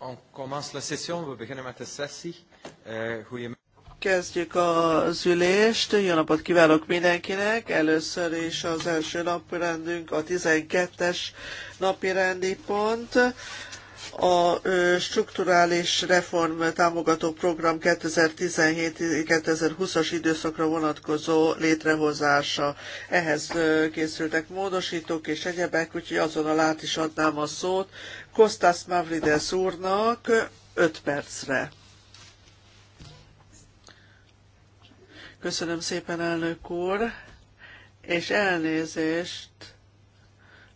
On commence la session, we beginnen met de sessie. Uh, Kezdjük az ülést. Jó napot kívánok mindenkinek. Először is az első napirendünk a 12-es napirendi pont a strukturális reform támogató program 2017-2020-as időszakra vonatkozó létrehozása. Ehhez készültek módosítók és egyebek, úgyhogy azonnal át is adnám a szót Kostas Mavrides úrnak 5 percre. Köszönöm szépen, elnök úr, és elnézést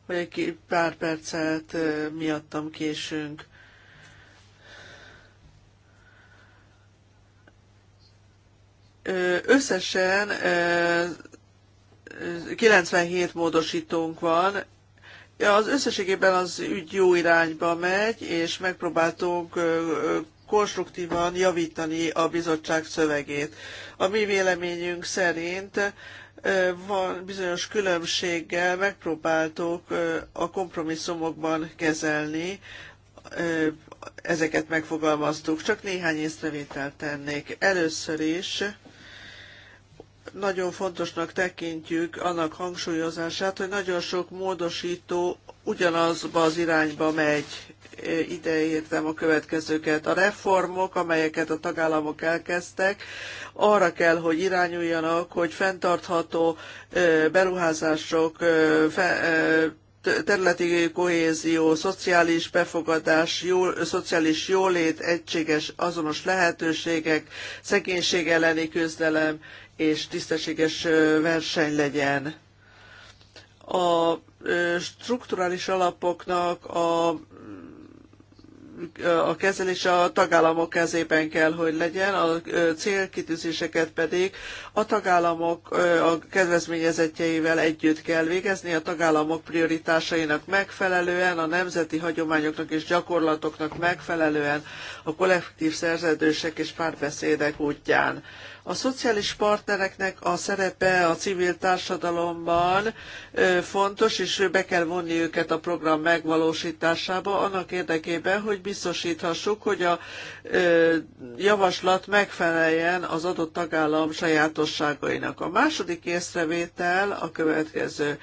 hogy egy pár percet miattam késünk. Összesen 97 módosítónk van, az összességében az ügy jó irányba megy, és megpróbáltunk konstruktívan javítani a bizottság szövegét. A mi véleményünk szerint van bizonyos különbséggel megpróbáltuk a kompromisszumokban kezelni, ezeket megfogalmaztuk. Csak néhány észrevételt tennék. Először is nagyon fontosnak tekintjük annak hangsúlyozását, hogy nagyon sok módosító ugyanazba az irányba megy, ideértem a következőket. A reformok, amelyeket a tagállamok elkezdtek, arra kell, hogy irányuljanak, hogy fenntartható beruházások, területi kohézió, szociális befogadás, jó, szociális jólét, egységes azonos lehetőségek, szegénység elleni küzdelem és tisztességes verseny legyen. A strukturális alapoknak a a kezelés a tagállamok kezében kell, hogy legyen, a célkitűzéseket pedig a tagállamok a kedvezményezetjeivel együtt kell végezni, a tagállamok prioritásainak megfelelően, a nemzeti hagyományoknak és gyakorlatoknak megfelelően, a kollektív szerződések és párbeszédek útján. A szociális partnereknek a szerepe a civil társadalomban fontos, és be kell vonni őket a program megvalósításába, annak érdekében, hogy biztosíthassuk, hogy a javaslat megfeleljen az adott tagállam sajátosságainak. A második észrevétel a következő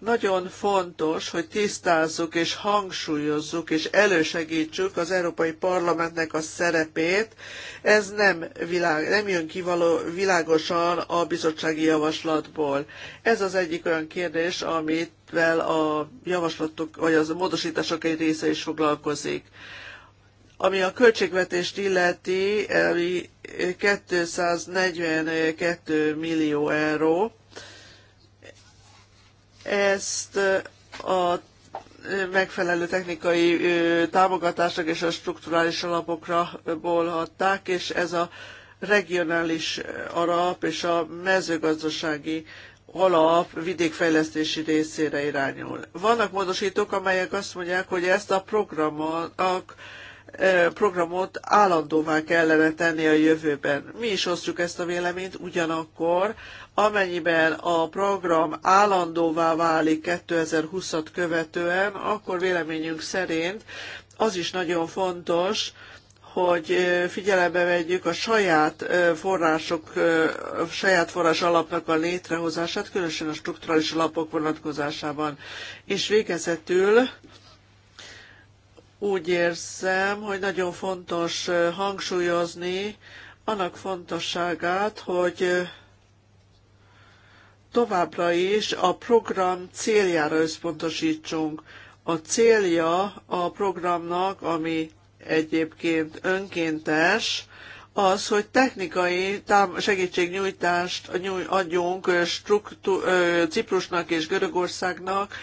nagyon fontos, hogy tisztázzuk és hangsúlyozzuk és elősegítsük az Európai Parlamentnek a szerepét. Ez nem, világ, nem jön ki való, világosan a bizottsági javaslatból. Ez az egyik olyan kérdés, amivel a javaslatok vagy az a módosítások egy része is foglalkozik. Ami a költségvetést illeti, ami 242 millió euró, ezt a megfelelő technikai támogatások és a strukturális alapokra bolhatták, és ez a regionális alap és a mezőgazdasági alap vidékfejlesztési részére irányul. Vannak módosítók, amelyek azt mondják, hogy ezt a programnak programot állandóvá kellene tenni a jövőben. Mi is osztjuk ezt a véleményt, ugyanakkor amennyiben a program állandóvá válik 2020-at követően, akkor véleményünk szerint az is nagyon fontos, hogy figyelembe vegyük a saját források, a saját forrás alapnak a létrehozását, különösen a strukturális alapok vonatkozásában. És végezetül úgy érzem, hogy nagyon fontos hangsúlyozni annak fontosságát, hogy továbbra is a program céljára összpontosítsunk. A célja a programnak, ami egyébként önkéntes, az, hogy technikai segítségnyújtást adjunk struktú- Ciprusnak és Görögországnak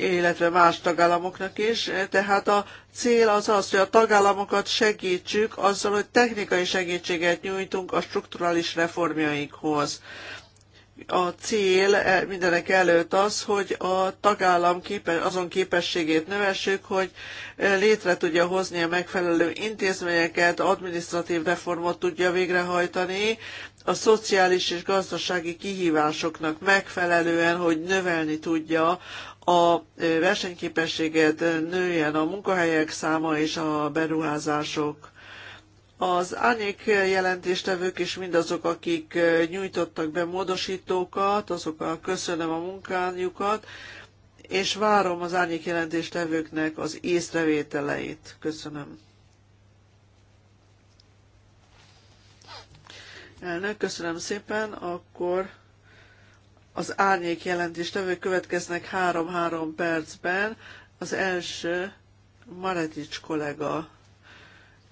illetve más tagállamoknak is. Tehát a cél az az, hogy a tagállamokat segítsük azzal, hogy technikai segítséget nyújtunk a strukturális reformjainkhoz. A cél e, mindenek előtt az, hogy a tagállam képe, azon képességét növessük, hogy e, létre tudja hozni a megfelelő intézményeket, administratív reformot tudja végrehajtani, a szociális és gazdasági kihívásoknak megfelelően, hogy növelni tudja a versenyképességet, nőjen a munkahelyek száma és a beruházások. Az árnyék jelentéstevők és mindazok, akik nyújtottak be módosítókat, azokkal köszönöm a munkájukat, és várom az árnyék jelentéstevőknek az észrevételeit. Köszönöm. Elnök, köszönöm szépen, akkor az árnyék jelentéstevők következnek három-három percben. Az első Maretics kollega.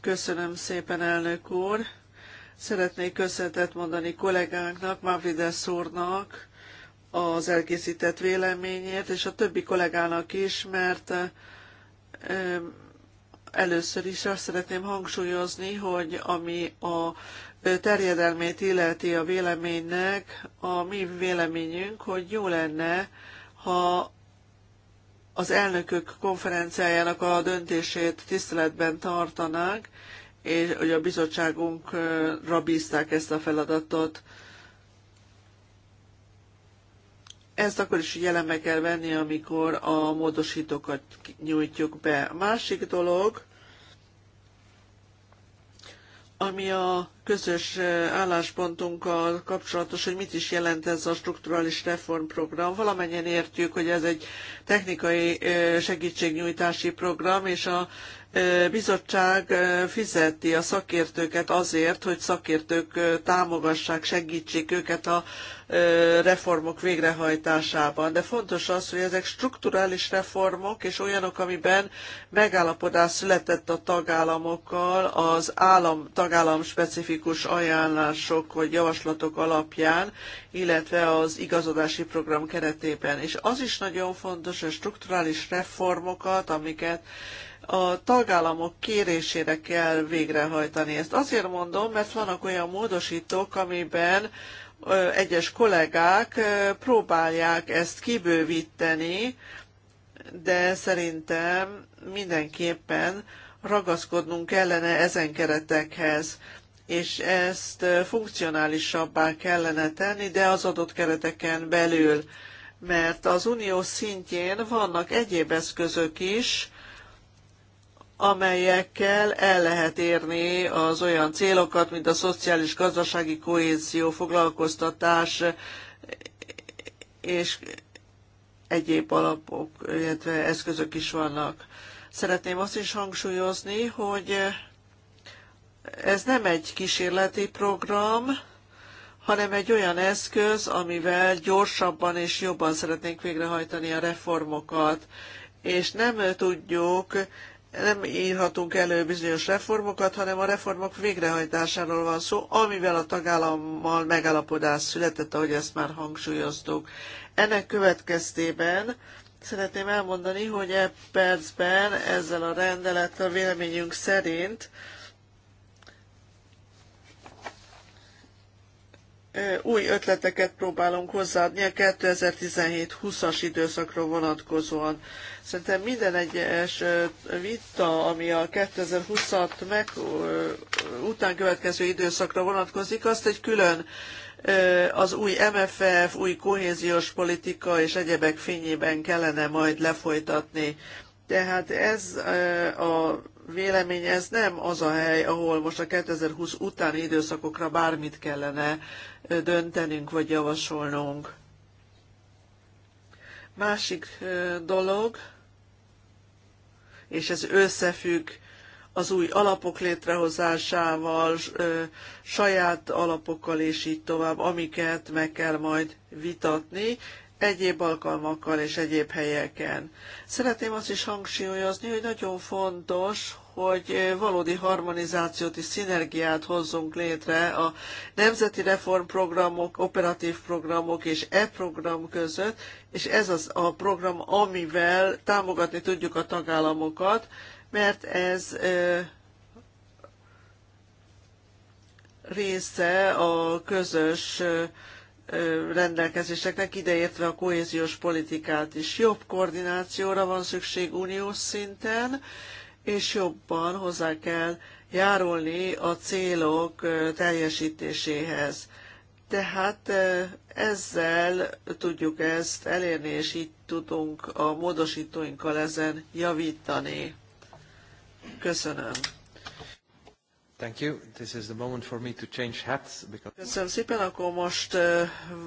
Köszönöm szépen, elnök úr. Szeretnék köszönetet mondani kollégánknak, Mavrides úrnak az elkészített véleményért, és a többi kollégának is, mert először is azt szeretném hangsúlyozni, hogy ami a terjedelmét illeti a véleménynek, a mi véleményünk, hogy jó lenne, ha az elnökök konferenciájának a döntését tiszteletben tartanák, és hogy a bizottságunkra bízták ezt a feladatot. Ezt akkor is jelenbe kell venni, amikor a módosítókat nyújtjuk be. A másik dolog, ami a közös eh, álláspontunkkal kapcsolatos, hogy mit is jelent ez a strukturális reformprogram. Valamennyien értjük, hogy ez egy technikai eh, segítségnyújtási program, és a bizottság fizeti a szakértőket azért, hogy szakértők támogassák, segítsék őket a reformok végrehajtásában. De fontos az, hogy ezek strukturális reformok, és olyanok, amiben megállapodás született a tagállamokkal az állam, tagállam specifikus ajánlások vagy javaslatok alapján, illetve az igazodási program keretében. És az is nagyon fontos, hogy strukturális reformokat, amiket a tagállamok kérésére kell végrehajtani. Ezt azért mondom, mert vannak olyan módosítók, amiben egyes kollégák próbálják ezt kibővíteni, de szerintem mindenképpen ragaszkodnunk kellene ezen keretekhez, és ezt funkcionálisabbá kellene tenni, de az adott kereteken belül, mert az unió szintjén vannak egyéb eszközök is, amelyekkel el lehet érni az olyan célokat, mint a szociális gazdasági kohézió, foglalkoztatás és egyéb alapok, illetve eszközök is vannak. Szeretném azt is hangsúlyozni, hogy ez nem egy kísérleti program, hanem egy olyan eszköz, amivel gyorsabban és jobban szeretnénk végrehajtani a reformokat, és nem tudjuk nem írhatunk elő bizonyos reformokat, hanem a reformok végrehajtásáról van szó, amivel a tagállammal megállapodás született, ahogy ezt már hangsúlyoztuk. Ennek következtében szeretném elmondani, hogy e percben ezzel a rendelettel véleményünk szerint új ötleteket próbálunk hozzáadni a 2017-20-as időszakra vonatkozóan. Szerintem minden egyes vita, ami a 2020-at meg után következő időszakra vonatkozik, azt egy külön az új MFF, új kohéziós politika és egyebek fényében kellene majd lefolytatni. Tehát ez a vélemény ez nem az a hely, ahol most a 2020 utáni időszakokra bármit kellene döntenünk vagy javasolnunk. Másik dolog, és ez összefügg az új alapok létrehozásával, saját alapokkal és így tovább, amiket meg kell majd vitatni, egyéb alkalmakkal és egyéb helyeken. Szeretném azt is hangsúlyozni, hogy nagyon fontos, hogy valódi harmonizációt és szinergiát hozzunk létre a nemzeti reformprogramok, operatív programok és e-program között, és ez az a program, amivel támogatni tudjuk a tagállamokat, mert ez része a közös rendelkezéseknek, ideértve a kohéziós politikát is. Jobb koordinációra van szükség uniós szinten, és jobban hozzá kell járulni a célok teljesítéséhez. Tehát ezzel tudjuk ezt elérni, és így tudunk a módosítóinkkal ezen javítani. Köszönöm. Thank you. This is the moment for me to change hats because... Köszönöm szépen, akkor most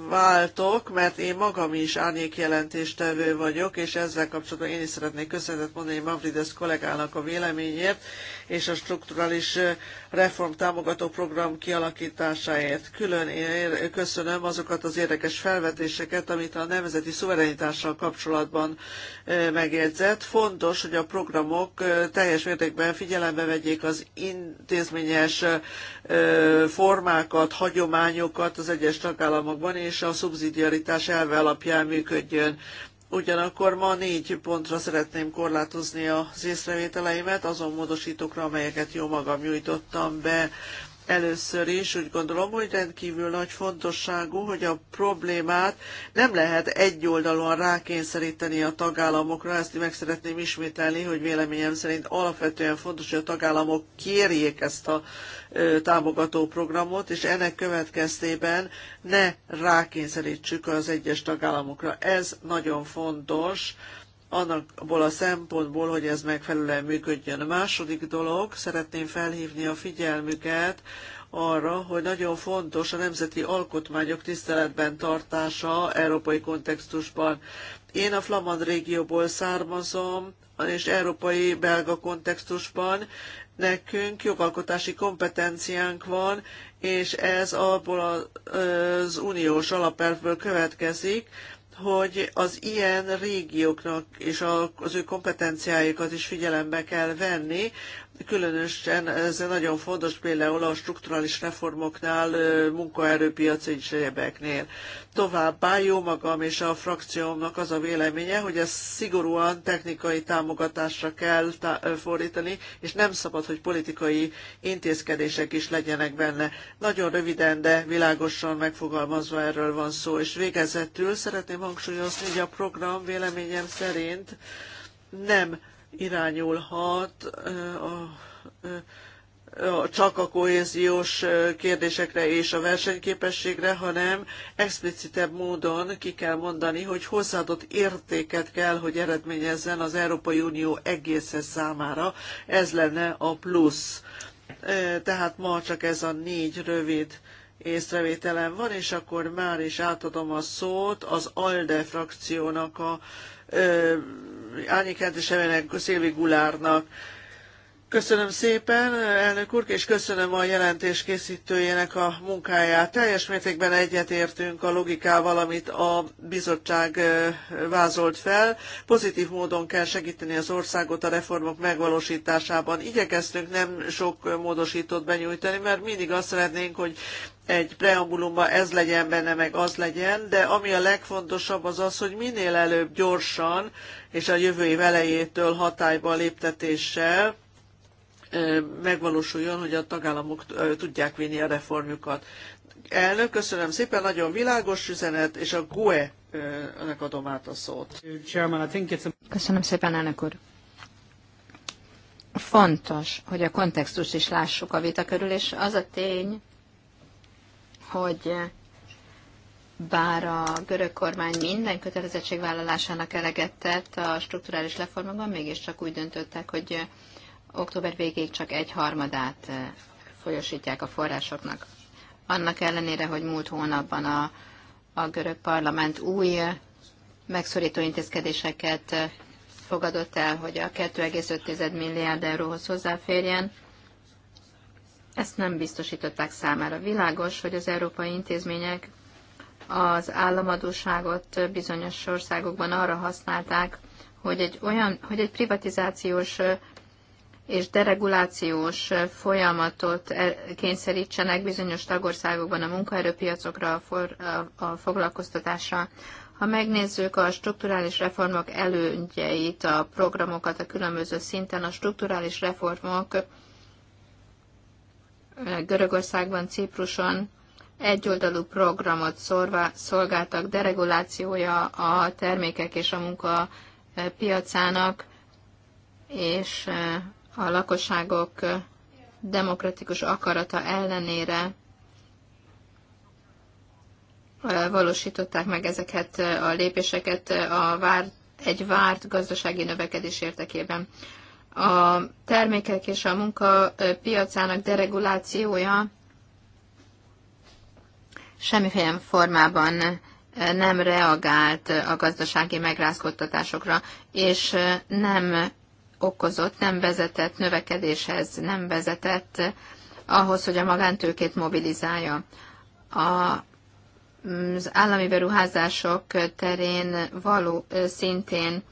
váltok, mert én magam is árnyék jelentéstevő vagyok, és ezzel kapcsolatban én is szeretnék köszönetet mondani Mavrides kollégának a véleményért, és a strukturális reform támogató program kialakításáért. Külön ér, köszönöm azokat az érdekes felvetéseket, amit a nemzeti szuverenitással kapcsolatban megjegyzett. Fontos, hogy a programok teljes mértékben figyelembe vegyék az intézményes formákat, hagyományokat az egyes tagállamokban, és a szubszidiaritás elve alapján működjön. Ugyanakkor ma négy pontra szeretném korlátozni az észrevételeimet, azon módosítókra, amelyeket jó magam nyújtottam be. Először is úgy gondolom, hogy rendkívül nagy fontosságú, hogy a problémát nem lehet egyoldalúan rákényszeríteni a tagállamokra. Ezt meg szeretném ismételni, hogy véleményem szerint alapvetően fontos, hogy a tagállamok kérjék ezt a támogató programot, és ennek következtében ne rákényszerítsük az egyes tagállamokra. Ez nagyon fontos annakból a szempontból, hogy ez megfelelően működjön. A második dolog, szeretném felhívni a figyelmüket arra, hogy nagyon fontos a nemzeti alkotmányok tiszteletben tartása európai kontextusban. Én a Flamand régióból származom, és európai belga kontextusban nekünk jogalkotási kompetenciánk van, és ez abból az uniós alapelvből következik, hogy az ilyen régióknak és az ő kompetenciáikat is figyelembe kell venni, különösen ez nagyon fontos például a strukturális reformoknál, munkaerőpiaci zsebeknél. Továbbá jó magam és a frakciómnak az a véleménye, hogy ez szigorúan technikai támogatásra kell fordítani, és nem szabad, hogy politikai intézkedések is legyenek benne. Nagyon röviden, de világosan megfogalmazva erről van szó, és végezetül szeretném hangsúlyozni, hogy a program véleményem szerint nem irányulhat a, a, csak a kohéziós kérdésekre és a versenyképességre, hanem explicitebb módon ki kell mondani, hogy hozzáadott értéket kell, hogy eredményezzen az Európai Unió egészhez számára. Ez lenne a plusz. Tehát ma csak ez a négy rövid észrevételem van, és akkor már is átadom a szót az ALDE frakciónak a árnyékjelentésemének Szilvi Gulárnak. Köszönöm szépen, elnök úr, és köszönöm a jelentés készítőjének a munkáját. Teljes mértékben egyetértünk a logikával, amit a bizottság vázolt fel. Pozitív módon kell segíteni az országot a reformok megvalósításában. Igyekeztünk nem sok módosítót benyújtani, mert mindig azt szeretnénk, hogy egy preambulumban ez legyen benne, meg az legyen, de ami a legfontosabb az az, hogy minél előbb gyorsan és a jövő év elejétől hatályba léptetéssel megvalósuljon, hogy a tagállamok tudják vinni a reformjukat. Elnök, köszönöm szépen, nagyon világos üzenet, és a GUE önök adom át a szót. Köszönöm szépen, elnök úr. Fontos, hogy a kontextust is lássuk a vita körül, és az a tény, hogy bár a görög kormány minden kötelezettségvállalásának eleget tett a strukturális reformokban, mégiscsak úgy döntöttek, hogy október végéig csak egy harmadát eh, folyosítják a forrásoknak. Annak ellenére, hogy múlt hónapban a, a görög parlament új megszorító intézkedéseket eh, fogadott el, hogy a 2,5 milliárd euróhoz hozzáférjen, ezt nem biztosították számára. Világos, hogy az európai intézmények az államadóságot bizonyos országokban arra használták, hogy egy, olyan, hogy egy privatizációs és deregulációs folyamatot e, kényszerítsenek bizonyos tagországokban a munkaerőpiacokra, a, for, a, a foglalkoztatásra. Ha megnézzük a strukturális reformok előnyeit, a programokat a különböző szinten, a strukturális reformok Görögországban, Cipruson egyoldalú programot szorvá, szolgáltak deregulációja a termékek és a munka e, piacának, és e, a lakosságok e, demokratikus akarata ellenére valósították meg ezeket a lépéseket a várt, egy várt gazdasági növekedés érdekében a termékek és a munka piacának deregulációja semmiféle formában nem reagált a gazdasági megrázkodtatásokra, és nem okozott, nem vezetett növekedéshez, nem vezetett ahhoz, hogy a magántőkét mobilizálja. A, az állami beruházások terén való szintén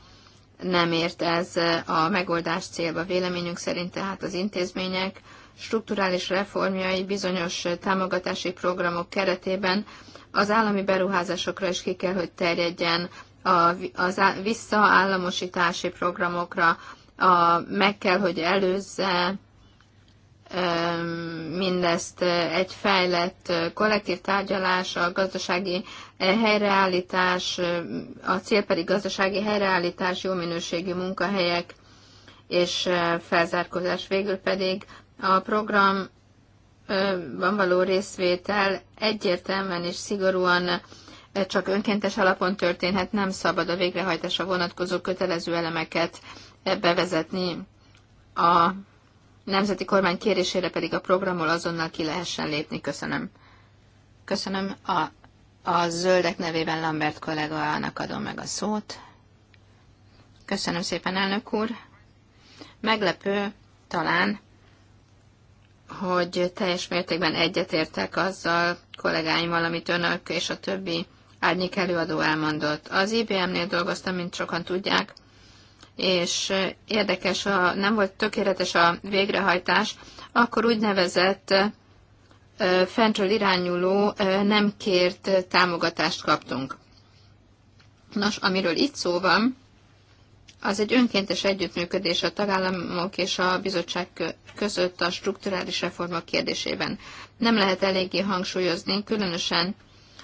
nem ért ez a megoldás célba. Véleményünk szerint tehát az intézmények strukturális reformjai bizonyos támogatási programok keretében az állami beruházásokra is ki kell, hogy terjedjen, a, az visszaállamosítási programokra a, meg kell, hogy előzze mindezt egy fejlett kollektív tárgyalás, a gazdasági helyreállítás, a cél pedig gazdasági helyreállítás, jó minőségű munkahelyek és felzárkózás. Végül pedig a programban való részvétel egyértelműen és szigorúan csak önkéntes alapon történhet, nem szabad a végrehajtásra vonatkozó kötelező elemeket bevezetni a nemzeti kormány kérésére pedig a programból azonnal ki lehessen lépni. Köszönöm. Köszönöm. A, a zöldek nevében Lambert kollégának adom meg a szót. Köszönöm szépen, elnök úr. Meglepő talán, hogy teljes mértékben egyetértek azzal kollégáimmal, amit önök és a többi árnyék előadó elmondott. Az IBM-nél dolgoztam, mint sokan tudják, és érdekes, a, nem volt tökéletes a végrehajtás, akkor úgynevezett fentről irányuló nem kért támogatást kaptunk. Nos, amiről itt szó van, az egy önkéntes együttműködés a tagállamok és a bizottság között a strukturális reformok kérdésében. Nem lehet eléggé hangsúlyozni, különösen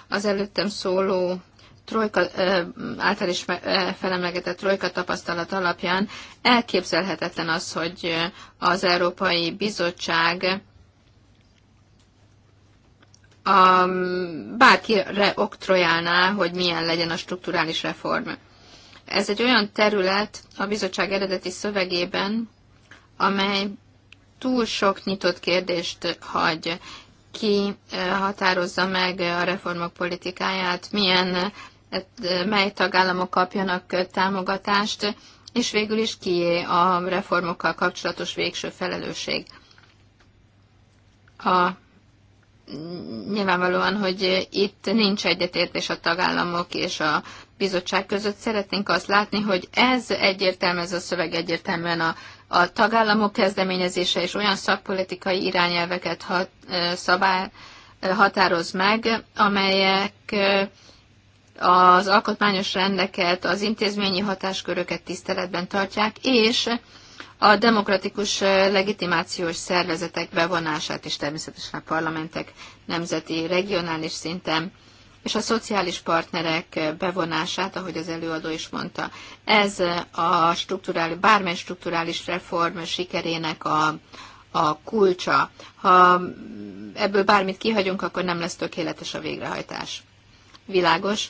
az előttem szóló trojka, által is felemlegetett trojka tapasztalat alapján elképzelhetetlen az, hogy az Európai Bizottság a, bárkire oktrojálná, hogy milyen legyen a strukturális reform. Ez egy olyan terület a bizottság eredeti szövegében, amely túl sok nyitott kérdést hagy, ki határozza meg a reformok politikáját, milyen mely tagállamok kapjanak támogatást, és végül is kié a reformokkal kapcsolatos végső felelősség. A, nyilvánvalóan, hogy itt nincs egyetértés a tagállamok és a bizottság között. Szeretnénk azt látni, hogy ez egyértelmű, ez a szöveg egyértelműen a, a tagállamok kezdeményezése és olyan szakpolitikai irányelveket hat, szabály, határoz meg, amelyek az alkotmányos rendeket, az intézményi hatásköröket tiszteletben tartják, és a demokratikus eh, legitimációs szervezetek bevonását, is természetesen a parlamentek nemzeti, regionális szinten, és a szociális partnerek eh, bevonását, ahogy az előadó is mondta. Ez eh, a strukturális, bármely strukturális reform sikerének a, a kulcsa. Ha ebből bármit kihagyunk, akkor nem lesz tökéletes a végrehajtás. Világos?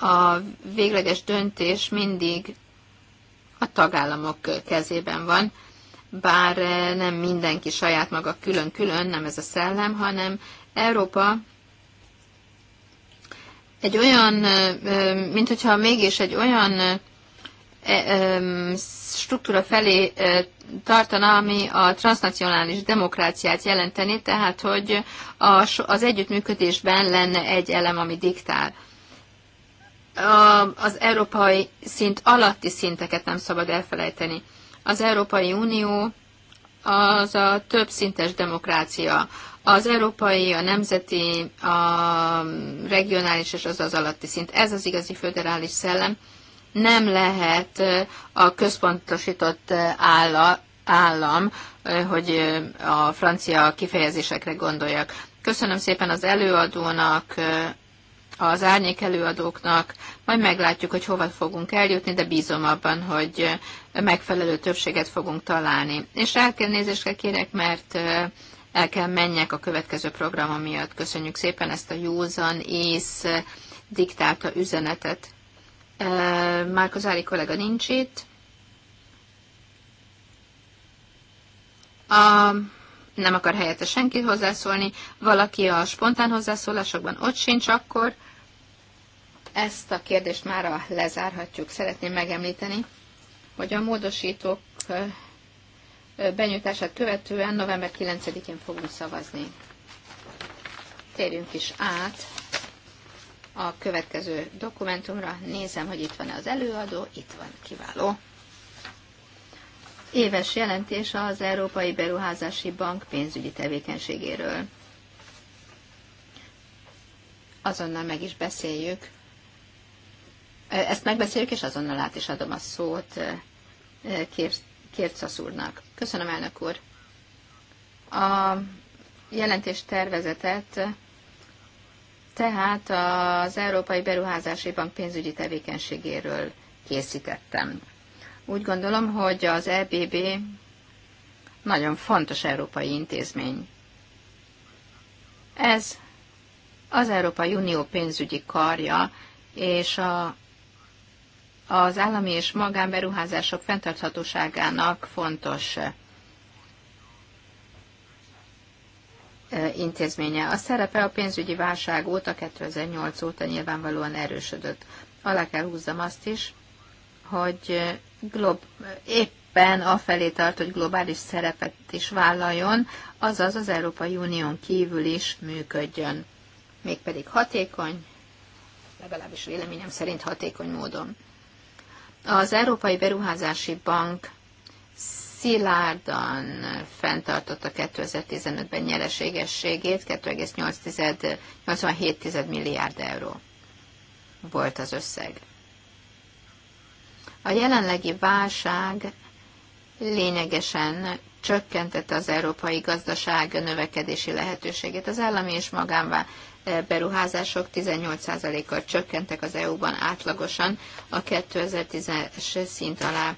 a végleges döntés mindig a tagállamok kezében van, bár nem mindenki saját maga külön-külön, nem ez a szellem, hanem Európa egy olyan, mint hogyha mégis egy olyan struktúra felé tartana, ami a transnacionális demokráciát jelenteni, tehát hogy az együttműködésben lenne egy elem, ami diktál az európai szint alatti szinteket nem szabad elfelejteni. Az Európai Unió az a többszintes demokrácia. Az európai, a nemzeti, a regionális és az az alatti szint. Ez az igazi föderális szellem. Nem lehet a központosított álla, állam, hogy a francia kifejezésekre gondoljak. Köszönöm szépen az előadónak az árnyék előadóknak, majd meglátjuk, hogy hova fogunk eljutni, de bízom abban, hogy megfelelő többséget fogunk találni. És el kell nézésre kérek, mert el kell menjek a következő programom miatt. Köszönjük szépen ezt a józan ész diktálta üzenetet. Márko Zári kollega nincs itt. A, nem akar helyette senki hozzászólni, valaki a spontán hozzászólásokban ott sincs, akkor ezt a kérdést a lezárhatjuk. Szeretném megemlíteni, hogy a módosítók benyújtását követően november 9-én fogunk szavazni. Térjünk is át a következő dokumentumra. Nézem, hogy itt van-e az előadó. Itt van, kiváló. Éves jelentés az Európai Beruházási Bank pénzügyi tevékenységéről. Azonnal meg is beszéljük ezt megbeszéljük, és azonnal át is adom a szót Kércasz úrnak. Köszönöm, elnök úr. A jelentés tervezetet tehát az Európai Beruházási Bank pénzügyi tevékenységéről készítettem. Úgy gondolom, hogy az EBB nagyon fontos európai intézmény. Ez az Európai Unió pénzügyi karja, és a az állami és magánberuházások fenntarthatóságának fontos intézménye. A szerepe a pénzügyi válság óta, 2008 óta nyilvánvalóan erősödött. Alá kell húzzam azt is, hogy glob- éppen afelé tart, hogy globális szerepet is vállaljon, azaz az Európai Unión kívül is működjön. Mégpedig hatékony, legalábbis véleményem szerint hatékony módon. Az Európai Beruházási Bank szilárdan fenntartotta 2015-ben nyereségességét, 2,87 milliárd euró volt az összeg. A jelenlegi válság lényegesen csökkentette az európai gazdaság növekedési lehetőségét. Az állami és magánvá beruházások 18%-kal csökkentek az EU-ban átlagosan a 2010-es szint alá.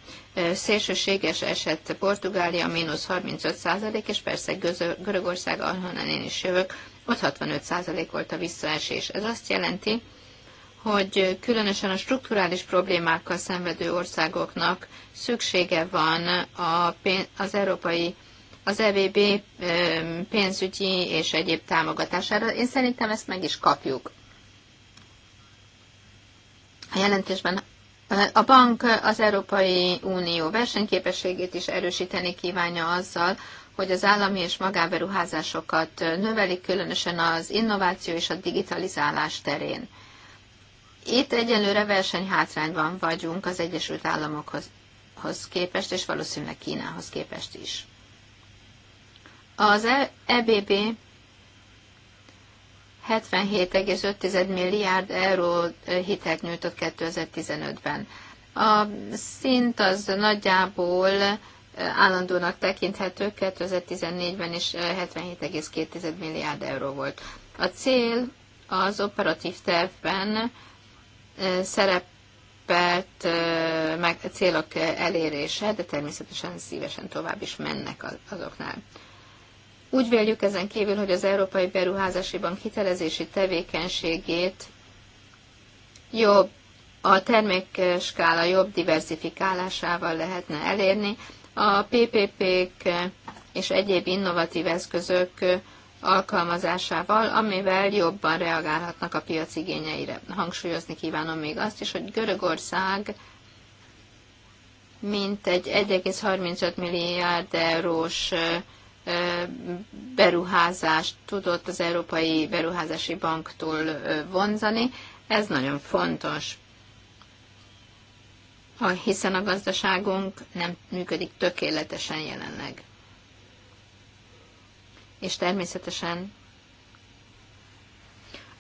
Szélsőséges eset Portugália, mínusz 35%, és persze Görögország, ahonnan én is jövök, ott 65% volt a visszaesés. Ez azt jelenti, hogy különösen a strukturális problémákkal szenvedő országoknak szüksége van a pénz, az európai az EBB pénzügyi és egyéb támogatására. Én szerintem ezt meg is kapjuk. A jelentésben a bank az Európai Unió versenyképességét is erősíteni kívánja azzal, hogy az állami és magáberuházásokat növelik, különösen az innováció és a digitalizálás terén. Itt egyelőre versenyhátrányban vagyunk az Egyesült Államokhoz képest, és valószínűleg Kínához képest is. Az EBB e 77,5 milliárd euró hitelt nyújtott 2015-ben. A szint az nagyjából állandónak tekinthető, 2014-ben is 77,2 milliárd euró volt. A cél az operatív tervben szerepelt meg célok elérése, de természetesen szívesen tovább is mennek azoknál. Úgy véljük ezen kívül, hogy az Európai Beruházási Bank hitelezési tevékenységét jobb, a termékskála jobb diversifikálásával lehetne elérni. A PPP-k és egyéb innovatív eszközök alkalmazásával, amivel jobban reagálhatnak a piac igényeire. Hangsúlyozni kívánom még azt is, hogy Görögország mint egy 1,35 milliárd eurós beruházást tudott az Európai Beruházási Banktól vonzani. Ez nagyon fontos, hiszen a gazdaságunk nem működik tökéletesen jelenleg. És természetesen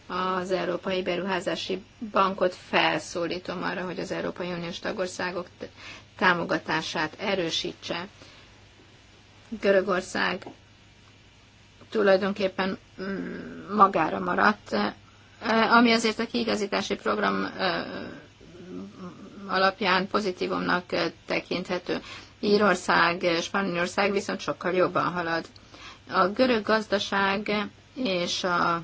az Európai Beruházási Bankot felszólítom arra, hogy az Európai Uniós tagországok támogatását erősítse Görögország tulajdonképpen mm, magára maradt, e, ami azért a kiigazítási program e, alapján pozitívumnak e, tekinthető. Írország, Spanyolország viszont sokkal jobban halad. A görög gazdaság és, a,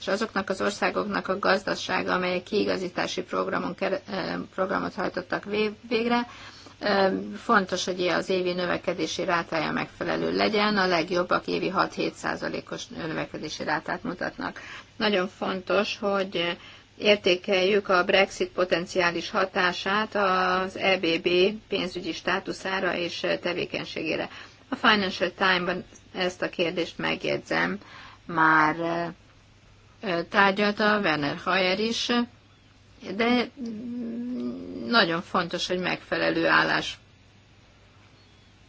és azoknak az országoknak a gazdasága, amelyek kiigazítási programon, programot hajtottak végre, Fontos, hogy az évi növekedési rátája megfelelő legyen, a legjobbak évi 6-7%-os növekedési rátát mutatnak. Nagyon fontos, hogy értékeljük a Brexit potenciális hatását az EBB pénzügyi státuszára és tevékenységére. A Financial Times-ban ezt a kérdést megjegyzem, már tárgyalta Werner Hayer is, de nagyon fontos, hogy megfelelő állás,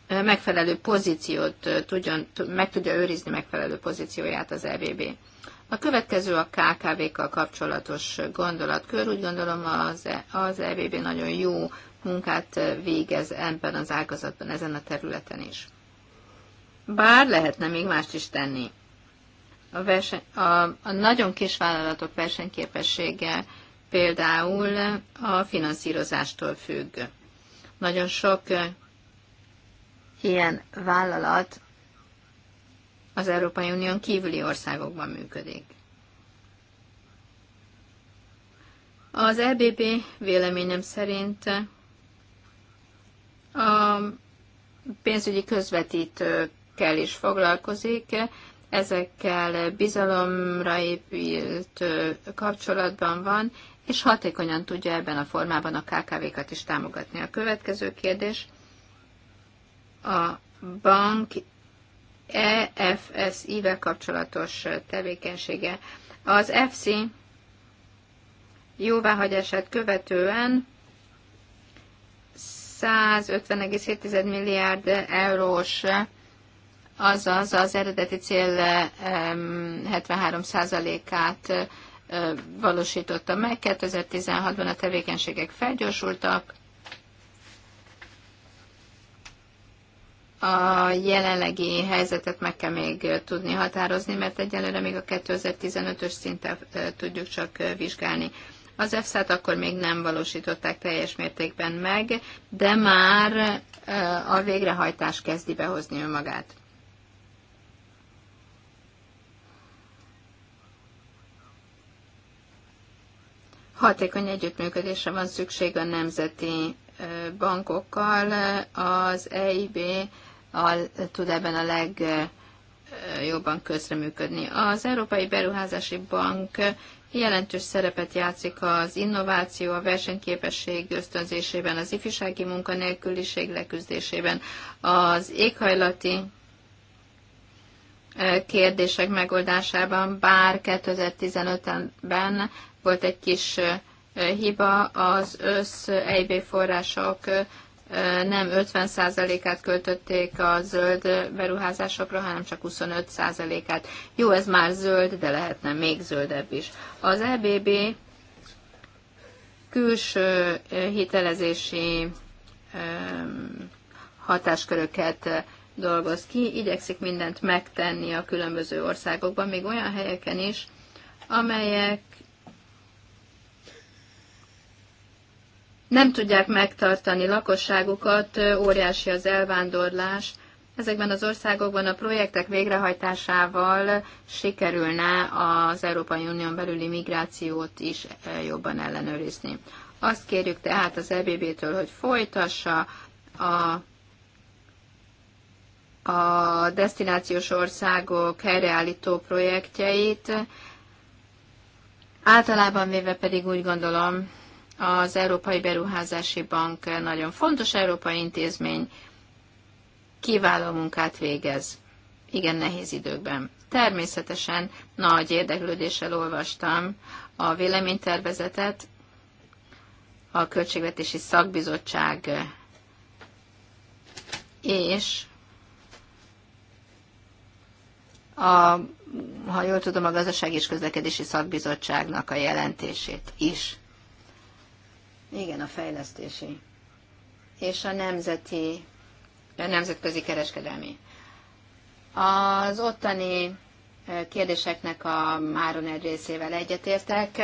megfelelő pozíciót tudjon, meg tudja őrizni megfelelő pozícióját az EVB. A következő a KKV-kkal kapcsolatos gondolatkör. Úgy gondolom az, e, az EBB nagyon jó munkát végez ebben az ágazatban, ezen a területen is. Bár lehetne még mást is tenni. A, verseny, a, a nagyon kis vállalatok versenyképessége például a finanszírozástól függ. Nagyon sok ilyen vállalat az Európai Unión kívüli országokban működik. Az EBB véleményem szerint a pénzügyi közvetítőkkel is foglalkozik, ezekkel bizalomra épült kapcsolatban van, és hatékonyan tudja ebben a formában a KKV-kat is támogatni. A következő kérdés a bank EFSI-vel kapcsolatos tevékenysége. Az EFSI jóváhagyását követően 150,7 milliárd eurós, azaz az eredeti cél 73%-át valósította meg. 2016-ban a tevékenységek felgyorsultak, a jelenlegi helyzetet meg kell még tudni határozni, mert egyelőre még a 2015-ös szinten tudjuk csak vizsgálni. Az efsz t akkor még nem valósították teljes mértékben meg, de már a végrehajtás kezdi behozni önmagát. Hatékony együttműködésre van szükség a nemzeti bankokkal. Az EIB a, tud ebben a legjobban közreműködni. Az Európai Beruházási Bank jelentős szerepet játszik az innováció, a versenyképesség ösztönzésében, az ifjúsági munkanélküliség leküzdésében, az éghajlati kérdések megoldásában, bár 2015-ben volt egy kis hiba, az össz EIB források nem 50%-át költötték a zöld beruházásokra, hanem csak 25%-át. Jó, ez már zöld, de lehetne még zöldebb is. Az EBB külső hitelezési hatásköröket dolgoz ki, igyekszik mindent megtenni a különböző országokban, még olyan helyeken is, amelyek nem tudják megtartani lakosságukat, óriási az elvándorlás. Ezekben az országokban a projektek végrehajtásával sikerülne az Európai Unión belüli migrációt is jobban ellenőrizni. Azt kérjük tehát az EBB-től, hogy folytassa a a destinációs országok helyreállító projektjeit. Általában véve pedig úgy gondolom, az Európai Beruházási Bank nagyon fontos európai intézmény, kiváló munkát végez, igen nehéz időkben. Természetesen nagy érdeklődéssel olvastam a véleménytervezetet, a Költségvetési Szakbizottság és a, ha jól tudom, a Gazdaság és Közlekedési Szakbizottságnak a jelentését is. Igen, a fejlesztési. És a nemzeti, a nemzetközi kereskedelmi. Az ottani kérdéseknek a máron egy részével egyetértek.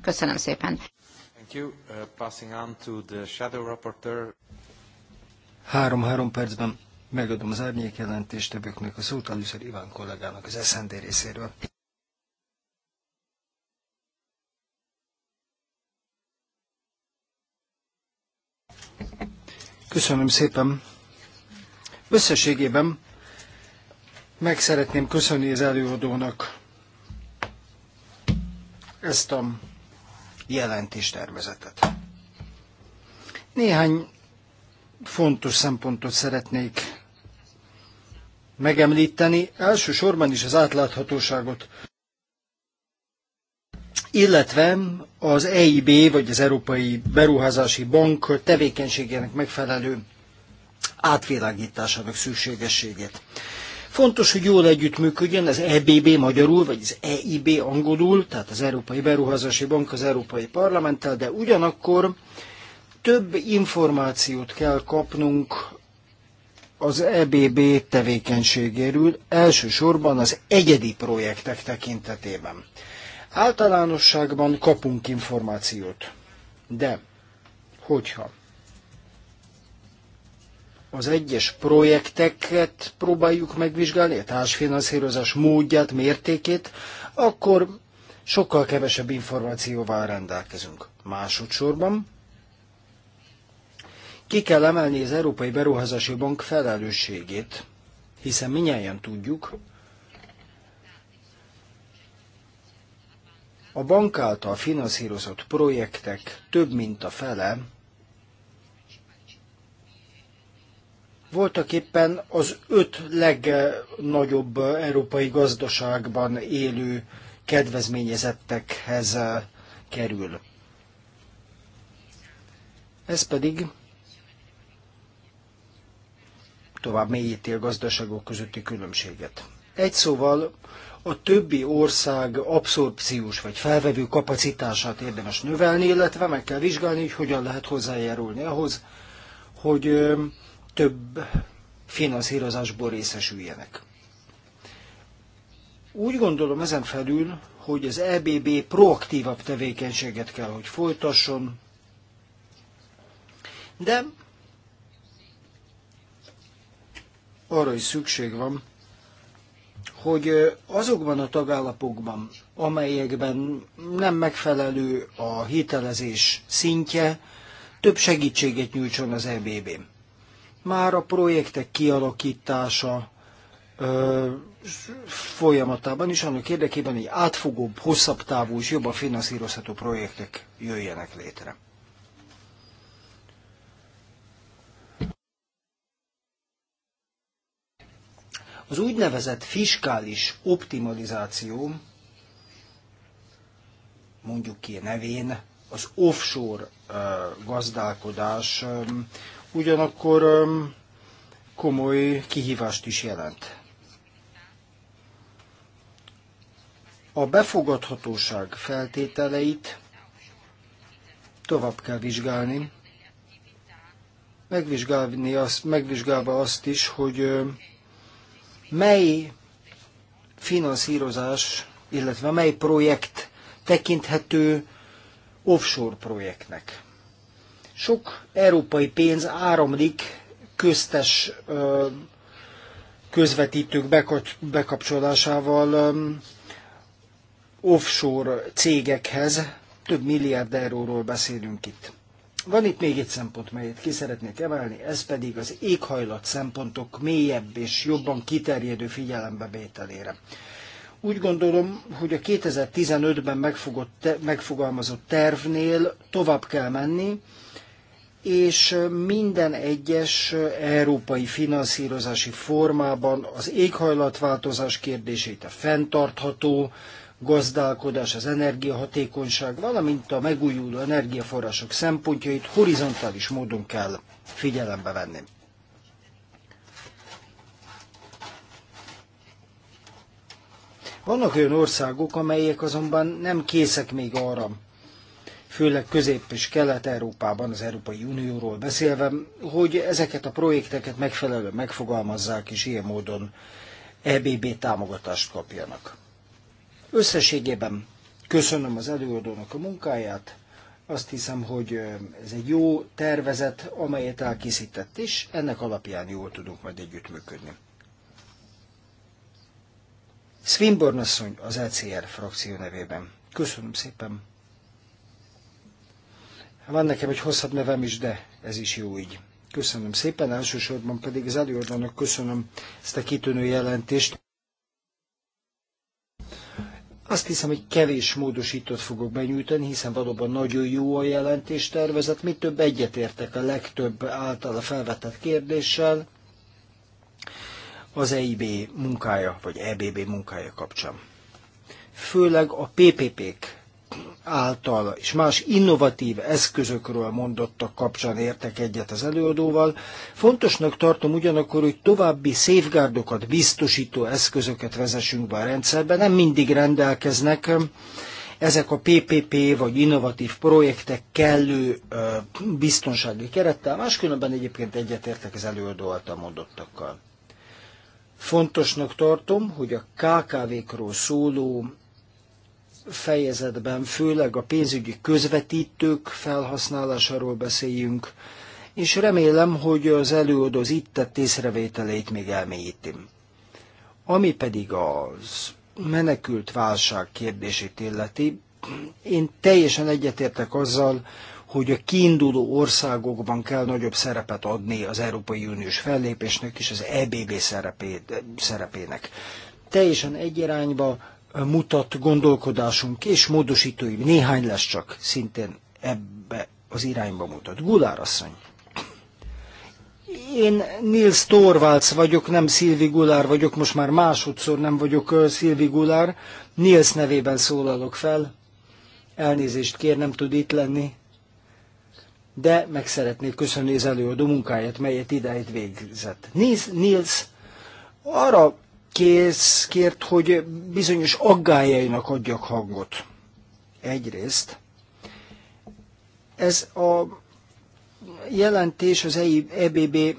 Köszönöm szépen. Thank you. Uh, passing on to the shadow rapporteur. Három-három percben megadom az árnyék többöknek a szót, először Iván kollégának az SZND részéről. Köszönöm szépen. Összességében meg szeretném köszönni az előadónak ezt a jelentéstervezetet. Néhány fontos szempontot szeretnék megemlíteni, elsősorban is az átláthatóságot, illetve az EIB, vagy az Európai Beruházási Bank tevékenységének megfelelő átvilágításának szükségességét. Fontos, hogy jól együttműködjön az EBB magyarul, vagy az EIB angolul, tehát az Európai Beruházási Bank az Európai Parlamenttel, de ugyanakkor több információt kell kapnunk az EBB tevékenységéről, elsősorban az egyedi projektek tekintetében. Általánosságban kapunk információt, de hogyha az egyes projekteket próbáljuk megvizsgálni, a társfinanszírozás módját, mértékét, akkor sokkal kevesebb információval rendelkezünk. Másodszorban ki kell emelni az Európai Beruházási Bank felelősségét, hiszen minnyáján tudjuk, a bank által finanszírozott projektek több mint a fele voltak éppen az öt legnagyobb európai gazdaságban élő kedvezményezettekhez eh, kerül. Ez pedig tovább mélyíti a gazdaságok közötti különbséget. Egy szóval a többi ország abszorpciós vagy felvevő kapacitását érdemes növelni, illetve meg kell vizsgálni, hogy hogyan lehet hozzájárulni ahhoz, hogy több finanszírozásból részesüljenek. Úgy gondolom ezen felül, hogy az EBB proaktívabb tevékenységet kell, hogy folytasson, de arra is szükség van, hogy azokban a tagállapokban, amelyekben nem megfelelő a hitelezés szintje, több segítséget nyújtson az EBB. Már a projektek kialakítása ö, folyamatában is annak érdekében, hogy átfogóbb, hosszabb távú és jobban finanszírozható projektek jöjjenek létre. Az úgynevezett fiskális optimalizáció, mondjuk ki a nevén, az offshore gazdálkodás ugyanakkor komoly kihívást is jelent. A befogadhatóság feltételeit tovább kell vizsgálni, megvizsgálni azt, megvizsgálva azt is, hogy mely finanszírozás, illetve mely projekt tekinthető offshore projektnek. Sok európai pénz áramlik köztes közvetítők bekapcsolásával offshore cégekhez, több milliárd euróról beszélünk itt. Van itt még egy szempont, melyet ki szeretnék emelni, ez pedig az éghajlat szempontok mélyebb és jobban kiterjedő figyelembevételére. Úgy gondolom, hogy a 2015-ben megfogalmazott tervnél tovább kell menni, és minden egyes európai finanszírozási formában az éghajlatváltozás kérdését, a fenntartható gazdálkodás, az energiahatékonyság, valamint a megújuló energiaforrások szempontjait horizontális módon kell figyelembe venni. Vannak olyan országok, amelyek azonban nem készek még arra, főleg Közép- és Kelet-Európában, az Európai Unióról beszélve, hogy ezeket a projekteket megfelelően megfogalmazzák, és ilyen módon EBB támogatást kapjanak. Összességében köszönöm az előadónak a munkáját, azt hiszem, hogy ez egy jó tervezet, amelyet elkészített, és ennek alapján jól tudunk majd együttműködni. Swinburne asszony az ECR frakció nevében. Köszönöm szépen. Van nekem egy hosszabb nevem is, de ez is jó így. Köszönöm szépen, elsősorban pedig az előadónak köszönöm ezt a kitűnő jelentést. Azt hiszem, hogy kevés módosítót fogok benyújtani, hiszen valóban nagyon jó a jelentéstervezet, mi több egyetértek a legtöbb általa felvetett kérdéssel az EIB munkája, vagy EBB munkája kapcsán. Főleg a PPP-k által és más innovatív eszközökről mondottak kapcsán értek egyet az előadóval. Fontosnak tartom ugyanakkor, hogy további safeguardokat biztosító eszközöket vezessünk be a rendszerbe. Nem mindig rendelkeznek ezek a PPP vagy innovatív projektek kellő biztonsági kerettel, máskülönben egyébként egyetértek az előadó által mondottakkal. Fontosnak tartom, hogy a KKV-król szóló fejezetben főleg a pénzügyi közvetítők felhasználásáról beszéljünk, és remélem, hogy az előadó az itt tett észrevételeit még elmélyítim. Ami pedig az menekült válság kérdését illeti, én teljesen egyetértek azzal, hogy a kiinduló országokban kell nagyobb szerepet adni az Európai Uniós fellépésnek és az EBB szerepé, szerepének. Teljesen egy irányba mutat gondolkodásunk, és módosítóim, néhány lesz csak, szintén ebbe az irányba mutat. Gulár asszony. Én Nils Torvalds vagyok, nem Szilvi Gulár vagyok, most már másodszor nem vagyok Szilvi Gulár. Nils nevében szólalok fel. Elnézést kér, nem tud itt lenni. De meg szeretnék köszönni az előadó munkáját, melyet idejét végzett. Nils, Nils arra kész, kért, hogy bizonyos aggájainak adjak hangot. Egyrészt ez a jelentés az EBB e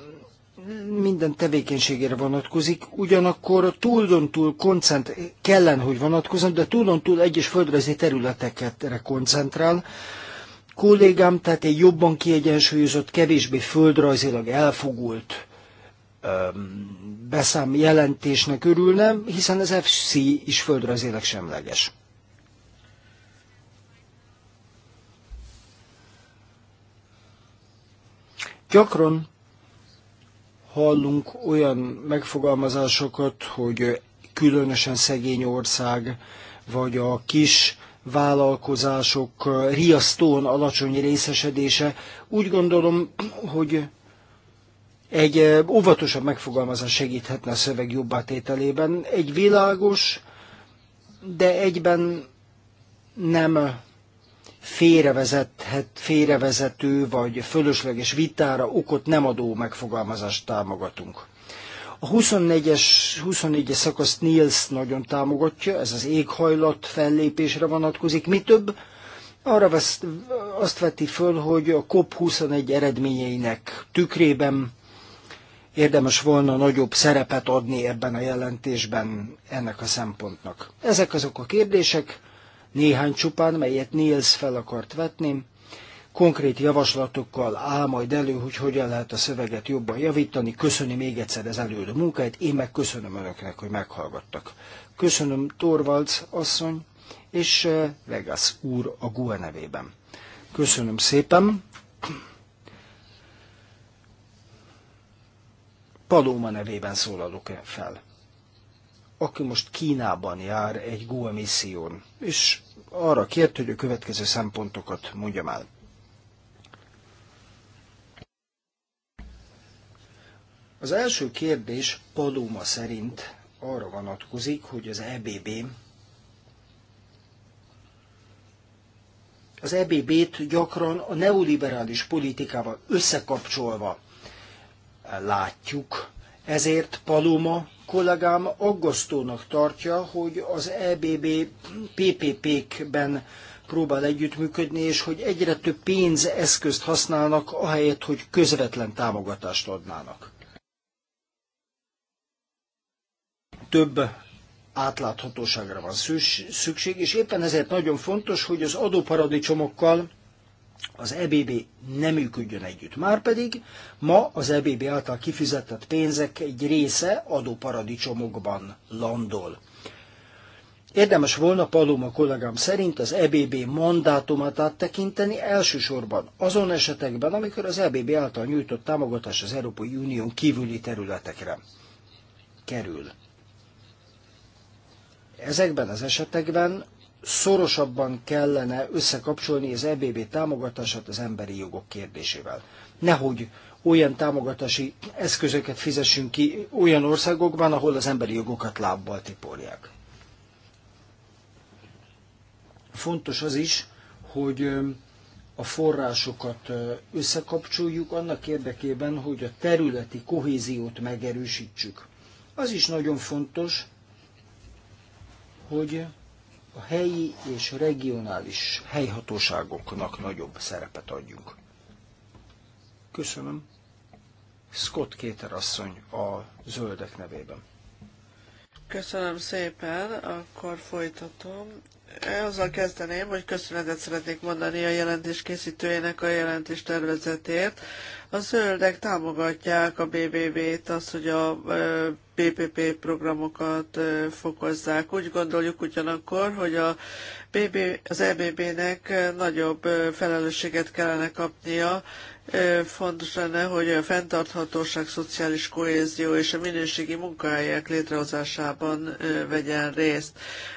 minden tevékenységére vonatkozik, ugyanakkor túldon túl koncent kellen, hogy vonatkozzon, de túldon túl egyes földrajzi területekre koncentrál. Kollégám tehát egy jobban kiegyensúlyozott, kevésbé földrajzilag elfogult beszám jelentésnek örülne, hiszen az FC is földrajzilag semleges. Gyakran hallunk olyan megfogalmazásokat, hogy különösen szegény ország, vagy a kis vállalkozások riasztóan alacsony részesedése. Úgy gondolom, hogy egy óvatosabb megfogalmazás segíthetne a szöveg jobb átételében. Egy világos, de egyben nem félrevezethet, félrevezető vagy fölösleges vitára okot nem adó megfogalmazást támogatunk. A 24-es 24 szakasz szakaszt Niels nagyon támogatja, ez az éghajlat fellépésre vonatkozik. Mi több, arra vesz, azt veti föl, hogy a COP21 eredményeinek tükrében érdemes volna nagyobb szerepet adni ebben a jelentésben ennek a szempontnak. Ezek azok a kérdések, néhány csupán, melyet Niels fel akart vetni, konkrét javaslatokkal áll majd elő, hogy hogyan lehet a szöveget jobban javítani. Köszöni még egyszer az előadó munkáját, én meg köszönöm önöknek, hogy meghallgattak. Köszönöm Torvalds asszony és eh, Vegas úr a GUE nevében. Köszönöm szépen. Paloma nevében szólalok fel, aki most Kínában jár egy GUA misszión, és arra kért, hogy a következő szempontokat mondjam el. Az első kérdés Paloma szerint arra vonatkozik, hogy az EBB az EBB-t gyakran a neoliberális politikával összekapcsolva látjuk. Ezért Paloma kollégám aggasztónak tartja, hogy az EBB PPP-kben próbál együttműködni, és hogy egyre több pénzeszközt használnak, ahelyett, hogy közvetlen támogatást adnának. Több átláthatóságra van szükség, és éppen ezért nagyon fontos, hogy az adóparadicsomokkal az EBB nem működjön együtt. Márpedig ma az EBB által kifizetett pénzek egy része adóparadicsomokban landol. Érdemes volna Paloma kollégám szerint az EBB mandátumát áttekinteni elsősorban azon esetekben, amikor az EBB által nyújtott támogatás az Európai Unión kívüli területekre kerül. Ezekben az esetekben szorosabban kellene összekapcsolni az EBB támogatását az emberi jogok kérdésével. Nehogy olyan támogatási eszközöket fizessünk ki olyan országokban, ahol az emberi jogokat lábbal tiporják. Fontos az is, hogy a forrásokat összekapcsoljuk annak érdekében, hogy a területi kohéziót megerősítsük. Az is nagyon fontos, hogy a helyi és regionális helyhatóságoknak nagyobb szerepet adjunk. Köszönöm. Scott Kéter asszony a zöldek nevében. Köszönöm szépen, akkor folytatom azzal kezdeném, hogy köszönetet szeretnék mondani a jelentés készítőjének a jelentés tervezetért. A zöldek támogatják a BBB-t, az, hogy a PPP programokat fokozzák. Úgy gondoljuk ugyanakkor, hogy a BB, az EBB-nek nagyobb felelősséget kellene kapnia, fontos lenne, hogy a fenntarthatóság, szociális kohézió és a minőségi munkahelyek létrehozásában vegyen részt.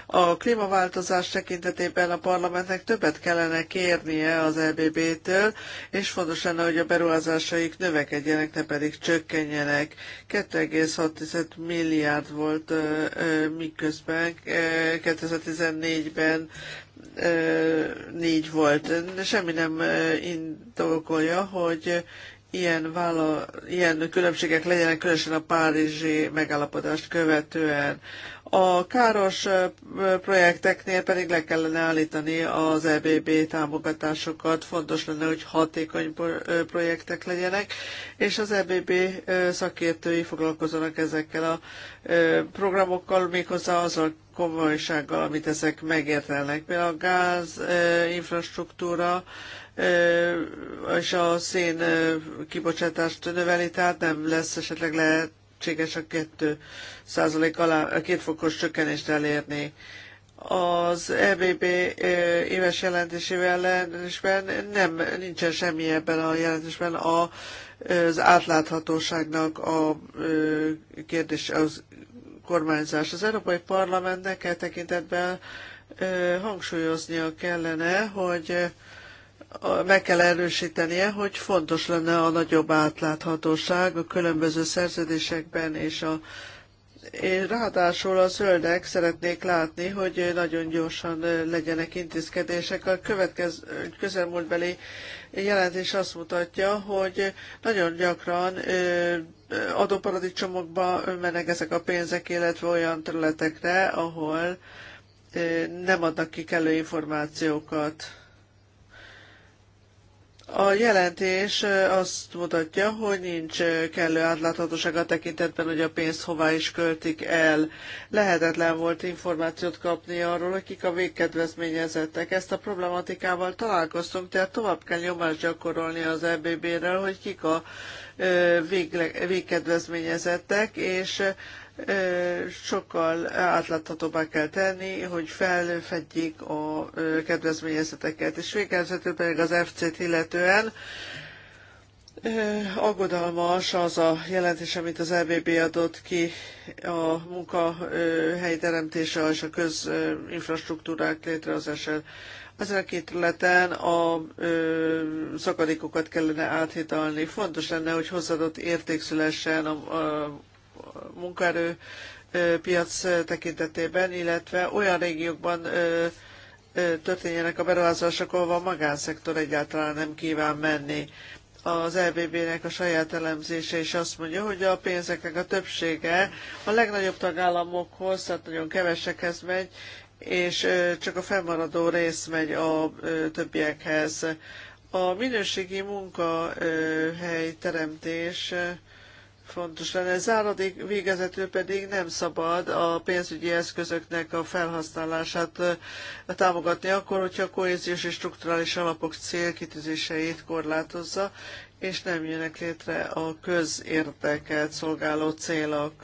A klímaváltozás tekintetében a parlamentnek többet kellene kérnie az EBB-től, és fontos lenne, hogy a beruházásaik növekedjenek, ne pedig csökkenjenek. 2,6 milliárd volt miközben 2014-ben négy volt. Semmi nem indokolja, hogy ilyen, vála, ilyen különbségek legyenek, különösen a párizsi megállapodást követően. A káros projekteknél pedig le kellene állítani az EBB támogatásokat, fontos lenne, hogy hatékony projektek legyenek, és az EBB szakértői foglalkozzanak ezekkel a programokkal, méghozzá azzal komolysággal, amit ezek megértelnek. Például a gáz infrastruktúra és a szén kibocsátást növeli, tehát nem lesz esetleg lehetséges a 2 százalék alá, a két fokos csökkenést elérni. Az EBB éves jelentésével ellenésben nem, nincsen semmi ebben a jelentésben a, az átláthatóságnak a kérdés, az kormányzás. Az Európai Parlamentnek e tekintetben hangsúlyoznia kellene, hogy meg kell erősítenie, hogy fontos lenne a nagyobb átláthatóság a különböző szerződésekben és a és ráadásul a zöldek szeretnék látni, hogy nagyon gyorsan legyenek intézkedések. A következő közelmúltbeli jelentés azt mutatja, hogy nagyon gyakran adóparadicsomokba mennek ezek a pénzek, illetve olyan területekre, ahol nem adnak ki kellő információkat. A jelentés azt mutatja, hogy nincs kellő átláthatóság a tekintetben, hogy a pénzt hová is költik el. Lehetetlen volt információt kapni arról, akik a végkedvezményezettek. Ezt a problematikával találkoztunk, tehát tovább kell nyomást gyakorolni az EBB-rel, hogy kik a végkedvezményezettek, és sokkal átláthatóbbá kell tenni, hogy felfedjék a kedvezményezeteket. És végezetül pedig az FC-t illetően aggodalmas az a jelentés, amit az EBB adott ki a munkahelyi teremtése és a közinfrastruktúrák létrehozása. Ezen a két területen a ö, szakadékokat kellene áthidalni. Fontos lenne, hogy hozzáadott érték szülessen a, a munkaerő piac tekintetében, illetve olyan régiókban történjenek a beruházások, ahova a magánszektor egyáltalán nem kíván menni. Az EBB-nek a saját elemzése is azt mondja, hogy a pénzeknek a többsége a legnagyobb tagállamokhoz, tehát nagyon kevesekhez megy, és csak a fennmaradó rész megy a többiekhez. A minőségi munkahely teremtés fontos lenne. Záradék végezetül pedig nem szabad a pénzügyi eszközöknek a felhasználását támogatni akkor, hogyha a kohéziós és strukturális alapok célkitűzéseit korlátozza, és nem jönnek létre a közérdeket szolgáló célok.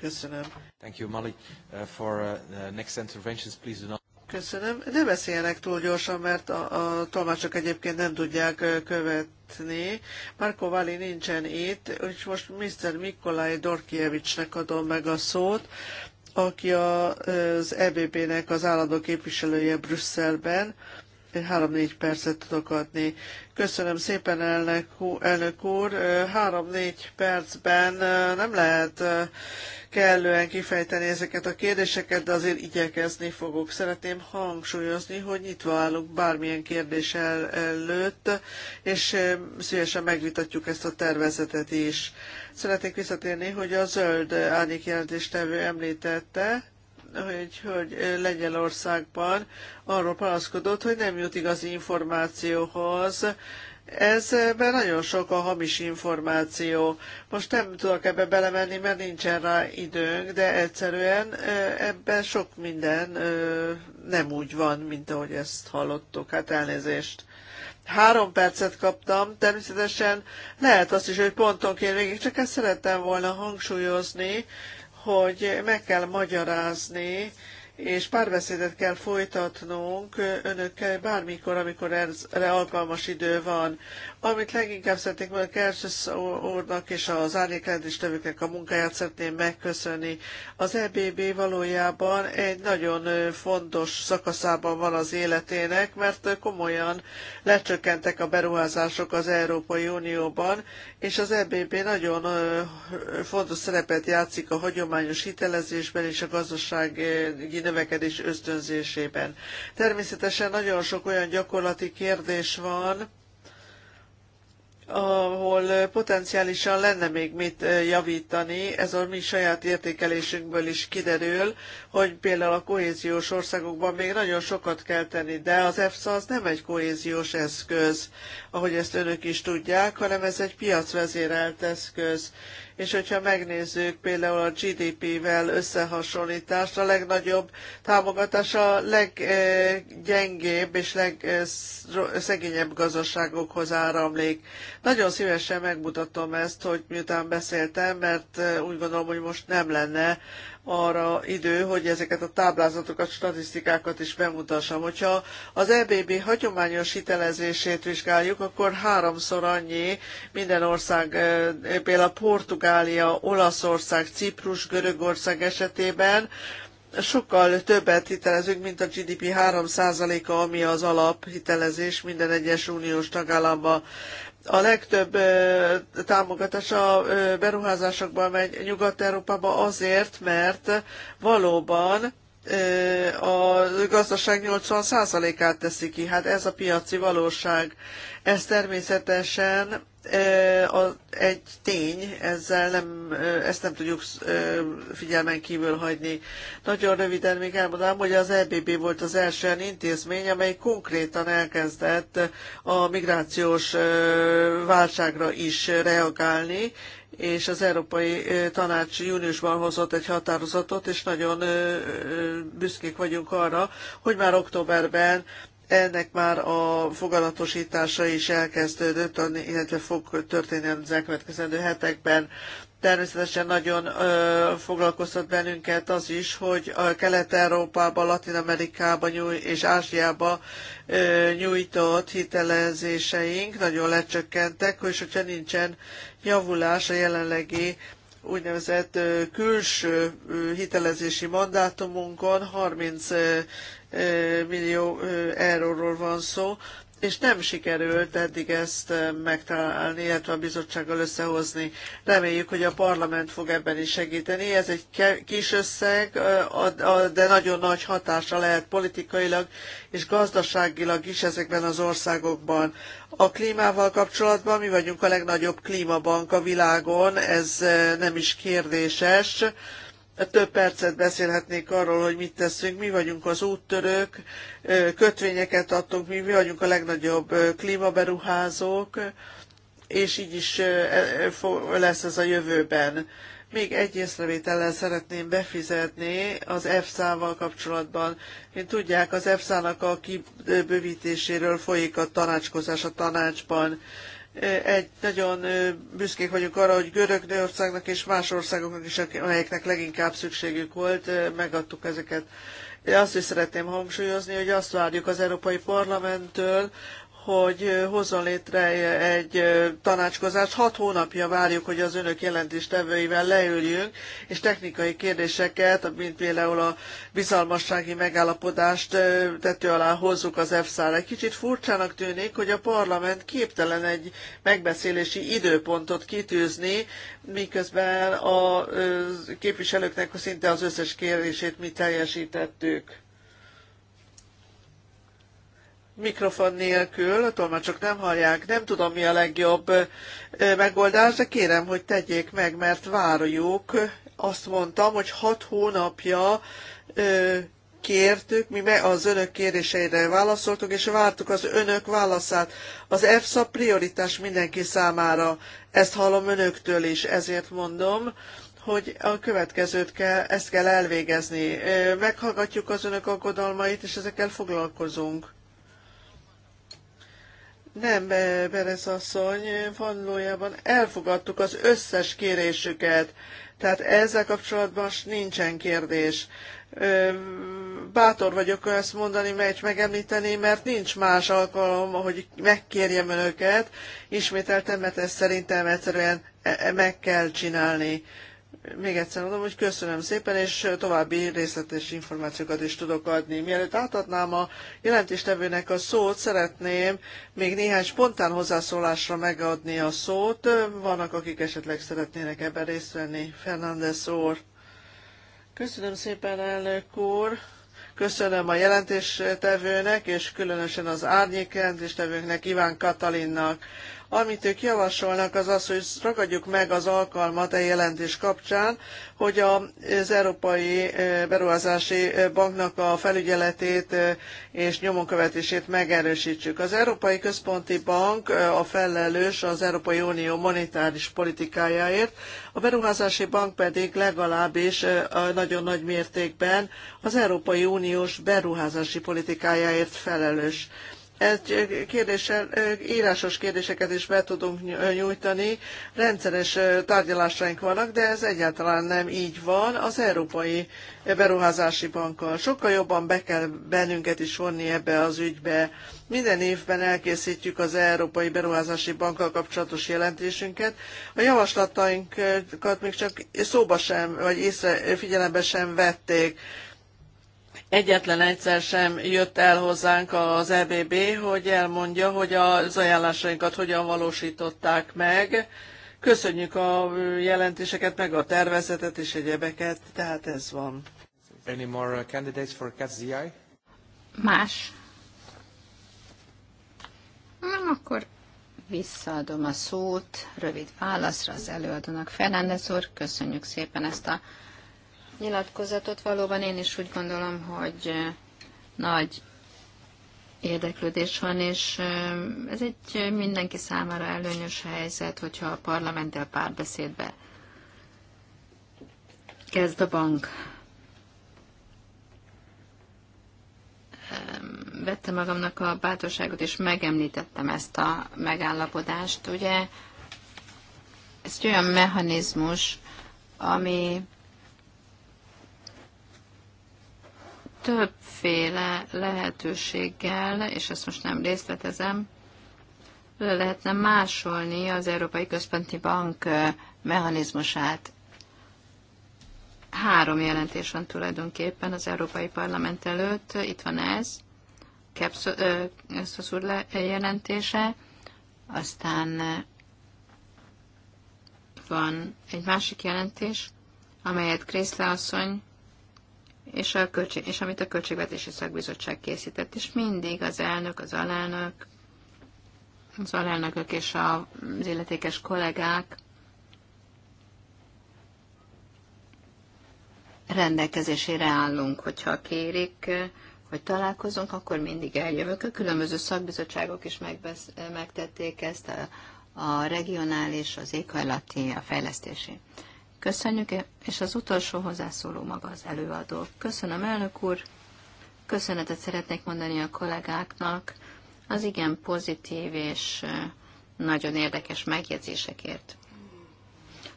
Köszönöm. Thank you, Molly. Uh, for uh, next interventions, please do not... Köszönöm. Ne beszéljenek túl gyorsan, mert a, a tolmácsok egyébként nem tudják követni. Marko Vali nincsen itt, úgyhogy most Mr. Mikolaj Dorkievicsnek adom meg a szót, aki a, az EBB-nek az állandó képviselője Brüsszelben, 3-4 percet tudok adni. Köszönöm szépen, elnök, elnök úr. 3-4 percben nem lehet kellően kifejteni ezeket a kérdéseket, de azért igyekezni fogok. Szeretném hangsúlyozni, hogy nyitva állunk bármilyen kérdés el, előtt, és szívesen megvitatjuk ezt a tervezetet is. Szeretnék visszatérni, hogy a zöld árnyék jelentéstevő említette, hogy, hogy Lengyelországban arról panaszkodott, hogy nem jut igazi információhoz, Ezben nagyon sok a hamis információ. Most nem tudok ebbe belemenni, mert nincsen rá időnk, de egyszerűen ebben sok minden nem úgy van, mint ahogy ezt hallottuk. Hát elnézést. Három percet kaptam, természetesen lehet azt is, hogy pontonként végig, csak ezt szerettem volna hangsúlyozni, hogy meg kell magyarázni, és párbeszédet kell folytatnunk önökkel bármikor, amikor erre alkalmas idő van. Amit leginkább szeretnék volna Kercses úrnak és az tevőknek a munkáját szeretném megköszönni. Az EBB valójában egy nagyon fontos szakaszában van az életének, mert komolyan lecsökkentek a beruházások az Európai Unióban, és az EBB nagyon fontos szerepet játszik a hagyományos hitelezésben és a gazdasági növekedés ösztönzésében. Természetesen nagyon sok olyan gyakorlati kérdés van, ahol potenciálisan lenne még mit javítani, ez a mi saját értékelésünkből is kiderül, hogy például a kohéziós országokban még nagyon sokat kell tenni, de az EFSA az nem egy kohéziós eszköz ahogy ezt önök is tudják, hanem ez egy piacvezérelt eszköz. És hogyha megnézzük például a GDP-vel összehasonlítást, a legnagyobb támogatás a leggyengébb és legszegényebb gazdaságokhoz áramlik. Nagyon szívesen megmutatom ezt, hogy miután beszéltem, mert úgy gondolom, hogy most nem lenne arra idő, hogy ezeket a táblázatokat, statisztikákat is bemutassam. Hogyha az EBB hagyományos hitelezését vizsgáljuk, akkor háromszor annyi minden ország, például Portugália, Olaszország, Ciprus, Görögország esetében, sokkal többet hitelezünk, mint a GDP 3%-a, ami az alaphitelezés minden egyes uniós tagállamba a legtöbb támogatás a beruházásokban megy Nyugat-Európába azért, mert valóban a gazdaság 80%-át teszi ki. Hát ez a piaci valóság. Ez természetesen egy tény, ezzel nem, ezt nem tudjuk figyelmen kívül hagyni. Nagyon röviden még elmondanám, hogy az EBB volt az első olyan intézmény, amely konkrétan elkezdett a migrációs válságra is reagálni, és az Európai Tanács júniusban hozott egy határozatot, és nagyon büszkék vagyunk arra, hogy már októberben ennek már a fogalatosítása is elkezdődött, illetve fog történni az elkövetkezendő hetekben. Természetesen nagyon ö, foglalkoztat bennünket az is, hogy Kelet-Európába, Latin-Amerikába és Ázsiában ö, nyújtott hitelezéseink nagyon lecsökkentek, és hogyha nincsen javulás a jelenlegi úgynevezett külső hitelezési mandátumunkon 30 millió euróról van szó, és nem sikerült eddig ezt eh, megtalálni, illetve a bizottsággal összehozni. Reméljük, hogy a parlament fog ebben is segíteni. Ez egy kis összeg, eh, de nagyon nagy hatása lehet politikailag és gazdaságilag is ezekben az országokban. A klímával kapcsolatban mi vagyunk a legnagyobb klímabank a világon, ez eh, nem is kérdéses több percet beszélhetnék arról, hogy mit teszünk. Mi vagyunk az úttörők, kötvényeket adtunk, mi, mi vagyunk a legnagyobb klímaberuházók, és így is e, e, lesz ez a jövőben. Még egy észrevétellel szeretném befizetni az EFSA-val kapcsolatban. Mint tudják, az EFSA-nak a kibővítéséről folyik a tanácskozás a tanácsban egy nagyon büszkék vagyunk arra, hogy Görögországnak és más országoknak is, amelyeknek leginkább szükségük volt, megadtuk ezeket. Én azt is szeretném hangsúlyozni, hogy azt várjuk az Európai Parlamenttől, hogy hozzon létre egy tanácskozást. Hat hónapja várjuk, hogy az önök jelentéstevőivel leüljünk, és technikai kérdéseket, mint például a bizalmassági megállapodást tető alá hozzuk az efsa Egy kicsit furcsának tűnik, hogy a parlament képtelen egy megbeszélési időpontot kitűzni, miközben a képviselőknek szinte az összes kérdését mi teljesítettük mikrofon nélkül, a csak nem hallják, nem tudom mi a legjobb megoldás, de kérem, hogy tegyék meg, mert várjuk. Azt mondtam, hogy hat hónapja kértük, mi az önök kéréseire válaszoltuk, és vártuk az önök válaszát. Az EFSA prioritás mindenki számára. Ezt hallom önöktől is, ezért mondom, hogy a következőt kell, ezt kell elvégezni. Meghallgatjuk az önök aggodalmait, és ezekkel foglalkozunk. Nem, Berez asszony, valójában elfogadtuk az összes kérésüket, tehát ezzel kapcsolatban nincsen kérdés. Bátor vagyok ezt mondani, mert megemlíteni, mert nincs más alkalom, hogy megkérjem önöket. Ismételtem, mert ezt szerintem egyszerűen e- e- meg kell csinálni. Még egyszer mondom, hogy köszönöm szépen, és további részletes információkat is tudok adni. Mielőtt átadnám a jelentéstevőnek a szót, szeretném még néhány spontán hozzászólásra megadni a szót. Vannak, akik esetleg szeretnének ebben részt venni. Fernández úr. Köszönöm szépen, elnök úr. Köszönöm a jelentéstevőnek, és különösen az árnyék jelentéstevőnknek, Iván Katalinnak. Amit ők javasolnak, az az, hogy ragadjuk meg az alkalmat e jelentés kapcsán, hogy az Európai Beruházási Banknak a felügyeletét és nyomonkövetését megerősítsük. Az Európai Központi Bank a felelős az Európai Unió monetáris politikájáért, a Beruházási Bank pedig legalábbis nagyon nagy mértékben az Európai Uniós beruházási politikájáért felelős egy kérdéssel, írásos kérdéseket is be tudunk nyújtani. Rendszeres tárgyalásaink vannak, de ez egyáltalán nem így van. Az Európai Beruházási Bankkal sokkal jobban be kell bennünket is vonni ebbe az ügybe. Minden évben elkészítjük az Európai Beruházási Bankkal kapcsolatos jelentésünket. A javaslatainkat még csak szóba sem, vagy észre, figyelembe sem vették. Egyetlen egyszer sem jött el hozzánk az EBB, hogy elmondja, hogy az ajánlásainkat hogyan valósították meg. Köszönjük a jelentéseket, meg a tervezetet és egyebeket, tehát ez van. Any more uh, candidates for CATZI? Más. Na, Akkor visszaadom a szót rövid válaszra az előadónak. Fernández úr, köszönjük szépen ezt a nyilatkozatot. Valóban én is úgy gondolom, hogy nagy érdeklődés van, és ez egy mindenki számára előnyös helyzet, hogyha a parlamenttel párbeszédbe kezd a bank. vette magamnak a bátorságot, és megemlítettem ezt a megállapodást. Ugye ez egy olyan mechanizmus, ami többféle lehetőséggel, és ezt most nem részletezem, le lehetne másolni az Európai Központi Bank mechanizmusát. Három jelentés van tulajdonképpen az Európai Parlament előtt. Itt van ez, Kepszosz úr jelentése, aztán van egy másik jelentés, amelyet Kriszle asszony és, a költség, és amit a Költségvetési Szakbizottság készített, és mindig az elnök, az alelnök, az alelnökök és az illetékes kollégák rendelkezésére állunk, hogyha kérik, hogy találkozunk, akkor mindig eljövök. A különböző szakbizottságok is megbesz, megtették ezt, a, a regionális, az éghajlati, a fejlesztési. Köszönjük, és az utolsó hozzászóló maga az előadó. Köszönöm, elnök úr. Köszönetet szeretnék mondani a kollégáknak az igen pozitív és nagyon érdekes megjegyzésekért.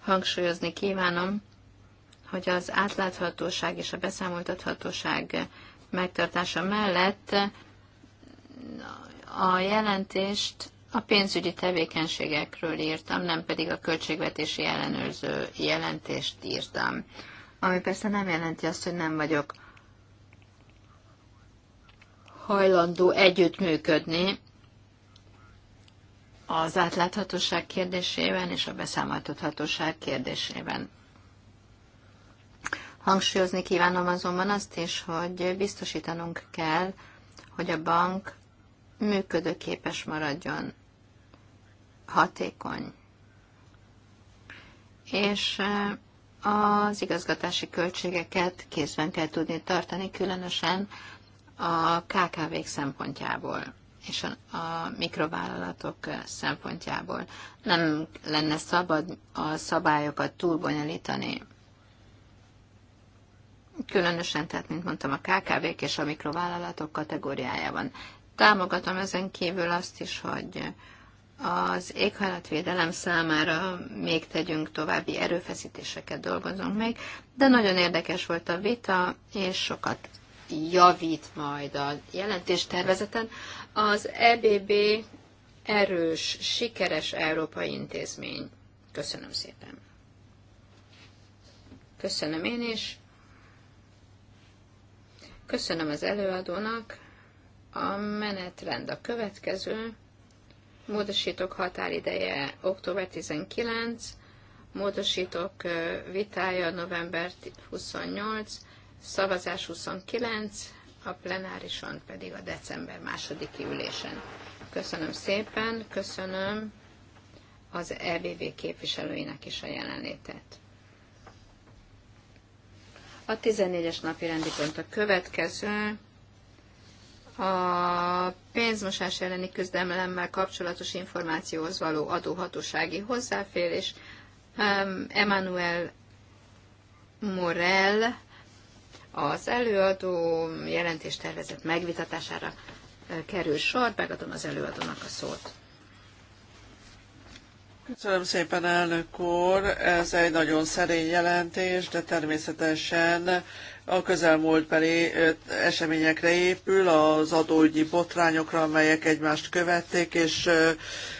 Hangsúlyozni kívánom, hogy az átláthatóság és a beszámoltathatóság megtartása mellett a jelentést a pénzügyi tevékenységekről írtam, nem pedig a költségvetési ellenőrző jelentést írtam. Ami persze nem jelenti azt, hogy nem vagyok hajlandó együttműködni az átláthatóság kérdésében és a beszámoltathatóság kérdésében. Hangsúlyozni kívánom azonban azt is, hogy biztosítanunk kell, hogy a bank működőképes maradjon hatékony. És eh, az igazgatási költségeket kézben kell tudni tartani, különösen a KKV-k szempontjából és a, a mikrovállalatok eh, szempontjából. Nem lenne szabad a szabályokat túlbonyolítani. Különösen, tehát, mint mondtam, a KKV-k és a mikrovállalatok kategóriájában. Támogatom ezen kívül azt is, hogy az éghajlatvédelem számára még tegyünk további erőfeszítéseket, dolgozunk még, de nagyon érdekes volt a vita, és sokat javít majd a jelentéstervezeten. Az EBB erős, sikeres európai intézmény. Köszönöm szépen. Köszönöm én is. Köszönöm az előadónak. A menetrend a következő. Módosítók határideje október 19, módosítók vitája november 28, szavazás 29, a plenárison pedig a december második ülésen. Köszönöm szépen, köszönöm az EBV képviselőinek is a jelenlétet. A 14-es napi rendi pont a következő a pénzmosás elleni küzdelemmel kapcsolatos információhoz való adóhatósági hozzáférés. Emmanuel Morel az előadó tervezett megvitatására kerül sor. Megadom az előadónak a szót. Köszönöm szépen, elnök úr! Ez egy nagyon szerény jelentés, de természetesen a közelmúltbeli eseményekre épül, az adóügyi botrányokra, amelyek egymást követték, és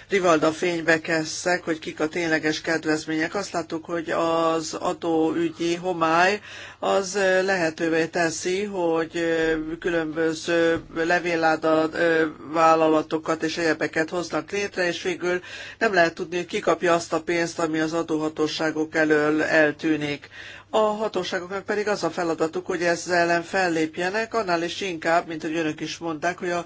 rivalda fénybe kezdtek, hogy kik a tényleges kedvezmények. Azt láttuk, hogy az adóügyi homály az lehetővé teszi, hogy különböző levélláda vállalatokat és egyebeket hoznak létre, és végül nem lehet tudni, hogy ki kapja azt a pénzt, ami az adóhatóságok elől eltűnik a hatóságoknak pedig az a feladatuk, hogy ezzel ellen fellépjenek, annál is inkább, mint hogy önök is mondták, hogy a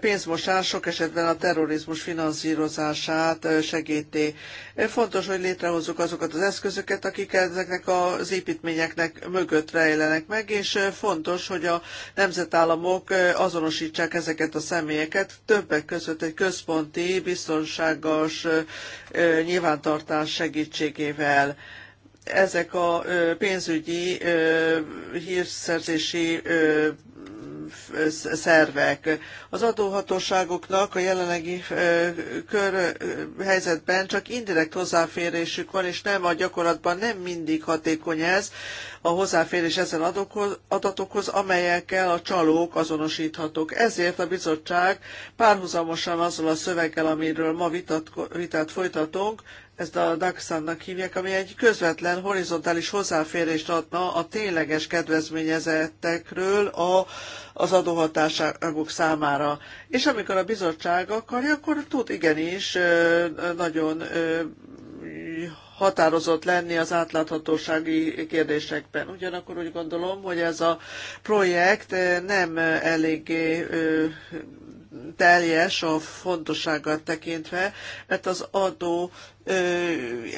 pénzmosás sok esetben a terrorizmus finanszírozását segíti. Fontos, hogy létrehozzuk azokat az eszközöket, akik ezeknek az építményeknek mögött rejlenek meg, és fontos, hogy a nemzetállamok azonosítsák ezeket a személyeket, többek között egy központi, biztonságos nyilvántartás segítségével ezek a pénzügyi hírszerzési szervek. Az adóhatóságoknak a jelenlegi kör helyzetben csak indirekt hozzáférésük van, és nem a gyakorlatban nem mindig hatékony ez a hozzáférés ezen adatokhoz, amelyekkel a csalók azonosíthatók. Ezért a bizottság párhuzamosan azzal a szöveggel, amiről ma vitat, vitát folytatunk, ezt a Daxannak hívják, ami egy közvetlen horizontális hozzáférést adna a tényleges kedvezményezettekről a, az adóhatáságok számára. És amikor a bizottság akarja, akkor tud igenis nagyon határozott lenni az átláthatósági kérdésekben. Ugyanakkor úgy gondolom, hogy ez a projekt nem eléggé teljes a fontosságát tekintve, mert az adó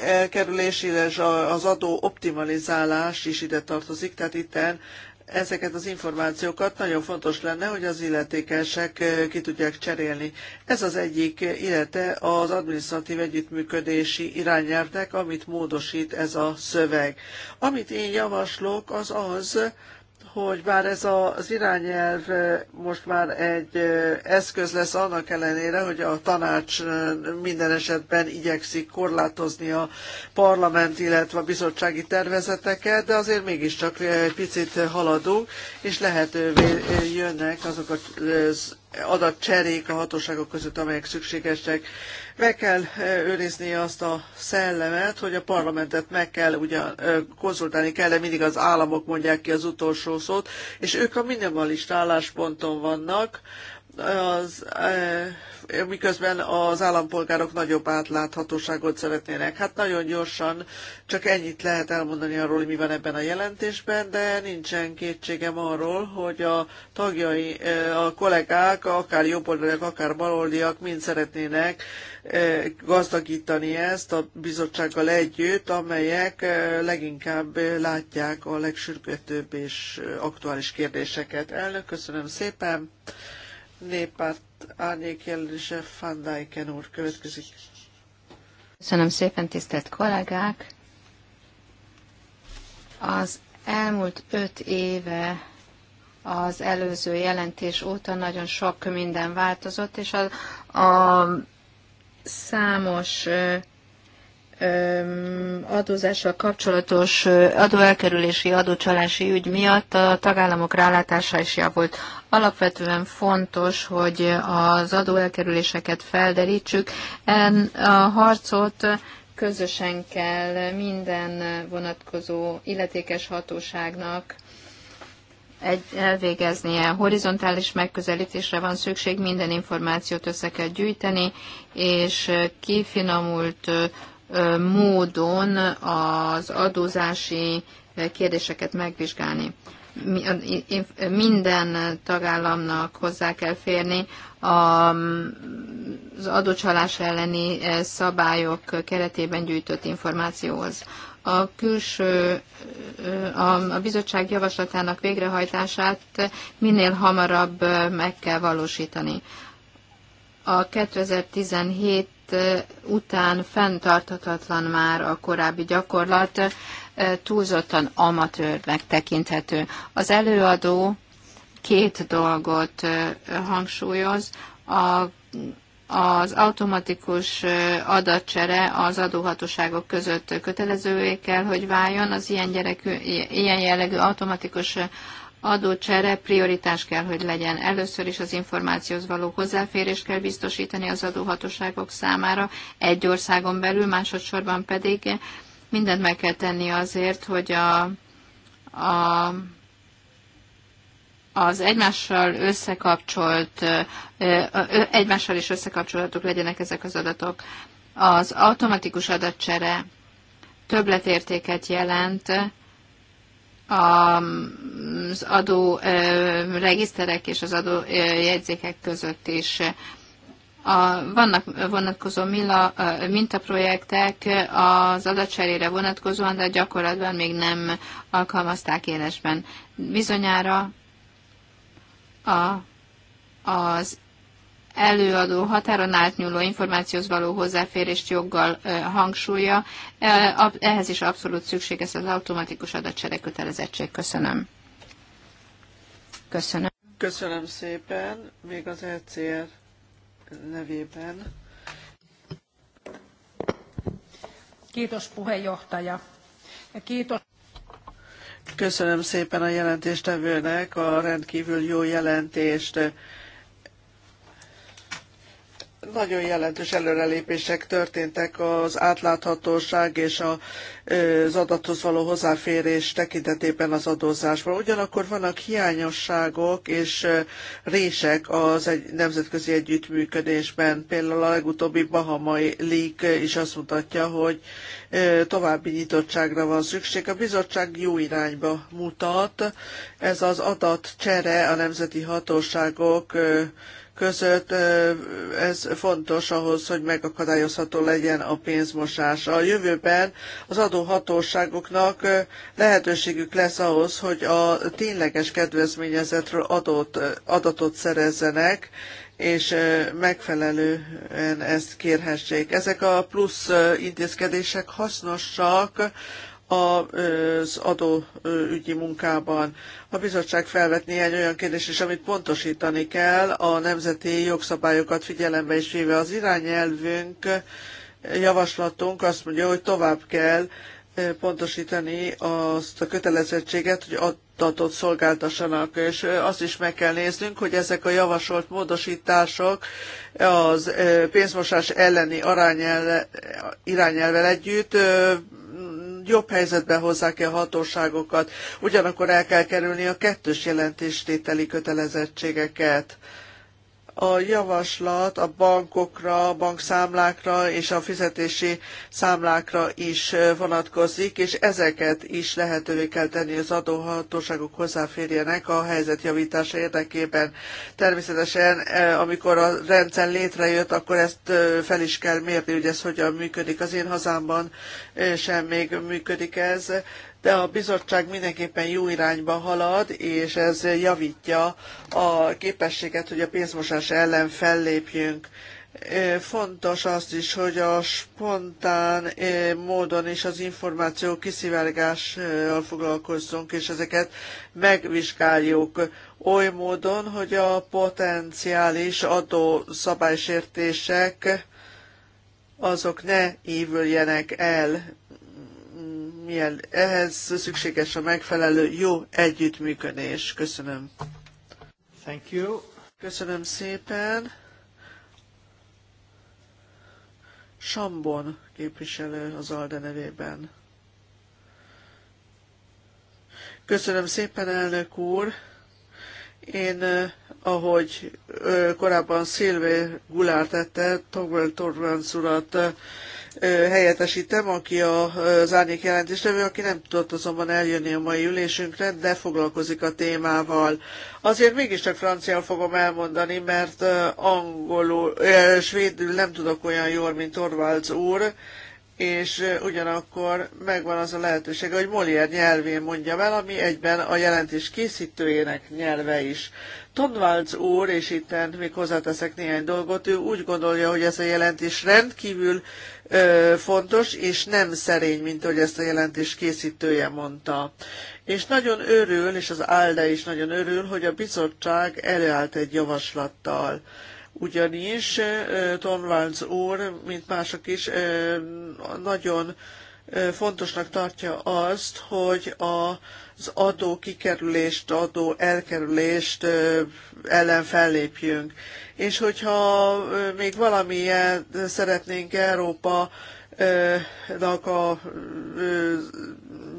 elkerülés, illetve az adó optimalizálás is ide tartozik, tehát itten ezeket az információkat nagyon fontos lenne, hogy az illetékesek ki tudják cserélni. Ez az egyik illete az adminisztratív együttműködési irányelvnek, amit módosít ez a szöveg. Amit én javaslok, az az, hogy bár ez az irányelv most már egy eszköz lesz annak ellenére, hogy a tanács minden esetben igyekszik korlátozni a parlament, illetve a bizottsági tervezeteket, de azért mégiscsak egy picit haladunk, és lehetővé jönnek azok az adatcserék a hatóságok között, amelyek szükségesek meg kell őrizni azt a szellemet, hogy a parlamentet meg kell ugye konzultálni kell, de mindig az államok mondják ki az utolsó szót, és ők a minimalista állásponton vannak, az, eh, miközben az állampolgárok nagyobb átláthatóságot szeretnének. Hát nagyon gyorsan csak ennyit lehet elmondani arról, hogy mi van ebben a jelentésben, de nincsen kétségem arról, hogy a tagjai, eh, a kollégák, akár jobboldaliak, akár baloldiak mind szeretnének eh, gazdagítani ezt a bizottsággal együtt, amelyek leginkább látják a legsürgetőbb és aktuális kérdéseket. Elnök, köszönöm szépen! Néppárt Van Dijken úr következik. Köszönöm szépen, tisztelt kollégák! Az elmúlt öt éve az előző jelentés óta nagyon sok minden változott, és a, a számos adózással kapcsolatos adóelkerülési, adócsalási ügy miatt a tagállamok rálátása is javult. Alapvetően fontos, hogy az adóelkerüléseket felderítsük. A harcot közösen kell minden vonatkozó illetékes hatóságnak egy, elvégeznie. Horizontális megközelítésre van szükség, minden információt össze kell gyűjteni, és kifinomult módon az adózási kérdéseket megvizsgálni minden tagállamnak hozzá kell férni az adócsalás elleni eh, szabályok keretében gyűjtött információhoz. A külső, eh, a, a bizottság javaslatának végrehajtását minél hamarabb eh, meg kell valósítani. A 2017 után fenntarthatatlan már a korábbi gyakorlat, túlzottan amatőrnek tekinthető. Az előadó két dolgot hangsúlyoz. A, az automatikus adatcsere az adóhatóságok között kötelezővé kell, hogy váljon. Az ilyen, gyerekű, ilyen jellegű automatikus adócsere prioritás kell, hogy legyen. Először is az információhoz való hozzáférés kell biztosítani az adóhatóságok számára egy országon belül, másodszorban pedig mindent meg kell tenni azért, hogy a, a az egymással összekapcsolt, egymással is összekapcsolatok legyenek ezek az adatok. Az automatikus adatcsere többletértéket jelent az adó regiszterek és az adó jegyzékek között is. A, vannak vonatkozó mila, mintaprojektek az adatcserére vonatkozóan, de gyakorlatban még nem alkalmazták élesben. Bizonyára a, az előadó határon átnyúló információhoz való hozzáférést joggal hangsúlya. Ehhez is abszolút szükség ez az automatikus adatcsere kötelezettség. Köszönöm. Köszönöm. Köszönöm szépen. Még az ECR nevében. Köszönöm szépen a jelentéstevőnek a rendkívül jó jelentést nagyon jelentős előrelépések történtek az átláthatóság és az adathoz való hozzáférés tekintetében az adózásban. Ugyanakkor vannak hiányosságok és rések az egy nemzetközi együttműködésben. Például a legutóbbi Bahamai Leak is azt mutatja, hogy további nyitottságra van szükség. A bizottság jó irányba mutat. Ez az adatcsere a nemzeti hatóságok között ez fontos ahhoz, hogy megakadályozható legyen a pénzmosás. A jövőben az adóhatóságoknak lehetőségük lesz ahhoz, hogy a tényleges kedvezményezetről adott, adatot szerezzenek, és megfelelően ezt kérhessék. Ezek a plusz intézkedések hasznosak az adóügyi munkában. A bizottság felvet néhány olyan kérdés is, amit pontosítani kell a nemzeti jogszabályokat figyelembe is véve. Az irányelvünk, javaslatunk azt mondja, hogy tovább kell pontosítani azt a kötelezettséget, hogy adatot szolgáltassanak, és azt is meg kell néznünk, hogy ezek a javasolt módosítások az pénzmosás elleni arányel, irányelvel együtt jobb helyzetbe hozzák-e a hatóságokat, ugyanakkor el kell kerülni a kettős jelentéstételi kötelezettségeket a javaslat a bankokra, bankszámlákra és a fizetési számlákra is vonatkozik, és ezeket is lehetővé kell tenni, az adóhatóságok hozzáférjenek a helyzet javítása érdekében. Természetesen, amikor a rendszer létrejött, akkor ezt fel is kell mérni, hogy ez hogyan működik. Az én hazámban sem még működik ez de a bizottság mindenképpen jó irányba halad, és ez javítja a képességet, hogy a pénzmosás ellen fellépjünk. Fontos azt is, hogy a spontán módon is az információ kiszivárgással foglalkozzunk, és ezeket megvizsgáljuk oly módon, hogy a potenciális adó szabálysértések azok ne évüljenek el milyen, ehhez szükséges a megfelelő jó együttműködés. Köszönöm. Thank you. Köszönöm szépen. Sambon képviselő az ALDE nevében. Köszönöm szépen, elnök úr. Én, eh, ahogy eh, korábban Szilvé Gulár tette, Togwell Torvánc urat eh, helyettesítem, aki az árnyék jelentéstevő, aki nem tudott azonban eljönni a mai ülésünkre, de foglalkozik a témával. Azért mégiscsak francián fogom elmondani, mert angolul, svédül nem tudok olyan jól, mint Torvalds úr, és ugyanakkor megvan az a lehetőség, hogy Molière nyelvén mondja el, ami egyben a jelentés készítőjének nyelve is. Tonvalds úr, és itt még hozzáteszek néhány dolgot, ő úgy gondolja, hogy ez a jelentés rendkívül ö, fontos, és nem szerény, mint hogy ezt a jelentés készítője mondta. És nagyon örül, és az ALDE is nagyon örül, hogy a bizottság előállt egy javaslattal ugyanis Torvalds úr, mint mások is, nagyon fontosnak tartja azt, hogy az adó kikerülést, adó elkerülést ellen fellépjünk. És hogyha még valamilyen szeretnénk Európa a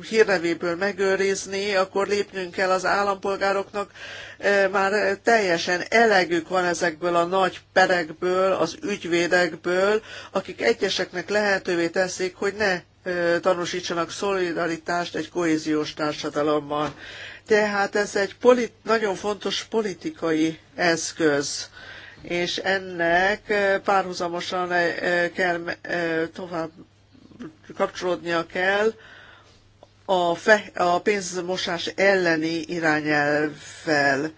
hírnevéből megőrizni, akkor lépnünk kell az állampolgároknak. E, már teljesen elegük van ezekből a nagy perekből, az ügyvédekből, akik egyeseknek lehetővé teszik, hogy ne e, tanúsítsanak szolidaritást egy kohéziós társadalommal. Tehát ez egy polit, nagyon fontos politikai eszköz és ennek e, párhuzamosan kell tovább kapcsolódnia kell a, fe, a pénzmosás elleni irányelvvel.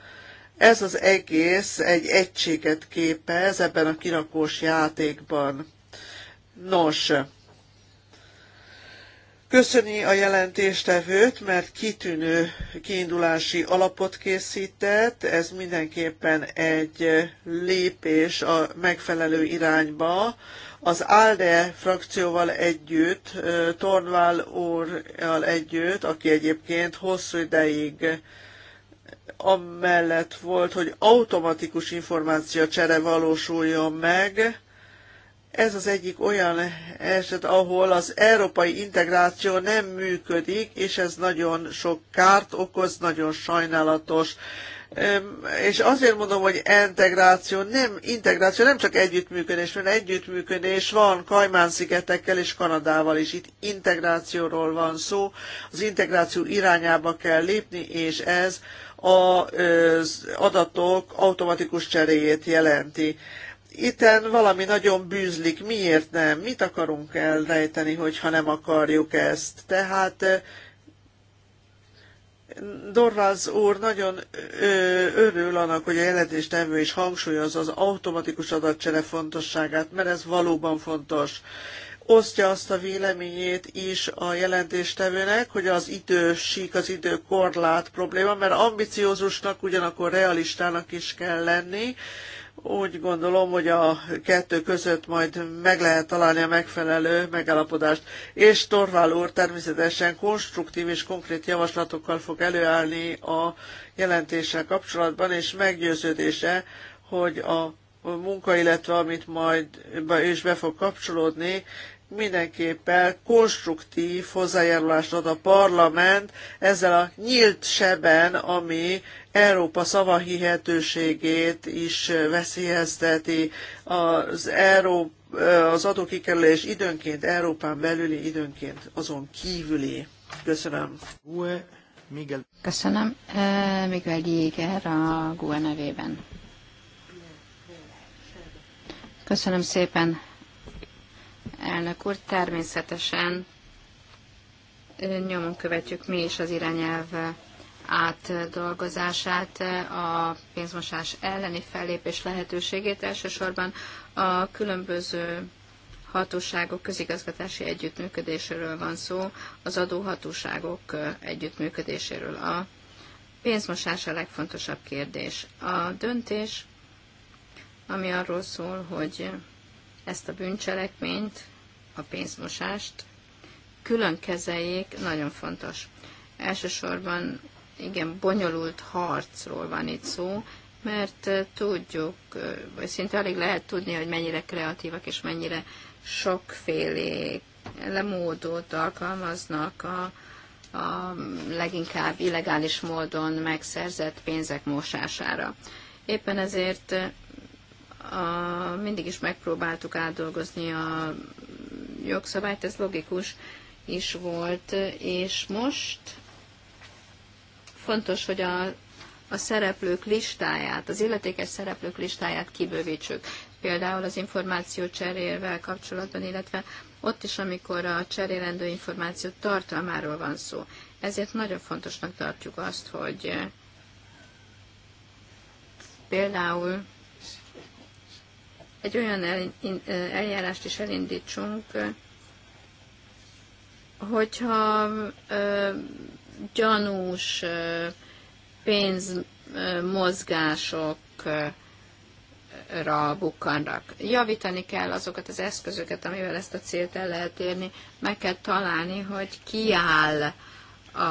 Ez az egész egy egységet képez ebben a kirakós játékban. Nos, Köszöni a jelentéstevőt, mert kitűnő kiindulási alapot készített, ez mindenképpen egy lépés a megfelelő irányba. Az ALDE frakcióval együtt, Tornvál úrral együtt, aki egyébként hosszú ideig amellett volt, hogy automatikus információcsere valósuljon meg, ez az egyik olyan eset, ahol az európai integráció nem működik, és ez nagyon sok kárt okoz, nagyon sajnálatos. És azért mondom, hogy integráció nem, integráció nem csak együttműködés, mert együttműködés van Kajmán-szigetekkel és Kanadával is. Itt integrációról van szó, az integráció irányába kell lépni, és ez az adatok automatikus cseréjét jelenti itten valami nagyon bűzlik, miért nem, mit akarunk elrejteni, hogyha nem akarjuk ezt. Tehát Dorraz úr nagyon örül annak, hogy a jelentéstevő is hangsúlyozza az automatikus adatcsere fontosságát, mert ez valóban fontos. Osztja azt a véleményét is a jelentéstevőnek, hogy az idősík, az időkorlát probléma, mert ambiciózusnak, ugyanakkor realistának is kell lenni, úgy gondolom, hogy a kettő között majd meg lehet találni a megfelelő megállapodást. És Torvál úr természetesen konstruktív és konkrét javaslatokkal fog előállni a jelentéssel kapcsolatban, és meggyőződése, hogy a munka, illetve amit majd be, ő is be fog kapcsolódni, mindenképpen konstruktív hozzájárulást ad a parlament ezzel a nyílt seben, ami Európa szavahihetőségét is veszélyezteti. Az, Euró, az adókikerülés időnként Európán belüli, időnként azon kívüli. Köszönöm. Köszönöm. Miguel Jéger a GUE nevében. Köszönöm szépen, elnök úr. Természetesen nyomon követjük mi is az irányelv átdolgozását, a pénzmosás elleni fellépés lehetőségét, elsősorban a különböző hatóságok közigazgatási együttműködéséről van szó, az adóhatóságok együttműködéséről. A pénzmosás a legfontosabb kérdés. A döntés, ami arról szól, hogy ezt a bűncselekményt a pénzmosást, külön kezeljék, nagyon fontos. Elsősorban igen, bonyolult harcról van itt szó, mert eh, tudjuk, eh, vagy szinte alig lehet tudni, hogy mennyire kreatívak és mennyire sokféle lemódot alkalmaznak a, a leginkább illegális módon megszerzett pénzek mosására. Éppen ezért eh, a, mindig is megpróbáltuk átdolgozni a jogszabályt, ez logikus is volt, és most fontos, hogy a, a szereplők listáját, az illetékes szereplők listáját kibővítsük. Például az információ cserével kapcsolatban, illetve ott is, amikor a cserélendő információ tartalmáról van szó. Ezért nagyon fontosnak tartjuk azt, hogy például egy olyan eljárást is elindítsunk, hogyha ö, gyanús ö, pénzmozgásokra bukkannak. Javítani kell azokat az eszközöket, amivel ezt a célt el lehet érni. Meg kell találni, hogy kiáll a,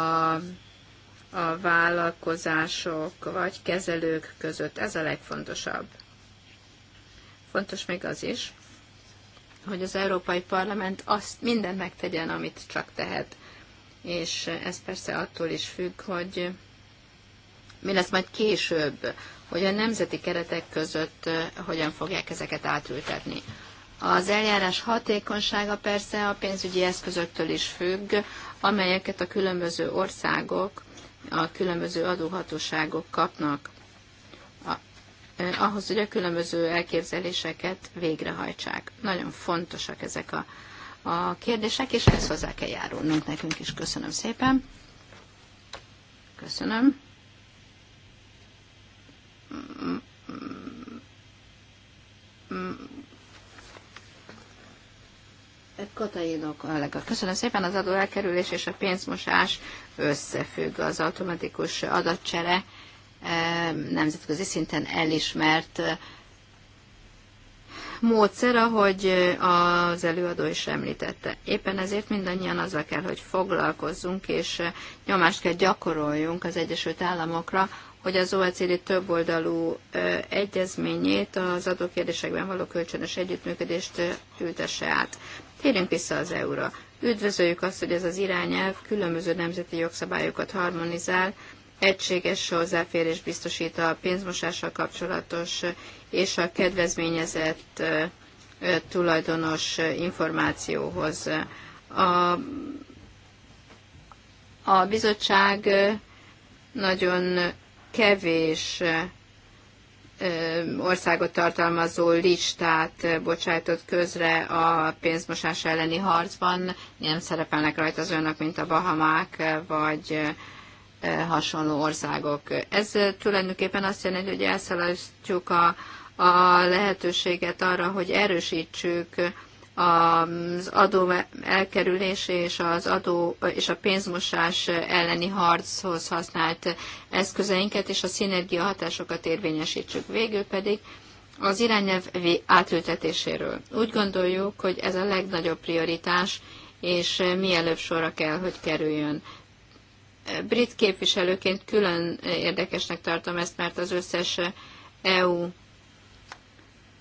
a vállalkozások vagy kezelők között. Ez a legfontosabb. Fontos még az is, hogy az Európai Parlament azt mindent megtegyen, amit csak tehet. És ez persze attól is függ, hogy mi lesz majd később, hogy a nemzeti keretek között eh, hogyan fogják ezeket átültetni. Az eljárás hatékonysága persze a pénzügyi eszközöktől is függ, amelyeket a különböző országok, a különböző adóhatóságok kapnak. Eh, ahhoz, hogy a különböző elképzeléseket végrehajtsák. Nagyon fontosak ezek a, a kérdések, és ezt hozzá kell járulnunk nekünk is. Köszönöm szépen. Köszönöm. Katainok kollega. Köszönöm szépen az adó elkerülés és a pénzmosás összefügg az automatikus adatcsere nemzetközi szinten elismert eh, módszer, ahogy eh, az előadó is említette. Éppen ezért mindannyian azzal kell, hogy foglalkozzunk, és eh, nyomást kell gyakoroljunk az Egyesült Államokra, hogy az OECD többoldalú egyezményét, az adókérdésekben való kölcsönös együttműködést ültesse át. Térjünk vissza az euróra. Üdvözöljük azt, hogy ez az irányelv különböző nemzeti jogszabályokat harmonizál, egységes hozzáférés biztosít a pénzmosással kapcsolatos és a kedvezményezett tulajdonos információhoz. A, a bizottság nagyon kevés országot tartalmazó listát bocsájtott közre a pénzmosás elleni harcban. Nem szerepelnek rajta az önök, mint a Bahamák, vagy hasonló országok. Ez tulajdonképpen azt jelenti, hogy elszalasztjuk a, a lehetőséget arra, hogy erősítsük az adó elkerülés és az adó és a pénzmosás elleni harchoz használt eszközeinket és a szinergia hatásokat érvényesítsük. Végül pedig az irányelv átültetéséről. Úgy gondoljuk, hogy ez a legnagyobb prioritás, és mielőbb sorra kell, hogy kerüljön brit képviselőként külön érdekesnek tartom ezt, mert az összes EU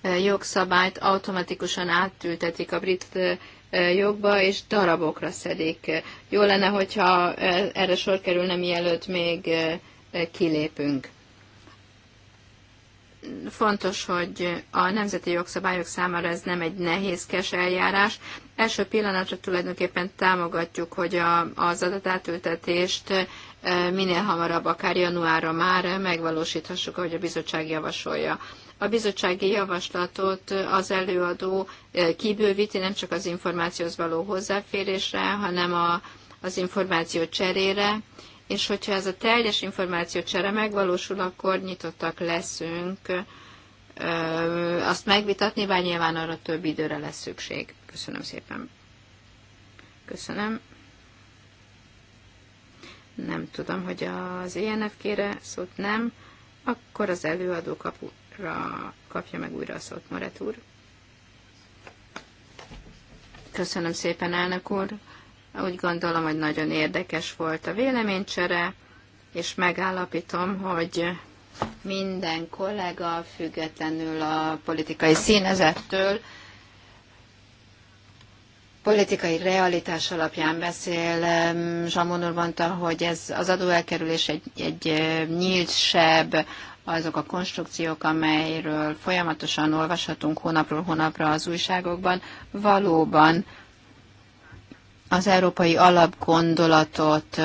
e, jogszabályt automatikusan átültetik a brit e, e, jogba, és darabokra szedik. Jó lenne, hogyha erre sor kerülne, mielőtt még kilépünk fontos, hogy a nemzeti jogszabályok számára ez nem egy nehézkes eljárás. Első pillanatra tulajdonképpen támogatjuk, hogy a, az adatátültetést minél hamarabb, akár januárra már megvalósíthassuk, ahogy a bizottság javasolja. A bizottsági javaslatot az előadó kibővíti nem csak az információhoz való hozzáférésre, hanem a, az információ cserére, és hogyha ez a teljes információcsere megvalósul, akkor nyitottak leszünk azt megvitatni, bár nyilván arra több időre lesz szükség. Köszönöm szépen. Köszönöm. Nem tudom, hogy az ENF-kére szót nem, akkor az előadó kapura, kapja meg újra a szót, Moret úr. Köszönöm szépen, elnök úr. Úgy gondolom, hogy nagyon érdekes volt a véleménycsere, és megállapítom, hogy minden kollega, függetlenül a politikai színezettől, politikai realitás alapján beszél. Zsamon úr mondta, hogy ez az adóelkerülés egy, egy nyílt seb, azok a konstrukciók, amelyről folyamatosan olvashatunk hónapról hónapra az újságokban, valóban az európai alapgondolatot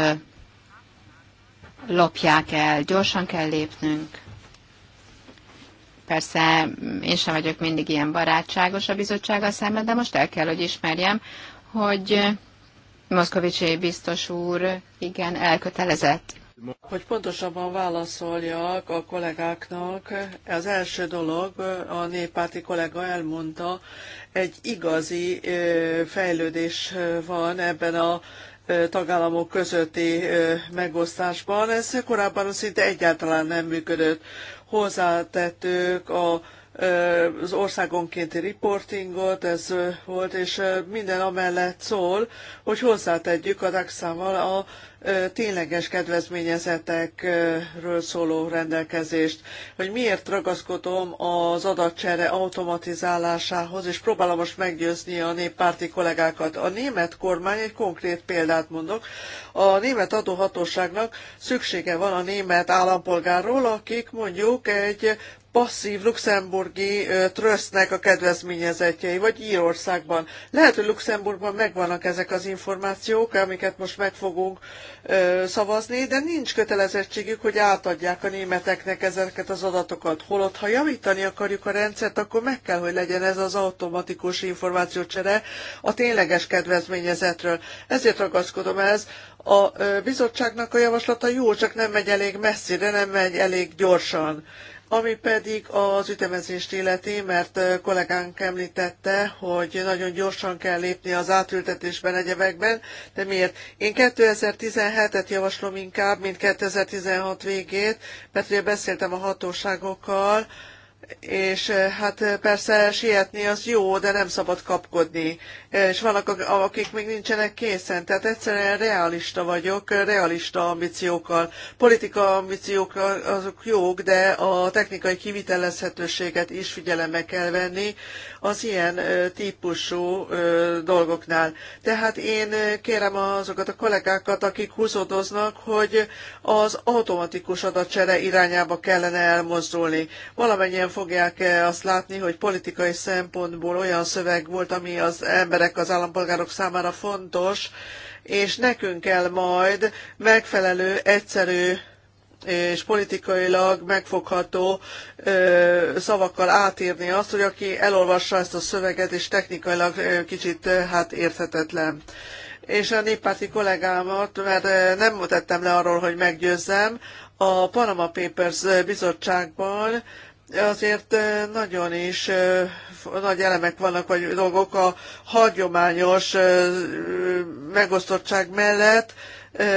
lopják el. Gyorsan kell lépnünk. Persze mm, én sem vagyok mindig ilyen barátságos a bizottsággal szemben, de most el kell, hogy ismerjem, hogy Moszkovicsi biztos úr igen elkötelezett hogy pontosabban válaszoljak a kollégáknak, az első dolog, a néppárti kollega elmondta, egy igazi fejlődés van ebben a tagállamok közötti megosztásban. Ez korábban szinte egyáltalán nem működött. Hozzátettük a az országonkénti reportingot, ez volt, és minden amellett szól, hogy hozzátegyük a DAX-szával a tényleges kedvezményezetekről szóló rendelkezést, hogy miért ragaszkodom az adatcsere automatizálásához, és próbálom most meggyőzni a néppárti kollégákat. A német kormány, egy konkrét példát mondok, a német adóhatóságnak szüksége van a német állampolgárról, akik mondjuk egy passzív luxemburgi trösznek a kedvezményezetjei, vagy Írországban. Lehet, hogy Luxemburgban megvannak ezek az információk, amiket most meg fogunk ö, szavazni, de nincs kötelezettségük, hogy átadják a németeknek ezeket az adatokat. Holott, ha javítani akarjuk a rendszert, akkor meg kell, hogy legyen ez az automatikus információcsere a tényleges kedvezményezetről. Ezért ragaszkodom ez. A bizottságnak a javaslata jó, csak nem megy elég messzire, nem megy elég gyorsan. Ami pedig az ütemezést illeti, mert kollégánk említette, hogy nagyon gyorsan kell lépni az átültetésben egyebekben, de miért? Én 2017-et javaslom inkább, mint 2016 végét, mert ugye beszéltem a hatóságokkal, és hát persze sietni az jó, de nem szabad kapkodni és vannak, akik még nincsenek készen. Tehát egyszerűen realista vagyok, realista ambíciókkal. Politika ambíciók azok jók, de a technikai kivitelezhetőséget is figyelembe kell venni az ilyen típusú dolgoknál. Tehát én kérem azokat a kollégákat, akik húzódoznak, hogy az automatikus adatcsere irányába kellene elmozdulni. Valamennyien fogják azt látni, hogy politikai szempontból olyan szöveg volt, ami az ember emberek, az állampolgárok számára fontos, és nekünk kell majd megfelelő, egyszerű és politikailag megfogható ö, szavakkal átírni azt, hogy aki elolvassa ezt a szöveget, és technikailag ö, kicsit ö, hát érthetetlen. És a néppárti kollégámat, mert nem tettem le arról, hogy meggyőzzem, a Panama Papers bizottságban azért nagyon is nagy elemek vannak, vagy dolgok a hagyományos megosztottság mellett,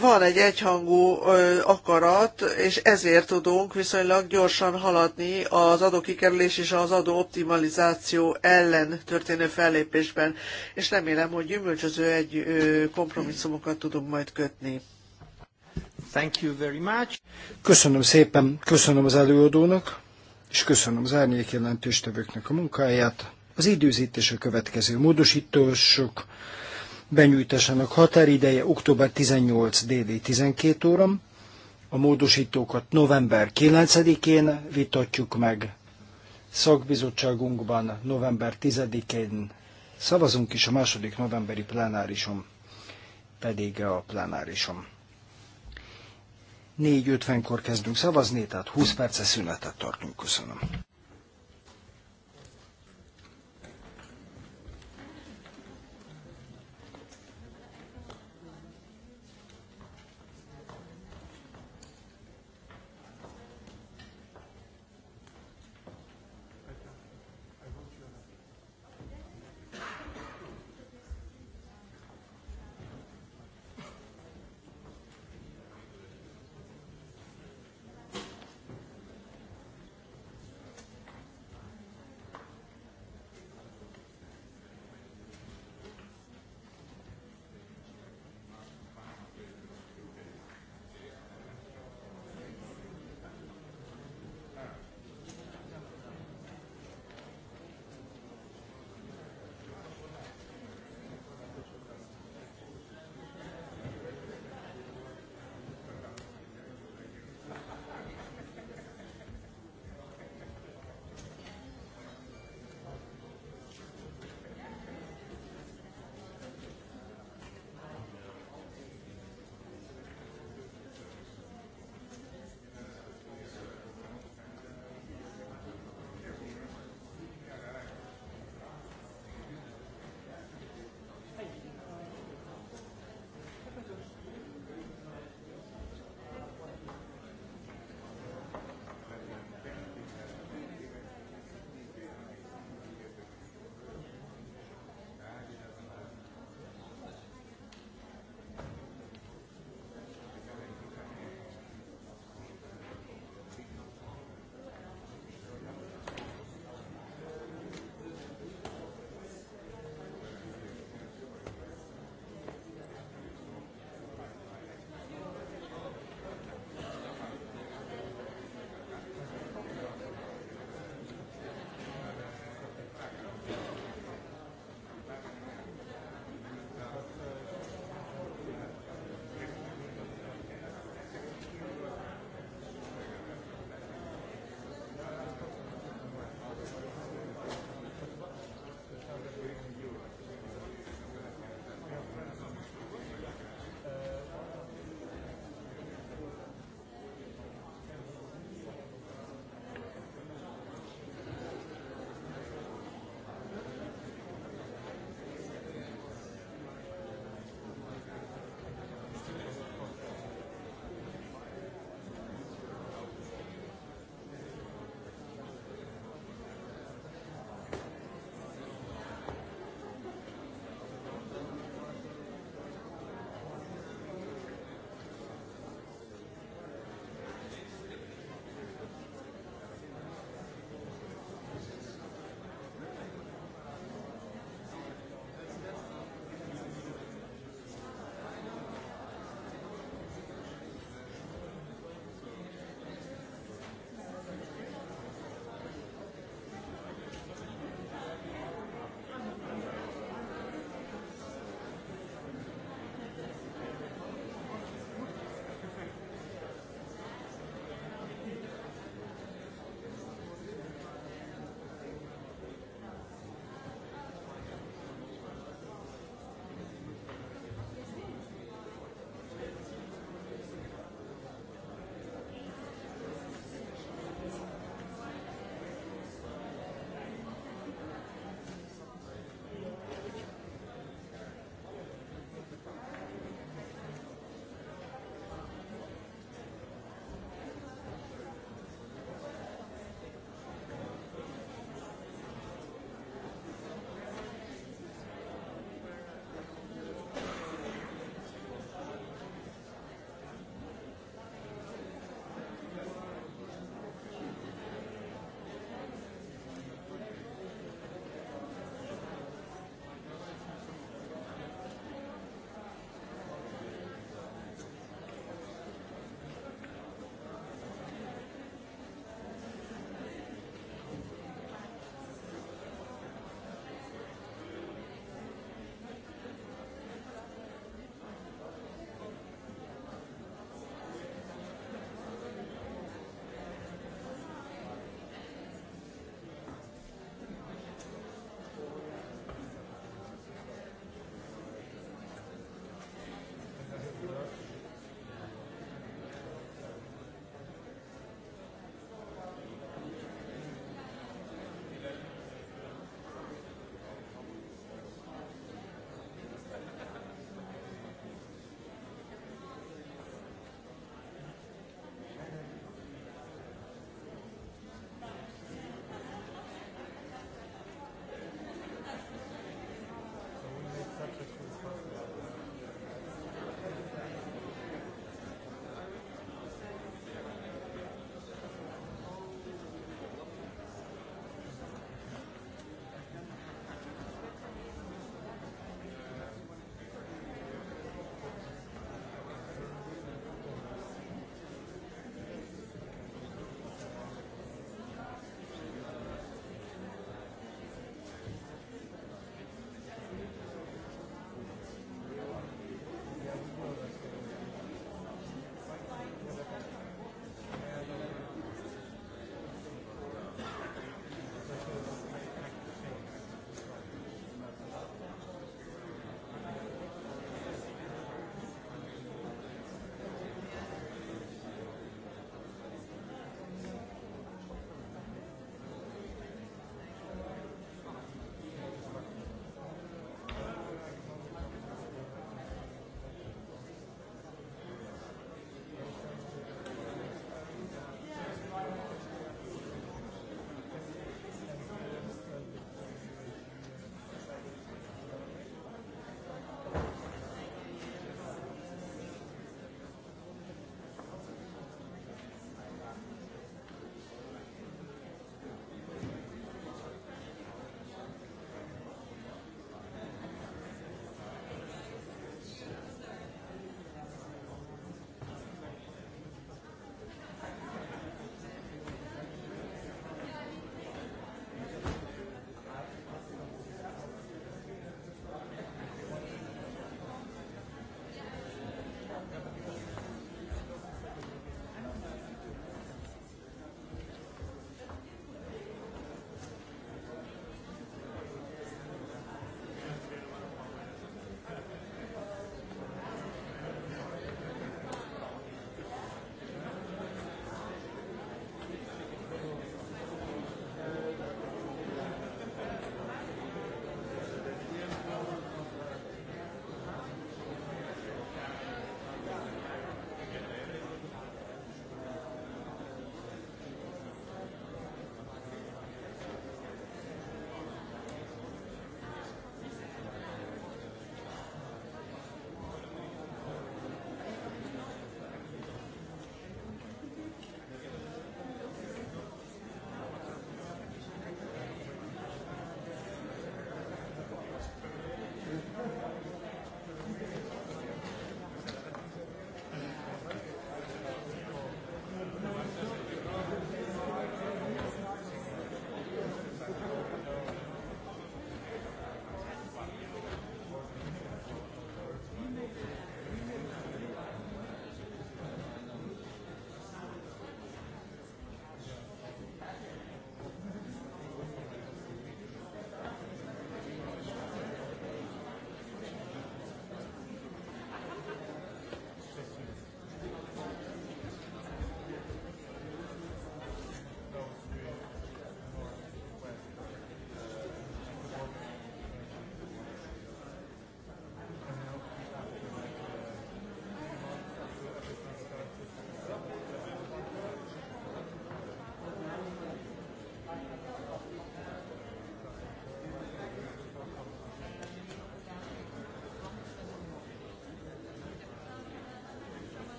van egy egyhangú akarat, és ezért tudunk viszonylag gyorsan haladni az adókikerülés és az adó optimalizáció ellen történő fellépésben, és remélem, hogy gyümölcsöző egy kompromisszumokat tudunk majd kötni. Thank you very much. Köszönöm szépen, köszönöm az előadónak és köszönöm az árnyék jelentőstevőknek a munkáját. Az időzítés a következő módosítósok benyújtásának határideje október 18 dd 12 óra. A módosítókat november 9-én vitatjuk meg. Szakbizottságunkban november 10-én szavazunk is a második novemberi plenárison, pedig a plenárison. 4.50-kor kezdünk szavazni, tehát 20 perces szünetet tartunk. Köszönöm.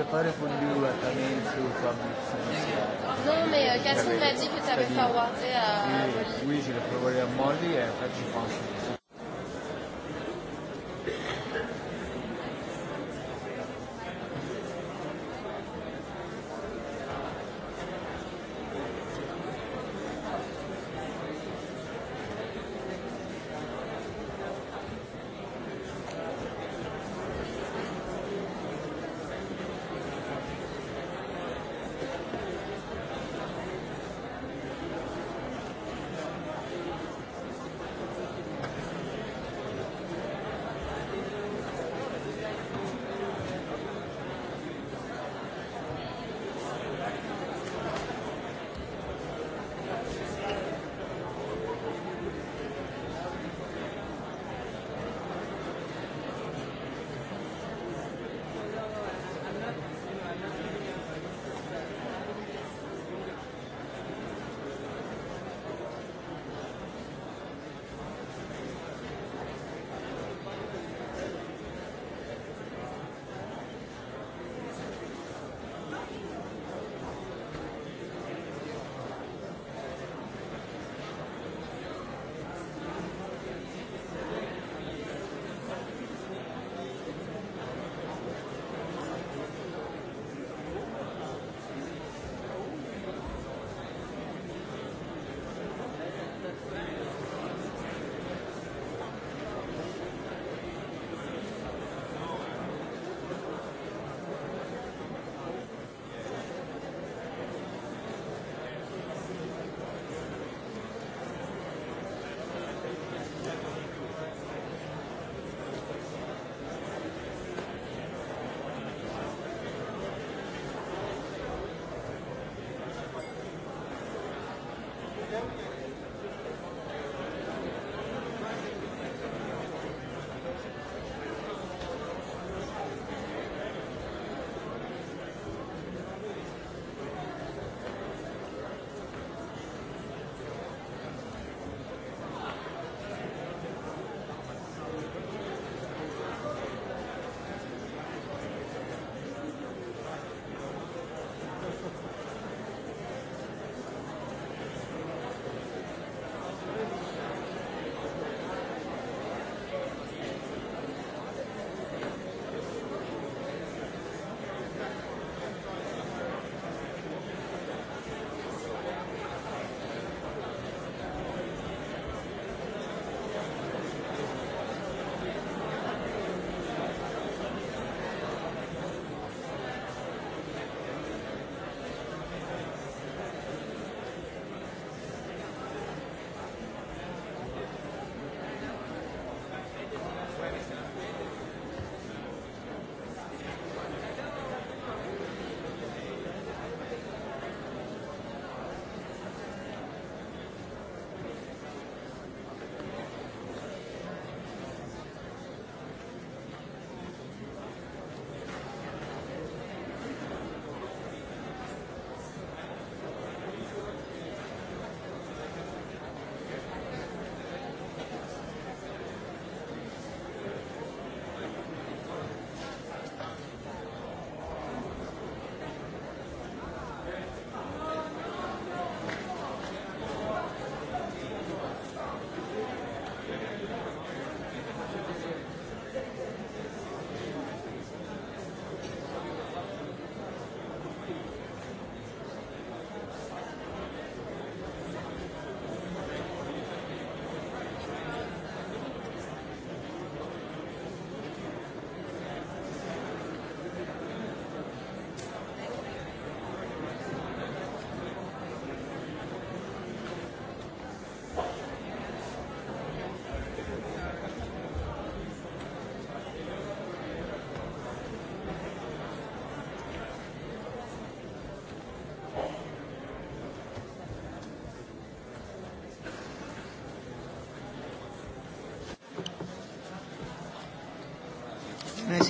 peux pas répondu à ta main, c'est Public Service. Non, mais euh, Catherine m'a dit que tu avais forwardé à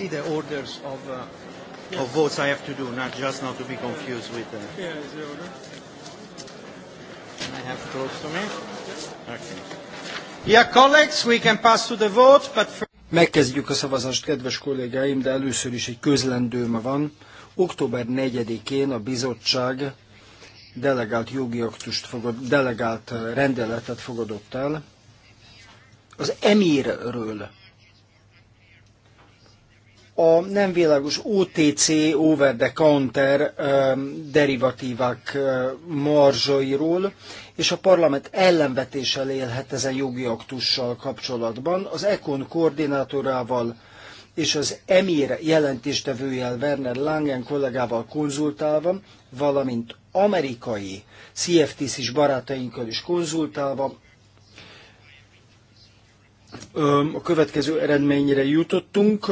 see the orders of, uh, yes. of votes I have to do, not just not to be confused with them. Uh, yeah, is the order. I have close to me. Okay. Yeah, colleagues, we can pass to the vote, but first... Megkezdjük a szavazást, kedves kollégáim, de először is egy közlendőm van. Október 4-én a bizottság delegált jogi aktust fogad, delegált rendeletet fogadott el az emírről a nem világos OTC, over the counter um, derivatívák uh, marzsairól, és a parlament ellenvetéssel élhet ezen jogi aktussal kapcsolatban. Az ECON koordinátorával és az EMIR jelentéstevőjel Werner Langen kollégával konzultálva, valamint amerikai cftc is barátainkkal is konzultálva, um, a következő eredményre jutottunk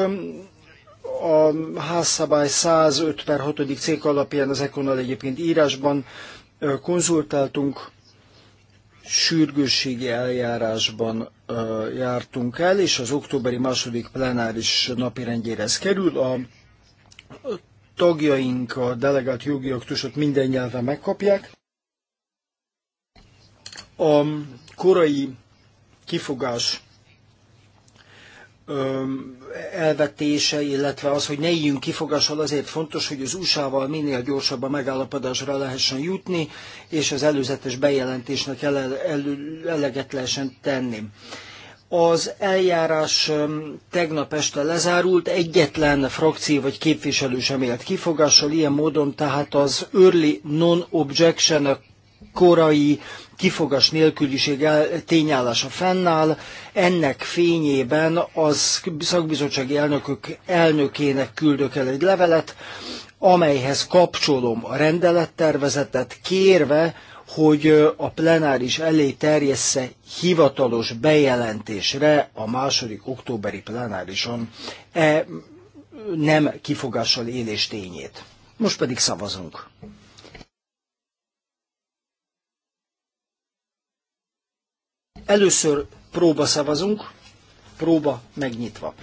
a házszabály 105 per 6. cég alapján az Econnal egyébként írásban konzultáltunk, sürgősségi eljárásban jártunk el, és az októberi második plenáris napirendjére ez kerül. A tagjaink a delegált jogi aktusot minden nyelven megkapják. A korai kifogás elvetése, illetve az, hogy ne éljünk kifogással, azért fontos, hogy az USA-val minél gyorsabban megállapodásra lehessen jutni, és az előzetes bejelentésnek ele, ele, eleget lehessen tenni. Az eljárás tegnap este lezárult, egyetlen frakció vagy képviselő sem élt kifogással, ilyen módon tehát az early non-objection a korai kifogás nélküliség tényállása fennáll. Ennek fényében az szakbizottsági elnökök elnökének küldök el egy levelet, amelyhez kapcsolom a rendelettervezetet, kérve, hogy a plenáris elé terjessze hivatalos bejelentésre a második októberi plenárison e nem kifogással élés tényét. Most pedig szavazunk. Először próba szavazunk, próba megnyitva.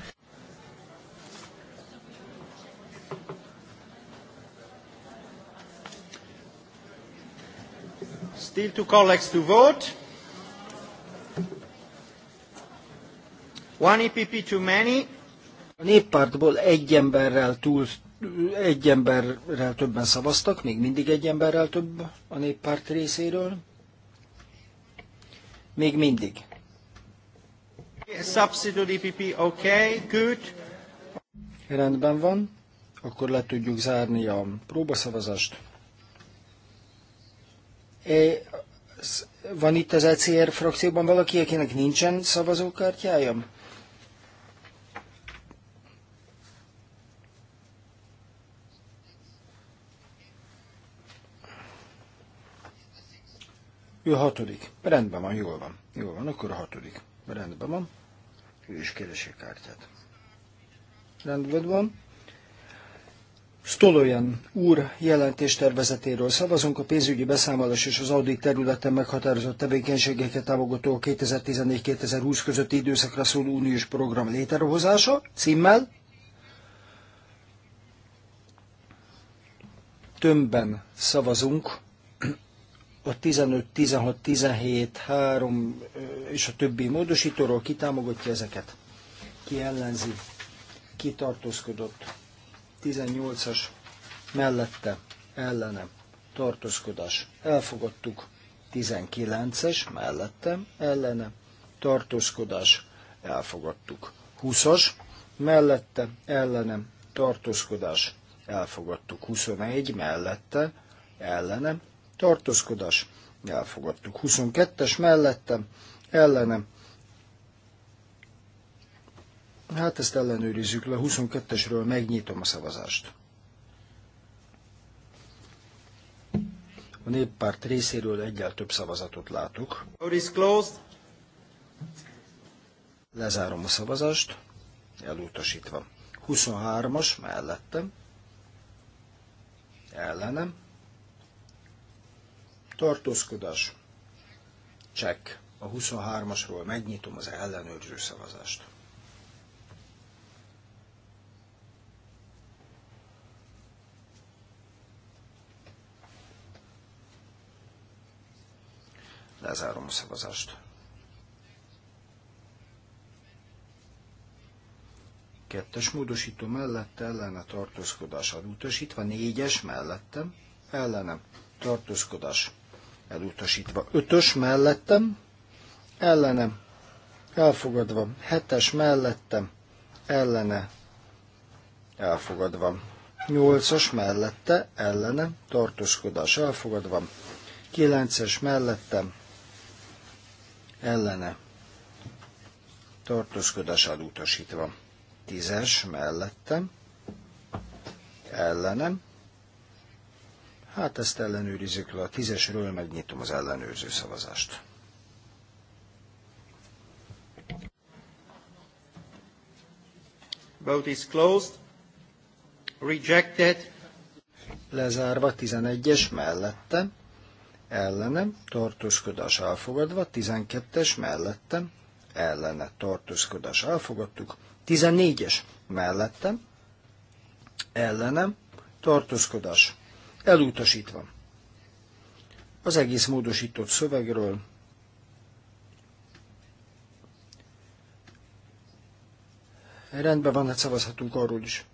Still two colleagues to vote. One EPP too many. A néppártból egy emberrel túl egy emberrel többen szavaztak, még mindig egy emberrel több a néppárt részéről. Még mindig. EPP, okay, good. Rendben van, akkor le tudjuk zárni a próbaszavazást. É, van itt az ECR frakcióban valaki, akinek nincsen szavazókártyája? Ő a hatodik. Rendben van, jól van. Jól van, akkor a hatodik. Rendben van. Ő is keresi a kártyát. Rendben van. Stolojan úr jelentéstervezetéről szavazunk a pénzügyi beszámolás és az audit területen meghatározott tevékenységeket támogató 2014-2020 közötti időszakra szóló uniós program létrehozása címmel tömbben szavazunk a 15, 16, 17, 3 és a többi módosítóról kitámogatja ezeket. Ki ellenzi, ki tartózkodott. 18-as mellette, ellene, tartózkodás. Elfogadtuk. 19-es mellette, ellene, tartózkodás. Elfogadtuk. 20-as mellette, ellene, tartózkodás. Elfogadtuk. 21 mellette, ellenem, tartózkodás, elfogadtuk. 22-es mellettem, ellenem. Hát ezt ellenőrizzük le, 22-esről megnyitom a szavazást. A néppárt részéről egyel több szavazatot látok. Lezárom a szavazást, elutasítva. 23-as mellettem, ellenem, tartózkodás, csekk. A 23-asról megnyitom az ellenőrző szavazást. Lezárom a szavazást. Kettes módosító mellette ellene tartózkodás elutasítva, négyes mellettem ellenem tartózkodás elutasítva. Ötös mellettem, ellenem, elfogadva. Hetes mellettem, ellene, elfogadva. Nyolcas mellette, ellene, tartózkodás elfogadva. Kilences mellettem, ellene, tartózkodás elutasítva. Tízes mellettem, ellenem, Hát ezt ellenőrizzük le a tízesről, megnyitom az ellenőrző szavazást. Vote is closed. Rejected. Lezárva 11-es mellette, ellenem, tartózkodás elfogadva, 12-es mellettem, ellene, tartózkodás elfogadtuk, 14-es mellettem, ellenem, tartózkodás Elutasítva. Az egész módosított szövegről Rendben van, hát szavazhatunk arról is.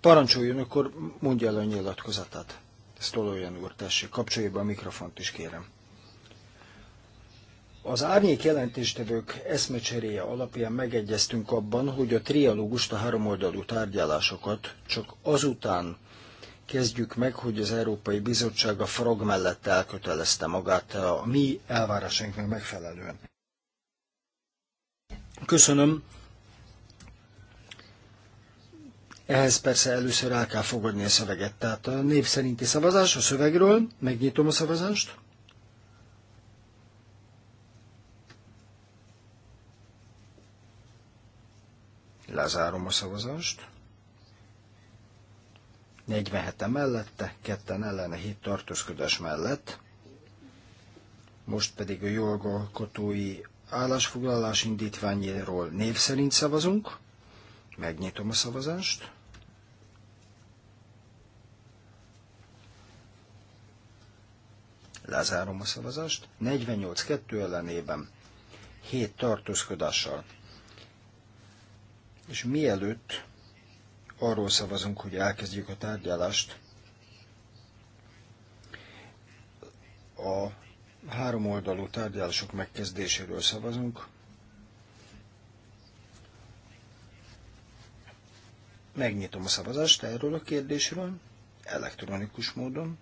Parancsoljon, akkor mondja el a nyilatkozatát. olyan úr, tessék, kapcsolja be a mikrofont is, kérem. Az árnyék jelentéstevők eszmecseréje alapján megegyeztünk abban, hogy a trialógust, a háromoldalú tárgyalásokat csak azután kezdjük meg, hogy az Európai Bizottság a frog mellett elkötelezte magát a mi elvárásainknak megfelelően. Köszönöm. Ehhez persze először el kell fogadni a szöveget. Tehát a név szerinti szavazás a szövegről. Megnyitom a szavazást. Lezárom a szavazást. 47 mellette, ketten ellene 7 tartózkodás mellett. Most pedig a jogalkotói állásfoglalás indítványéről név szerint szavazunk. Megnyitom a szavazást. Lezárom a szavazást. 48-2 ellenében, 7 tartózkodással. És mielőtt arról szavazunk, hogy elkezdjük a tárgyalást a három oldalú tárgyalások megkezdéséről szavazunk. Megnyitom a szavazást erről a kérdésről, elektronikus módon,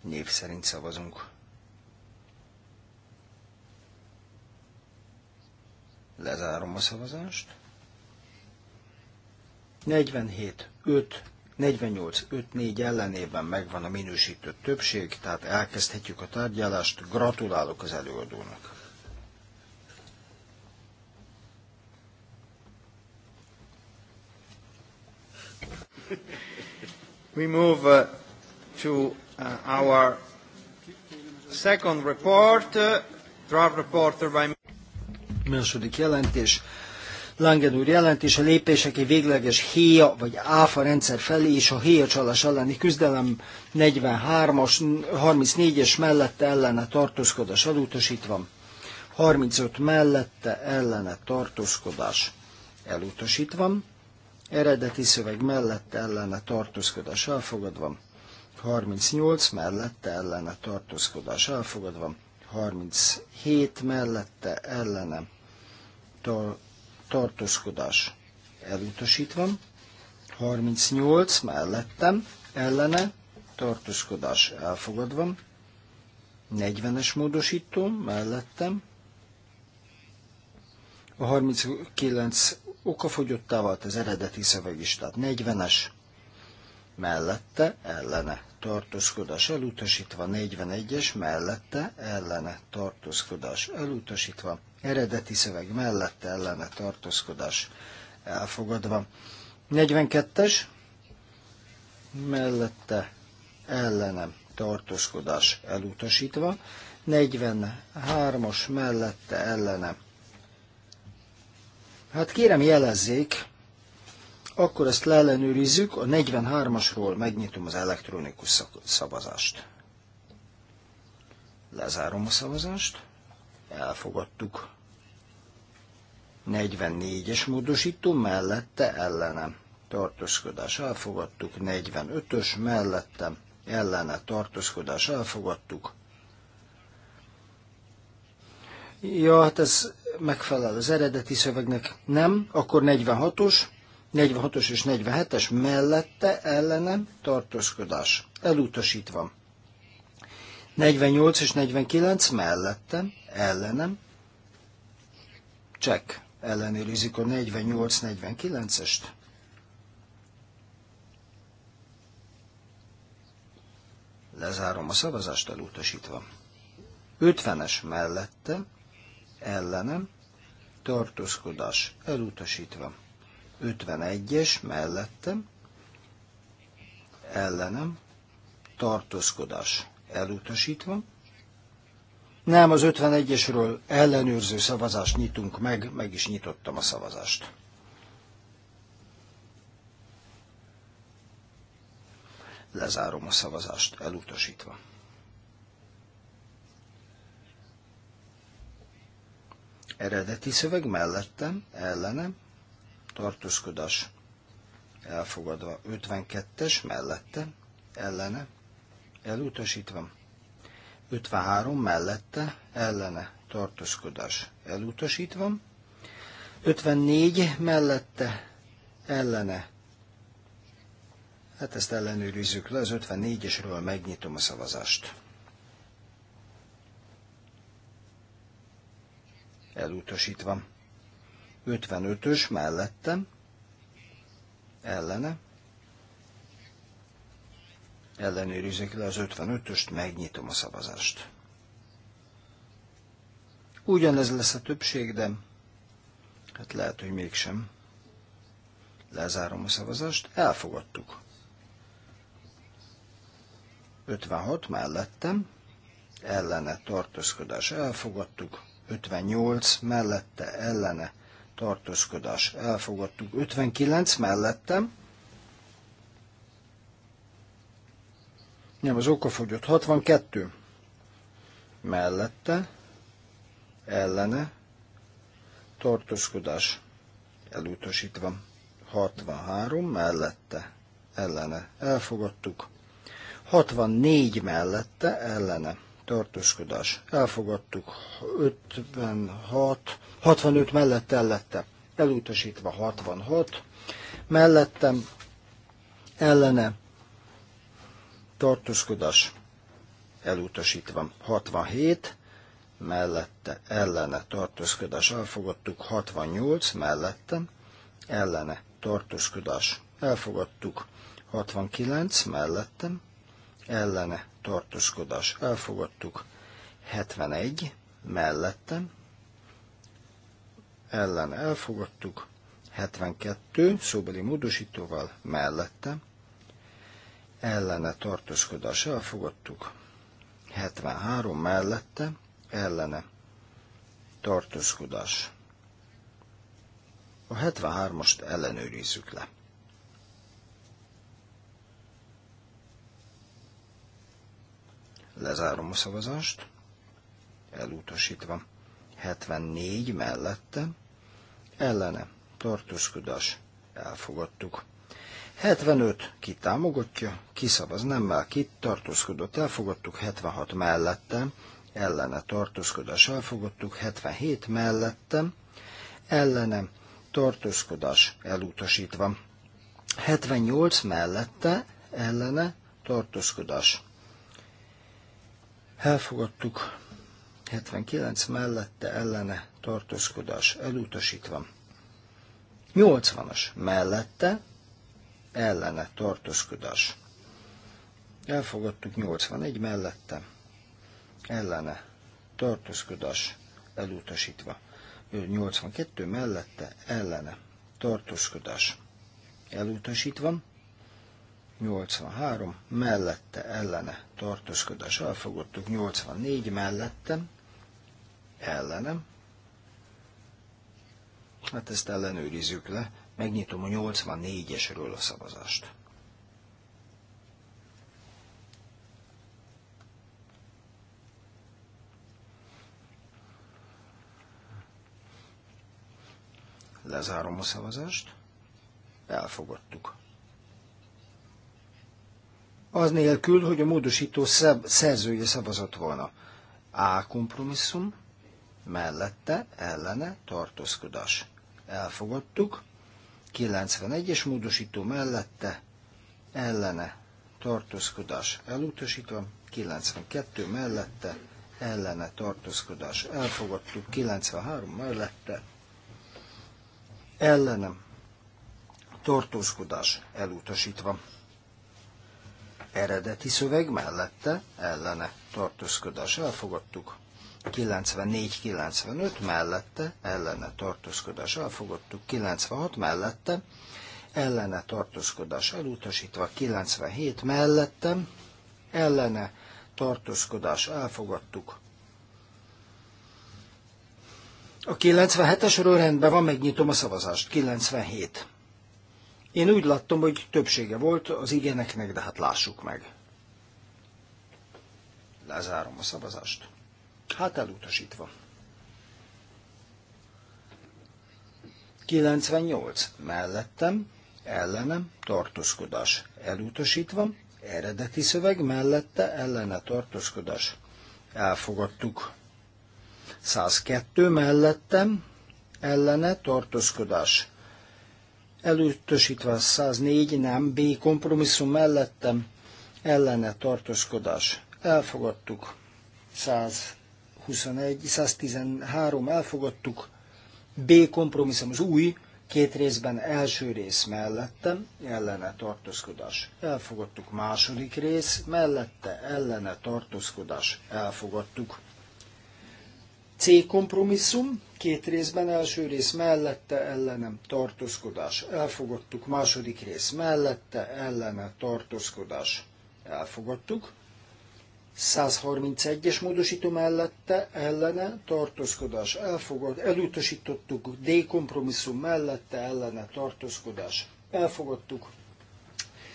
név szerint szavazunk. Lezárom a szavazást. 47, 5, 48, 5-4 ellenében megvan a minősített többség, tehát elkezdhetjük a tárgyalást. Gratulálok az előadónak! We move uh, to uh, our second report, uh, draft report by... Második jelentés. Langen úr jelentése lépések egy végleges héja vagy áfa rendszer felé és a héja csalás elleni küzdelem 43-as, 34-es mellette ellene tartózkodás elutasítva, 35 mellette ellene tartózkodás elutasítva, eredeti szöveg mellette ellene tartózkodás elfogadva, 38 mellette ellene tartózkodás elfogadva, 37 mellette ellene tar- tartózkodás elutasítva, 38 mellettem, ellene, tartózkodás elfogadva, 40-es módosító mellettem, a 39 okafogyottá vált az eredeti szöveg is, tehát 40-es mellette, ellene, tartózkodás elutasítva, 41-es mellette, ellene, tartózkodás elutasítva, eredeti szöveg mellette ellene tartózkodás elfogadva. 42-es mellette ellenem tartózkodás elutasítva, 43-as mellette ellenem. Hát kérem jelezzék, akkor ezt leellenőrizzük, a 43-asról megnyitom az elektronikus szavazást. Lezárom a szavazást elfogadtuk. 44-es módosító mellette ellenem tartózkodás elfogadtuk, 45-ös mellette ellene tartózkodás elfogadtuk. Ja, hát ez megfelel az eredeti szövegnek. Nem, akkor 46-os, 46-os és 47-es mellette ellenem tartózkodás. Elutasítva. 48 és 49 mellettem, ellenem. Csek. ellenőrizik a 48-49-est. Lezárom a szavazást elutasítva. 50-es mellette, ellenem, tartózkodás elutasítva. 51-es mellettem, ellenem, tartózkodás elutasítva. Nem, az 51-esről ellenőrző szavazást nyitunk meg, meg is nyitottam a szavazást. Lezárom a szavazást elutasítva. Eredeti szöveg mellettem, ellenem, tartózkodás elfogadva 52-es mellette, ellene, elutasítva. 53 mellette ellene tartózkodás elutasítva. 54 mellette ellene. Hát ezt ellenőrizzük le, az 54-esről megnyitom a szavazást. Elutasítva. 55-ös mellettem, ellene, ellenőrizzük le az 55-öst, megnyitom a szavazást. Ugyanez lesz a többség, de hát lehet, hogy mégsem. Lezárom a szavazást, elfogadtuk. 56 mellettem, ellene tartózkodás elfogadtuk, 58 mellette ellene tartózkodás elfogadtuk, 59 mellettem, Nem, az okafogyott. 62. Mellette, ellene, tartózkodás elutasítva. 63 mellette, ellene, elfogadtuk. 64 mellette, ellene, tartózkodás, elfogadtuk. 56, 65 mellette, ellette, elutasítva. 66 mellettem, ellene, tartózkodás elutasítva. 67 mellette ellene tartózkodás elfogadtuk, 68 mellette ellene tartózkodás elfogadtuk, 69 mellettem ellene tartózkodás elfogadtuk, 71 mellettem ellene elfogadtuk, 72 szóbeli módosítóval mellettem ellene tartózkodás elfogadtuk, 73 mellette ellene tartózkodás. A 73-ast ellenőrizzük le. Lezárom a szavazást, elutasítva. 74 mellette ellene tartózkodás elfogadtuk. 75 ki támogatja, kiszavaz nemmel, ki tartózkodott, elfogadtuk 76 mellette, ellene tartózkodás elfogadtuk 77 mellette, ellene tartózkodás elutasítva. 78 mellette, ellene tartózkodás. Elfogadtuk 79 mellette, ellene tartózkodás elutasítva. 80-as mellette, ellene tartózkodás. Elfogadtuk 81 mellette, ellene tartózkodás elutasítva. 82 mellette, ellene tartózkodás elutasítva. 83 mellette, ellene tartózkodás elfogadtuk. 84 mellette, ellenem. Hát ezt ellenőrizzük le. Megnyitom a 84-esről a szavazást. Lezárom a szavazást. Elfogadtuk. Az nélkül, hogy a módosító szab szerzője szavazott volna. A kompromisszum, mellette, ellene, tartózkodás. Elfogadtuk. 91-es módosító mellette ellene tartózkodás elutasítva, 92 mellette ellene tartózkodás elfogadtuk, 93 mellette ellenem tartózkodás elutasítva. Eredeti szöveg mellette ellene tartózkodás elfogadtuk, 94-95 mellette ellene tartózkodás elfogadtuk, 96 mellette ellene tartózkodás elutasítva, 97 mellette ellene tartózkodás elfogadtuk. A 97-esről rendben van, megnyitom a szavazást. 97. Én úgy láttam, hogy többsége volt az igeneknek, de hát lássuk meg. Lezárom a szavazást. Hát elutasítva. 98. Mellettem, ellenem, tartózkodás. Elutasítva, eredeti szöveg mellette, ellene, tartózkodás. Elfogadtuk. 102. Mellettem, ellene, tartózkodás. Elutasítva 104, nem, B kompromisszum mellettem, ellene, tartózkodás. Elfogadtuk. 100 121, 113 elfogadtuk, B kompromisszum az új, két részben első rész mellettem, ellene tartózkodás. Elfogadtuk második rész, mellette ellene tartózkodás. Elfogadtuk. C kompromisszum, két részben első rész mellette ellenem tartózkodás. Elfogadtuk második rész mellette ellene tartózkodás. Elfogadtuk. 131-es módosító mellette ellene tartózkodás elfogad, elutasítottuk D kompromisszum mellette ellene tartózkodás elfogadtuk.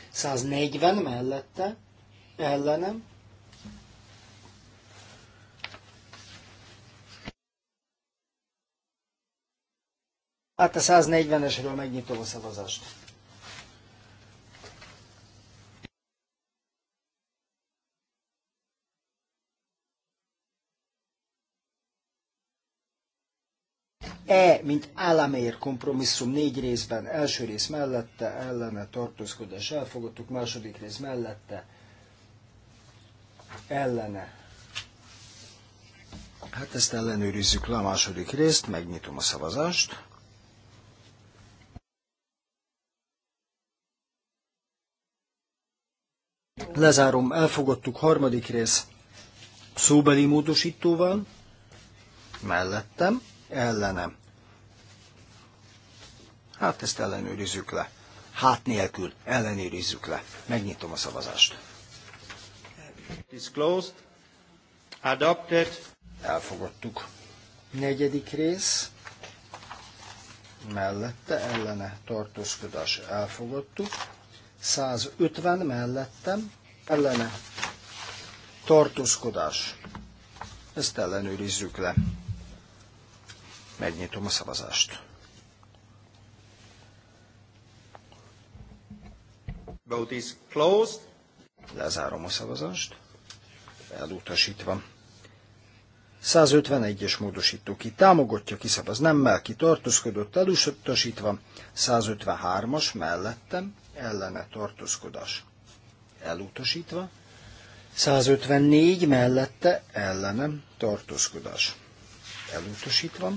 140 mellette ellenem Hát a 140-esről megnyitom a szavazást. E, mint államér kompromisszum négy részben, első rész mellette, ellene tartózkodás elfogadtuk, második rész mellette, ellene. Hát ezt ellenőrizzük le a második részt, megnyitom a szavazást. Lezárom, elfogadtuk harmadik rész szóbeli módosítóval, mellettem, ellenem. Hát ezt ellenőrizzük le. Hát nélkül ellenőrizzük le. Megnyitom a szavazást. Disclosed. Adopted. Elfogadtuk. Negyedik rész. Mellette ellene tartózkodás elfogadtuk. 150 mellettem ellene tartózkodás. Ezt ellenőrizzük le. Megnyitom a szavazást. Vote is closed. Lezárom a szavazást. Elutasítva. 151-es módosító ki támogatja, kiszavaz nemmel, ki tartózkodott, elutasítva. 153-as mellettem, ellene tartózkodás. Elutasítva. 154 mellette ellenem tartózkodás. Elutasítva.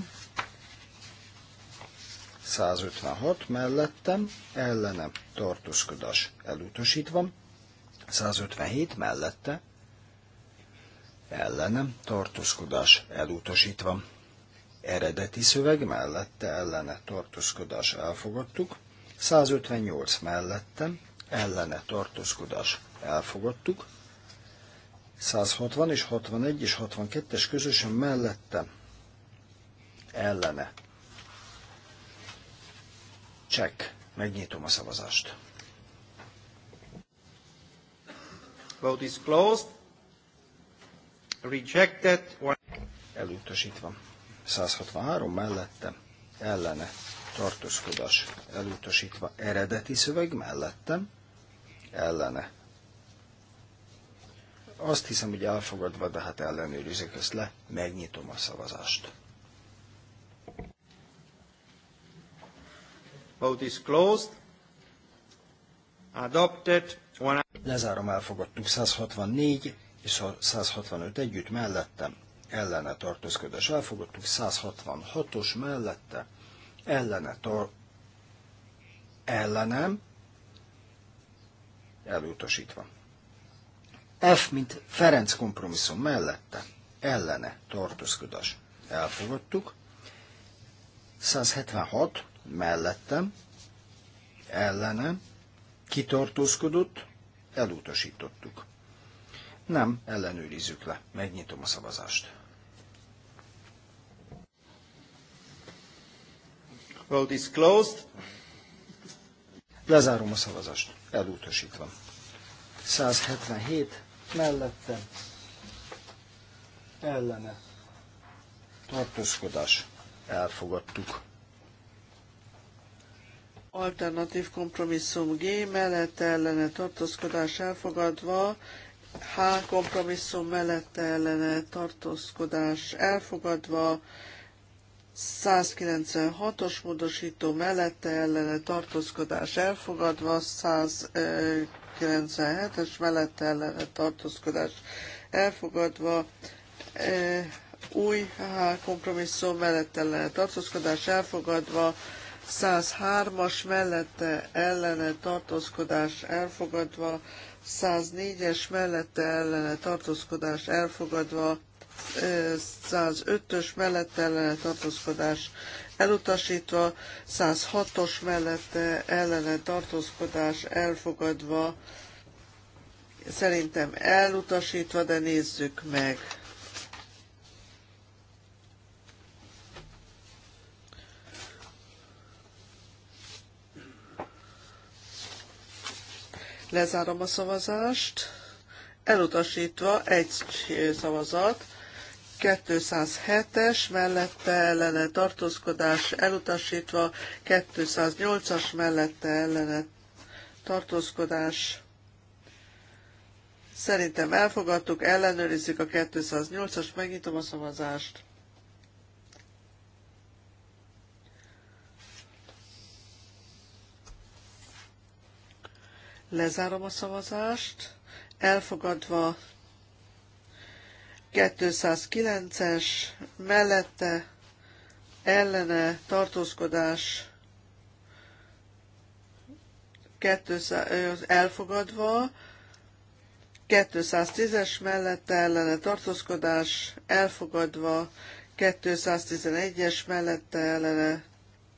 156 mellettem, ellenem tartózkodás elutasítva, 157 mellette, ellenem tartózkodás elutasítva. Eredeti szöveg mellette ellene tartózkodás elfogadtuk, 158 mellettem ellene tartózkodás elfogadtuk, 160 és 61 és 62-es közösen mellette ellene Csek Megnyitom a szavazást. Vote is closed. Rejected. Elutasítva. 163 mellette, ellene, tartózkodás, elutasítva, eredeti szöveg mellettem, ellene. Azt hiszem, hogy elfogadva, de hát ellenőrizik ezt le, megnyitom a szavazást. Vote is closed. Adopted. One... Lezárom, elfogadtuk 164 és a 165 együtt mellettem ellene tartózkodás. Elfogadtuk 166-os mellette ellene tar ellenem elutasítva. F, mint Ferenc kompromisszum mellette ellene tartózkodás. Elfogadtuk. 176 mellettem, ellenem, kitartózkodott, elutasítottuk. Nem, ellenőrizzük le. Megnyitom a szavazást. Vote is closed. Lezárom a szavazást. Elutasítva. 177 mellettem. Ellene. Tartózkodás. Elfogadtuk. Alternatív kompromisszum G mellette ellene tartózkodás elfogadva, H kompromisszum mellette ellene tartózkodás elfogadva, 196-os módosító mellette ellene tartózkodás elfogadva, 197-es mellette ellene tartózkodás elfogadva, e, új H kompromisszum mellette ellene tartózkodás elfogadva, 103-as mellette ellene tartózkodás elfogadva, 104-es mellette ellene tartózkodás elfogadva, 105-ös mellette ellene tartózkodás elutasítva, 106-os mellette ellene tartózkodás elfogadva, szerintem elutasítva, de nézzük meg. Lezárom a szavazást. Elutasítva egy szavazat. 207-es, mellette ellene tartózkodás elutasítva, 208-as mellette ellene tartózkodás. Szerintem elfogadtuk, ellenőrizzük a 208-as, megnyitom a szavazást. Lezárom a szavazást. Elfogadva 209-es, mellette, ellene, tartózkodás, 200, elfogadva, 210-es mellette ellene tartózkodás, elfogadva, 211-es mellette ellene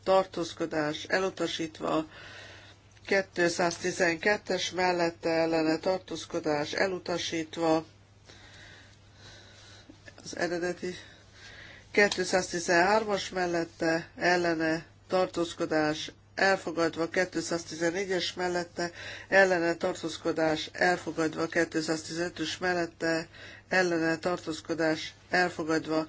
tartózkodás, elutasítva, 212-es mellette ellene tartózkodás elutasítva, az eredeti 213-as mellette ellene tartózkodás elfogadva 214-es mellette, ellene tartózkodás elfogadva 215-ös mellette, ellene tartózkodás elfogadva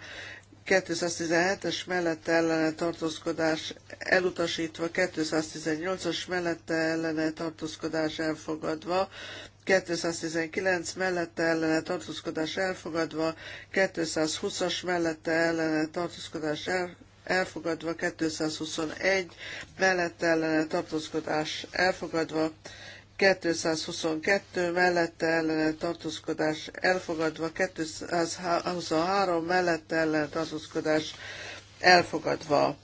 217-es mellette ellene tartózkodás elutasítva, 218-as mellette ellene tartózkodás elfogadva, 219 mellette ellene tartózkodás elfogadva, 220-as mellette ellene tartózkodás elfogadva, 221 mellette ellene tartózkodás elfogadva, 222 mellette ellene tartózkodás elfogadva, 223 mellette ellene tartózkodás elfogadva,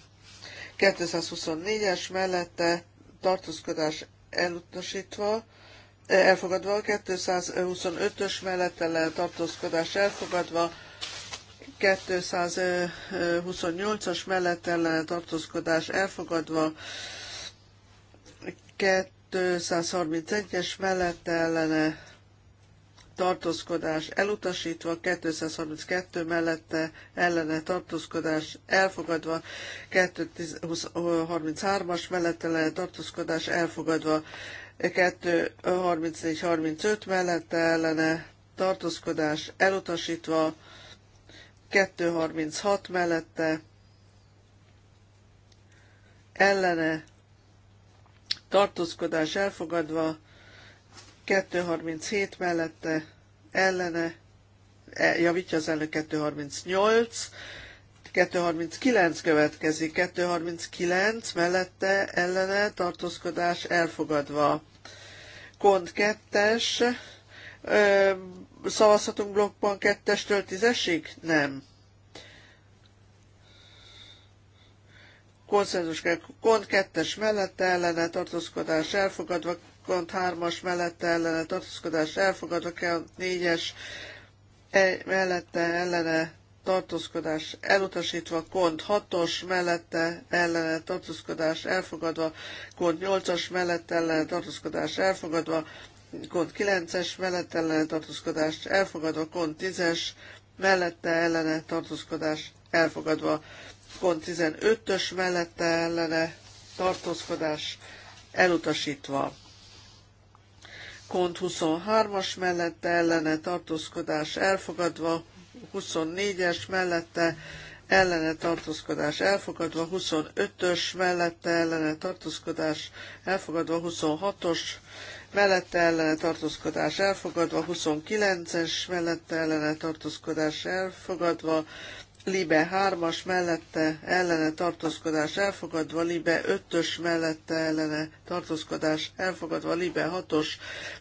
224-es mellette tartózkodás elutasítva, eh, elfogadva, 225-ös mellette ellene tartózkodás elfogadva, 228-as mellett ellene tartózkodás elfogadva, 231-es mellette ellene tartózkodás elutasítva, 232 mellette ellene tartózkodás elfogadva, 233-as mellette ellene tartózkodás elfogadva, 234-35 mellette ellene tartózkodás elutasítva, 236 mellette ellene tartózkodás elfogadva, 237 mellette, ellene, e, javítja az elnök 238, 239 következik, 239 mellette, ellene, tartózkodás elfogadva. Kont 2-es, szavazhatunk blokkban 2-estől 10-esig? Nem. konszenzus kell, kont kettes mellette ellene tartózkodás elfogadva, kont hármas mellette ellene tartózkodás elfogadva, kont négyes e mellette ellene tartózkodás elutasítva, kont 6-os mellette ellene tartózkodás elfogadva, kont 8-as mellette ellene tartózkodás elfogadva, kont 9-es mellette ellene tartózkodás elfogadva, kont 10-es mellette ellene tartózkodás elfogadva, pont 15-ös mellette ellene tartózkodás elutasítva. Kont 23-as mellette ellene tartózkodás elfogadva, 24-es mellette ellene tartózkodás elfogadva, 25-ös mellette ellene tartózkodás elfogadva, 26-os mellette ellene tartózkodás elfogadva, 29-es mellette ellene tartózkodás elfogadva, Libe 3-as mellette ellene tartózkodás elfogadva, Libe 5-ös mellette ellene tartózkodás elfogadva, Libe 6-os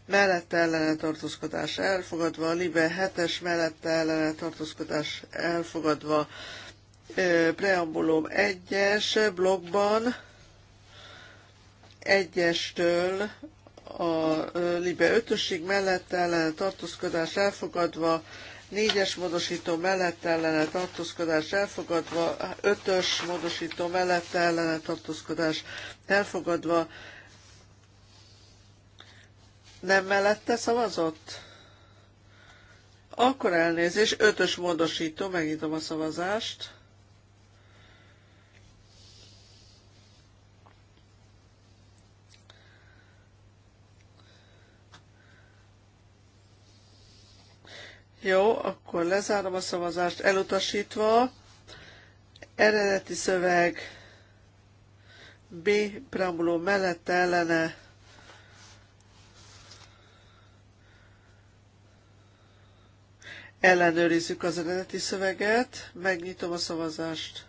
mellette ellene tartózkodás elfogadva, Libe 7-es mellette ellene tartózkodás elfogadva, preambulum 1-es blogban 1-estől a Libe 5-ösig mellette ellene tartózkodás elfogadva, négyes módosító mellett ellene tartózkodás elfogadva, ötös módosító mellett ellene tartózkodás elfogadva, nem mellette szavazott? Akkor elnézés, ötös módosító, megnyitom a szavazást. Jó, akkor lezárom a szavazást elutasítva. Eredeti szöveg B. Prambuló mellette ellene ellenőrizzük az eredeti szöveget, megnyitom a szavazást.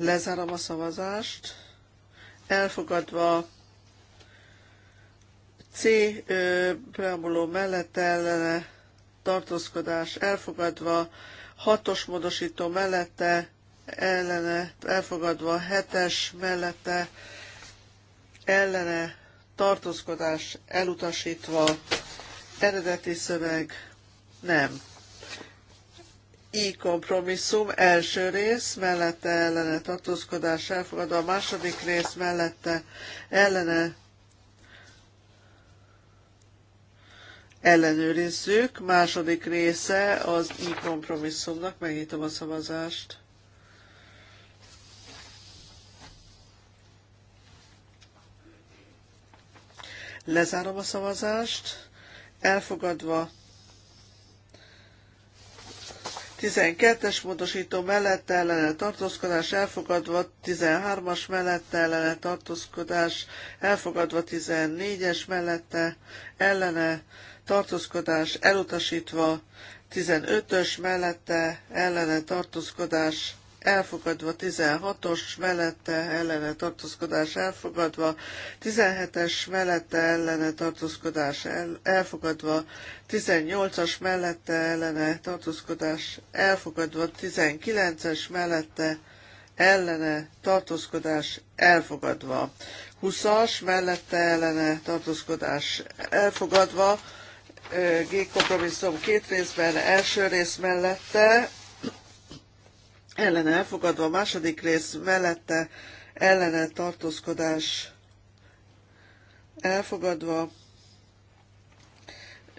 Lezárom a szavazást. Elfogadva C preambuló mellett ellene tartózkodás elfogadva, hatos módosító mellette ellene elfogadva, hetes mellette ellene tartózkodás elutasítva, eredeti szöveg nem. I kompromisszum első rész mellette ellene tartózkodás elfogadva, a második rész mellette ellene ellenőrizzük. Második része az i kompromisszumnak, megnyitom a szavazást. Lezárom a szavazást. Elfogadva 12-es módosító mellette ellene tartózkodás elfogadva, 13-as mellette ellene tartózkodás elfogadva, 14-es mellette ellene tartózkodás elutasítva, 15-ös mellette ellene tartózkodás elfogadva 16-os velete ellene tartózkodás elfogadva, 17-es velete ellene tartózkodás el, elfogadva, 18-as mellette ellene tartózkodás elfogadva, 19-es mellette ellene tartózkodás elfogadva, 20-as mellette ellene tartózkodás elfogadva, G kompromisszum két részben, első rész mellette ellene elfogadva, a második rész mellette ellene tartózkodás elfogadva,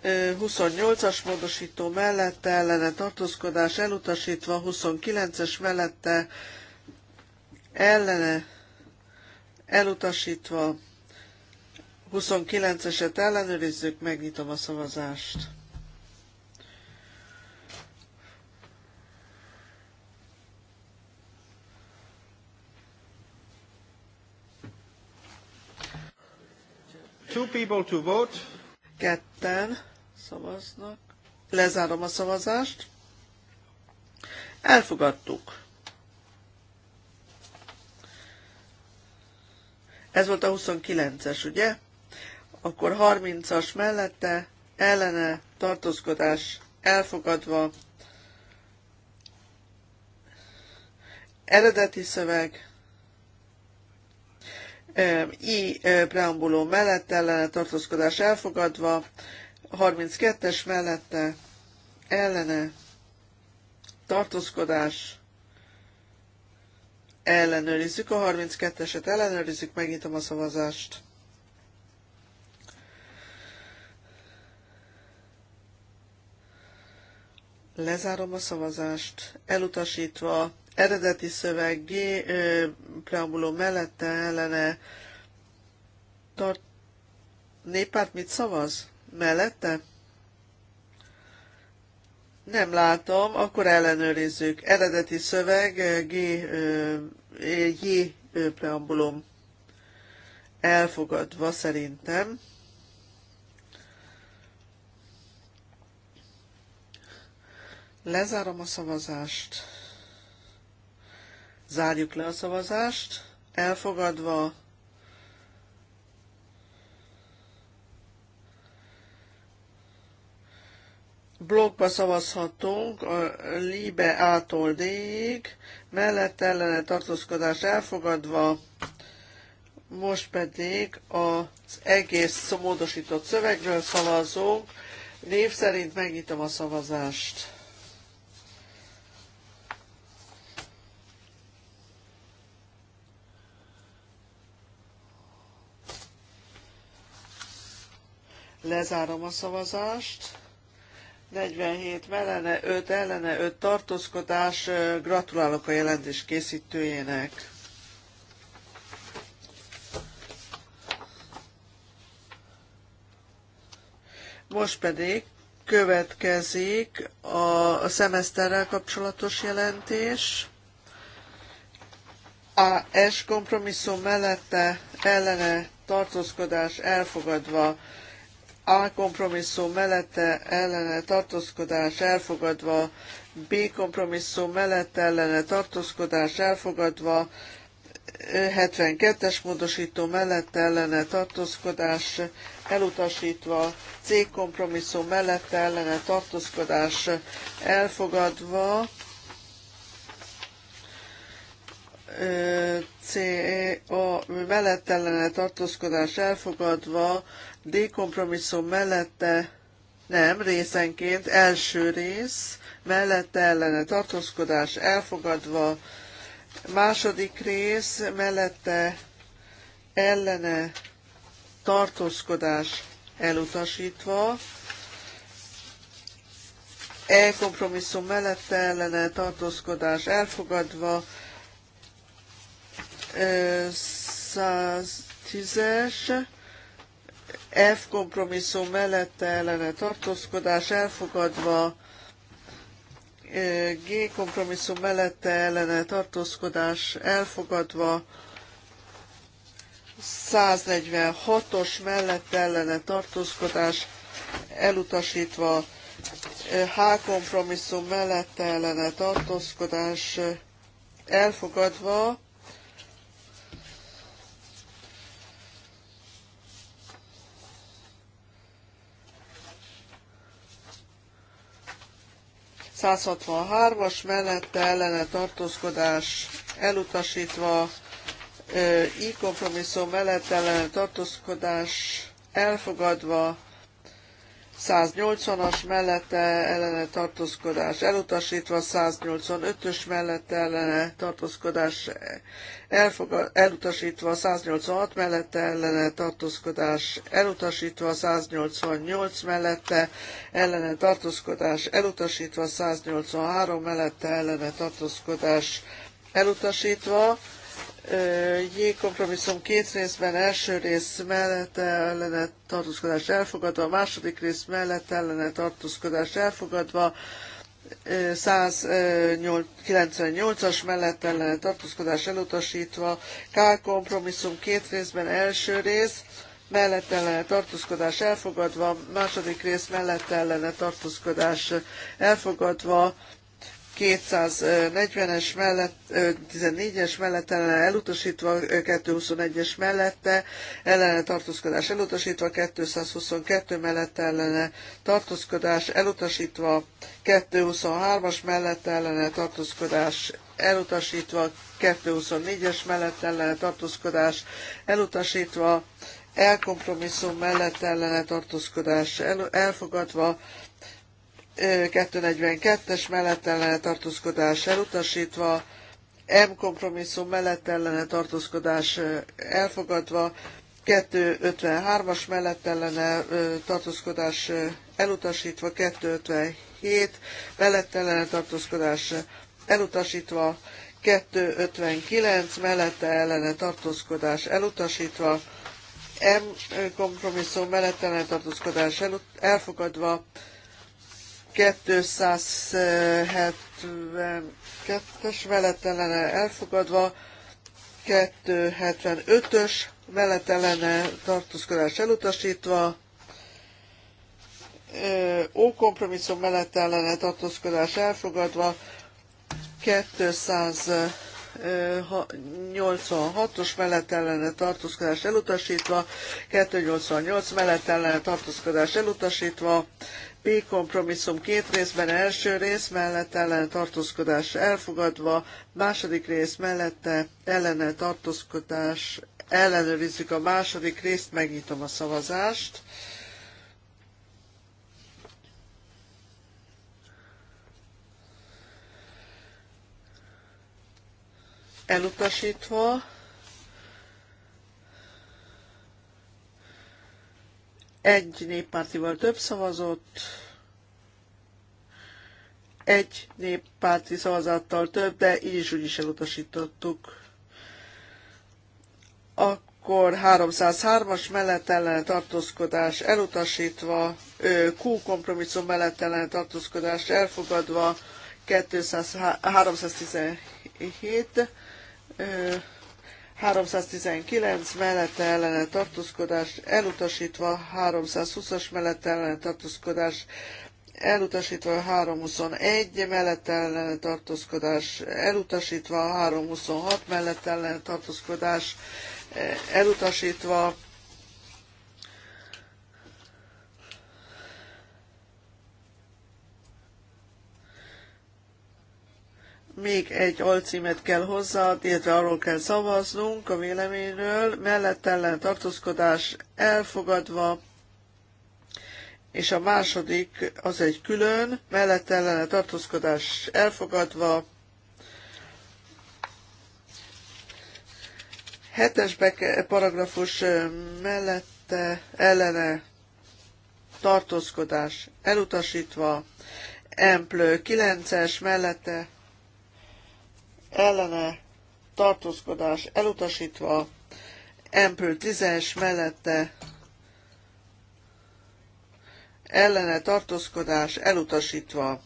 28-as módosító mellette ellene tartózkodás elutasítva, 29-es mellette ellene elutasítva, 29-eset ellenőrizzük, megnyitom a szavazást. Two people to vote. Ketten szavaznak. Lezárom a szavazást. Elfogadtuk. Ez volt a 29-es, ugye? Akkor 30-as mellette ellene tartózkodás elfogadva. Eredeti szöveg I preambuló mellette ellene tartózkodás elfogadva, 32-es mellette ellene tartózkodás ellenőrizzük a 32-eset, ellenőrizzük, megnyitom a szavazást. Lezárom a szavazást, elutasítva eredeti szöveg G preambulum mellette ellene tart néppárt mit szavaz? Mellette? Nem látom, akkor ellenőrizzük. Eredeti szöveg G, J preambulum elfogadva szerintem. Lezárom a szavazást. Zárjuk le a szavazást. Elfogadva blogba szavazhatunk a Libe A-tól D-ig, mellett ellene tartózkodás elfogadva, most pedig az egész módosított szövegről szavazunk. Név szerint megnyitom a szavazást. Lezárom a szavazást. 47 mellene, 5 ellene, 5 tartózkodás. Gratulálok a jelentés készítőjének. Most pedig következik a szemeszterrel kapcsolatos jelentés. A S kompromisszum mellette ellene tartózkodás elfogadva a kompromisszum mellette ellene tartózkodás elfogadva, B kompromisszum mellette ellene tartózkodás elfogadva, 72-es módosító mellette ellene tartózkodás elutasítva, C kompromisszum mellette ellene tartózkodás elfogadva, C, a mellett ellene tartózkodás elfogadva, D kompromisszum mellette nem, részenként első rész, mellette ellene tartózkodás elfogadva, második rész, mellette ellene tartózkodás elutasítva, E kompromisszum mellette ellene tartózkodás elfogadva, 110-es, F kompromisszum mellette ellene tartózkodás elfogadva, G kompromisszum mellette ellene tartózkodás elfogadva, 146-os mellette ellene tartózkodás elutasítva, H kompromisszum mellette ellene tartózkodás elfogadva, 163-as mellette ellene tartózkodás elutasítva, így kompromisszum mellett ellene tartózkodás elfogadva, 180-as mellette ellene tartózkodás elutasítva, 185-ös mellette ellene tartózkodás elfogad, elutasítva, 186 mellette ellene tartózkodás elutasítva, 188 mellette ellene tartózkodás elutasítva, 183 mellette ellene tartózkodás elutasítva, J kompromisszum két részben, első rész mellett ellene tartózkodás elfogadva, második rész mellett ellene tartózkodás elfogadva, 198-as mellett ellene tartózkodás elutasítva, K kompromisszum két részben, első rész mellett ellene tartózkodás elfogadva, második rész mellett ellene tartózkodás elfogadva, 240-es mellett, 14-es mellett ellene elutasítva, 221-es mellette ellene tartózkodás elutasítva, 222 mellett ellene tartózkodás elutasítva, 223-as mellett ellene tartózkodás elutasítva, 224-es mellett ellene tartózkodás elutasítva, elkompromisszum mellett ellene tartózkodás el, elfogadva, 242-es mellettellene tartózkodás elutasítva, M kompromisszum mellettellene tartózkodás elfogadva, 253-as mellettellene tartózkodás elutasítva, 257 mellettellene tartózkodás elutasítva, 259 mellette ellene tartózkodás elutasítva, M kompromisszum mellettelen ellene tartózkodás elfogadva, 272-es veletelene elfogadva, 275-ös veletelene tartózkodás elutasítva, ókompromisszum kompromisszum ellene tartózkodás elfogadva, 286-os mellett tartózkodás elutasítva, 288 mellett tartózkodás elutasítva, B kompromisszum két részben, első rész mellett ellen tartózkodás elfogadva, második rész mellette ellene tartózkodás ellenőrizzük a második részt, megnyitom a szavazást. Elutasítva, egy néppártival több szavazott, egy néppárti szavazattal több, de így is úgy is elutasítottuk. Akkor 303-as mellett tartózkodás elutasítva, Q kompromisszum mellettelen tartózkodás elfogadva, 200, 317, 319 mellette ellene tartózkodás elutasítva, 320-as mellette ellene tartózkodás elutasítva 321, mellett ellene tartózkodás elutasítva 326, mellett ellene tartózkodás elutasítva még egy alcímet kell hozzáadni, illetve arról kell szavaznunk a véleményről, mellett ellen tartózkodás elfogadva, és a második az egy külön, mellett ellen tartózkodás elfogadva, hetes paragrafus mellette ellene tartózkodás elutasítva, emplő 9-es mellette ellene tartózkodás elutasítva, Ample 10-es mellette ellene tartózkodás elutasítva.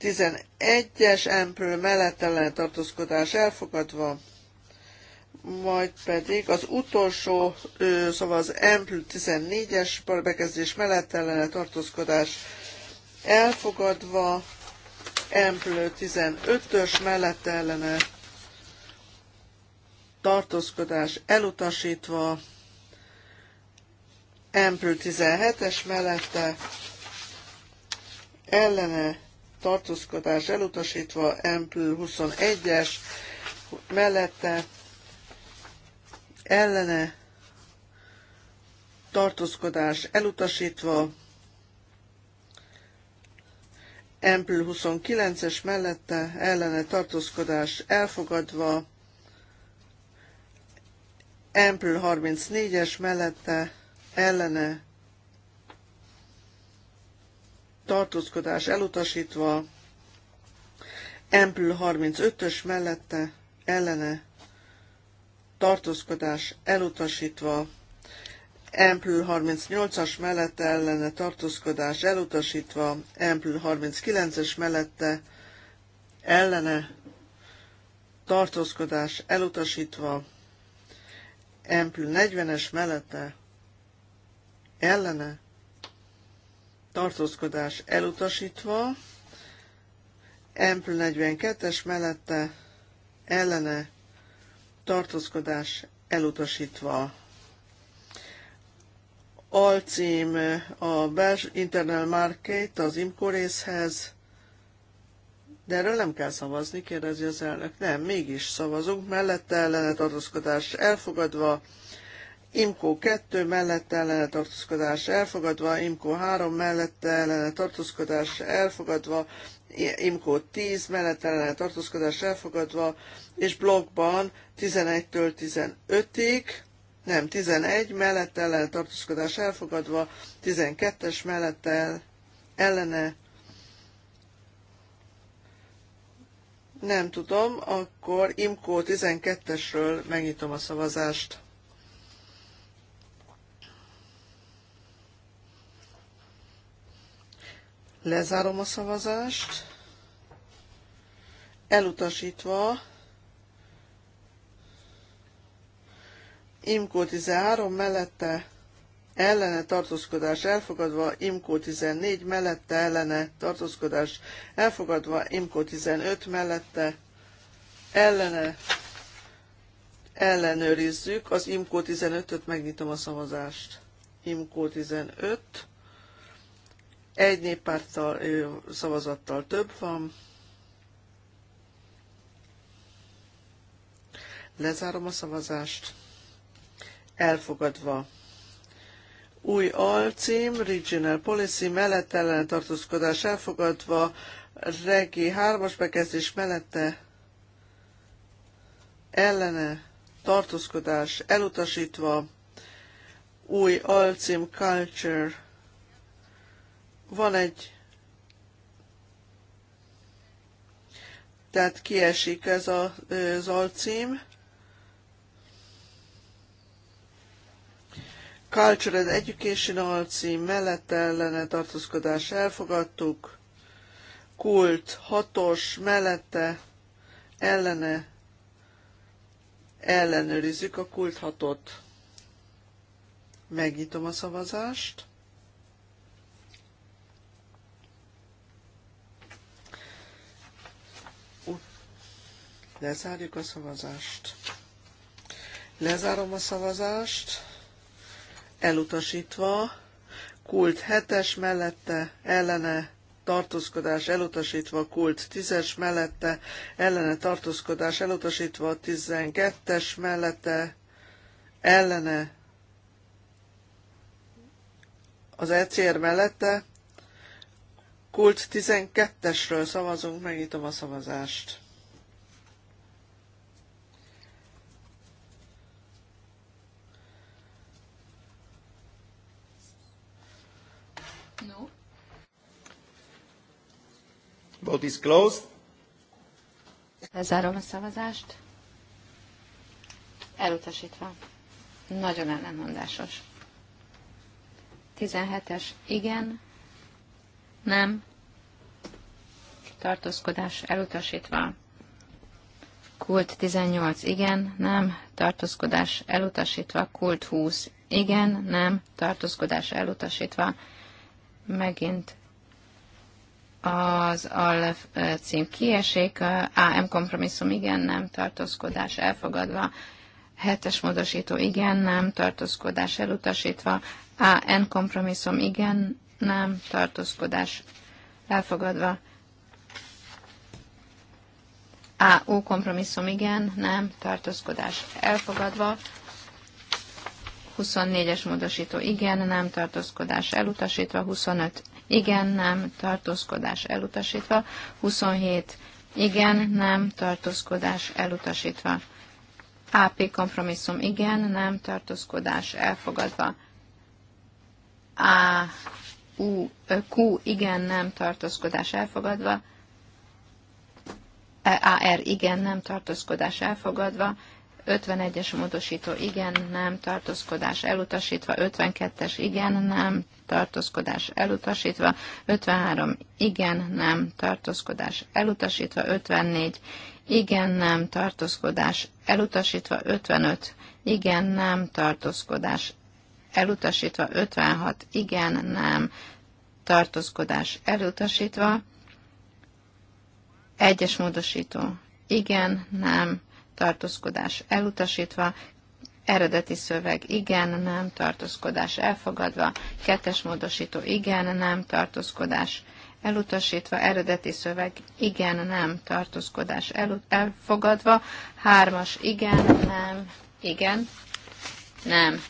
11-es Ample mellett ellene tartózkodás elfogadva, majd pedig az utolsó, szóval az Ample 14-es bekezdés mellett ellene tartózkodás elfogadva, emplő 15-ös mellette ellene tartózkodás elutasítva, emplő 17-es mellette ellene tartózkodás elutasítva, emplő 21-es mellette ellene tartózkodás elutasítva, Ample 29-es mellette ellene tartózkodás elfogadva, Ample 34-es mellette ellene tartózkodás elutasítva, Ample 35-ös mellette ellene tartózkodás elutasítva, Ample 38-as mellette ellene tartózkodás elutasítva, Ample 39-es mellette ellene tartózkodás elutasítva, Ample 40-es mellette ellene tartózkodás elutasítva, Ample 42-es mellette ellene tartózkodás elutasítva. Alcím a Bels Internal Market az IMCO részhez, de erről nem kell szavazni, kérdezi az elnök. Nem, mégis szavazunk, mellette ellenetartózkodás elfogadva, IMCO 2 mellette ellenetartózkodás elfogadva, IMCO 3 mellette ellenetartózkodás elfogadva, IMCO 10 mellette ellenetartózkodás elfogadva, és blogban 11-től 15-ig, nem, 11 mellette ellen tartózkodás elfogadva, 12-es mellette ellene nem tudom, akkor Imkó 12-esről megnyitom a szavazást. Lezárom a szavazást. Elutasítva IMCO 13 mellette ellene tartózkodás elfogadva, IMCO 14 mellette ellene tartózkodás elfogadva, IMCO 15 mellette ellene ellenőrizzük. Az IMCO 15-öt megnyitom a szavazást. IMCO 15. Egy néppárttal szavazattal több van. Lezárom a szavazást elfogadva. Új alcím, Regional Policy, mellett ellen tartózkodás elfogadva, regi 3-as bekezdés mellette ellene tartózkodás elutasítva, új alcím culture. Van egy tehát kiesik ez a, az alcím, Culture and Education alcím, mellette ellene tartózkodás elfogadtuk. Kult 6-os mellette ellene ellenőrizzük a kult 6-ot. Megnyitom a szavazást. Lezárjuk a szavazást. Lezárom a szavazást elutasítva, kult hetes mellette, ellene tartózkodás elutasítva, kult tízes mellette, ellene tartózkodás elutasítva, tizenkettes mellette, ellene az ECR mellette, kult 12-esről szavazunk, megnyitom a szavazást. Vote is closed. Lezárom a szavazást. Elutasítva. Nagyon ellenmondásos. 17-es igen, nem, tartózkodás elutasítva. Kult 18 igen, nem, tartózkodás elutasítva. Kult 20 igen, nem, tartózkodás elutasítva. Megint az AL cím kiesik, AM kompromisszum igen, nem, tartózkodás elfogadva, hetes módosító igen, nem, tartózkodás elutasítva, AN kompromisszum igen, nem, tartózkodás elfogadva, AU kompromisszum igen, nem, tartózkodás elfogadva, 24-es módosító igen, nem tartózkodás elutasítva, 25 igen, nem, tartózkodás elutasítva. 27. Igen, nem, tartózkodás elutasítva. AP kompromisszum, igen, nem, tartózkodás elfogadva. A, U, Q, igen, nem, tartózkodás elfogadva. E, AR, igen, nem, tartózkodás elfogadva. 51-es módosító, igen, nem, tartózkodás elutasítva. 52-es, igen, nem, tartózkodás elutasítva, 53 igen, nem, tartózkodás elutasítva, 54 igen, nem, tartózkodás elutasítva, 55 igen, nem, tartózkodás elutasítva, 56 igen, nem, tartózkodás elutasítva, egyes módosító igen, nem, tartózkodás elutasítva, Eredeti szöveg igen, nem tartózkodás elfogadva. Kettes módosító igen, nem tartózkodás elutasítva. Eredeti szöveg igen, nem tartózkodás el, elfogadva. Hármas igen, nem, igen, nem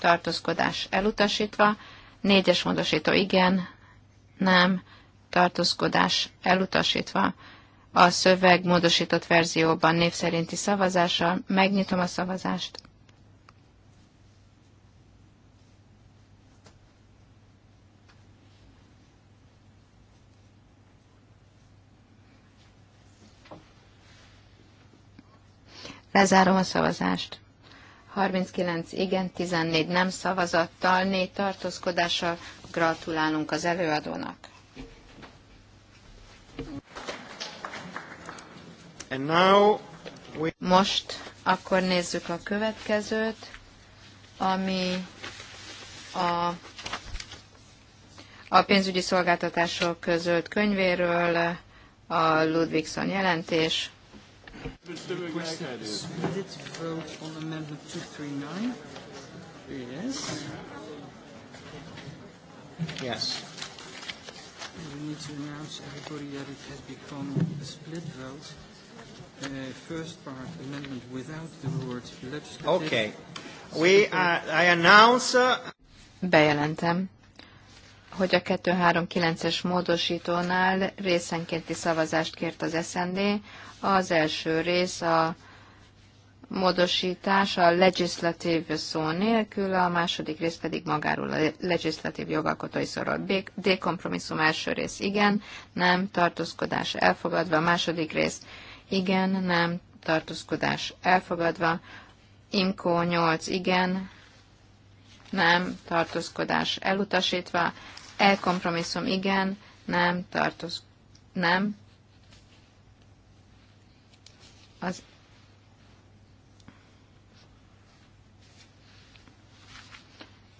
tartózkodás elutasítva. Négyes módosító igen, nem tartózkodás elutasítva a szöveg módosított verzióban név szerinti szavazással. Megnyitom a szavazást. Lezárom a szavazást. 39 igen, 14 nem szavazattal, négy tartózkodással gratulálunk az előadónak. Most akkor nézzük a következőt, ami a, a pénzügyi szolgáltatások közölt könyvéről, a Ludwigson jelentés. Yes. We need to announce everybody that it has become a split vote. Uh, first part amendment without the word legislative. Okay. We, uh, I announce... Uh, Bejelentem, hogy a 239-es módosítónál részenkénti szavazást kért az SND. Az első rész a módosítás a legislatív szó nélkül, a második rész pedig magáról a legislatív jogalkotói szorol. D kompromisszum első rész igen, nem, tartózkodás elfogadva, a második rész igen, nem, tartózkodás elfogadva. Imko 8, igen, nem, tartózkodás elutasítva. Elkompromisszum, igen, nem, tartoz nem. Az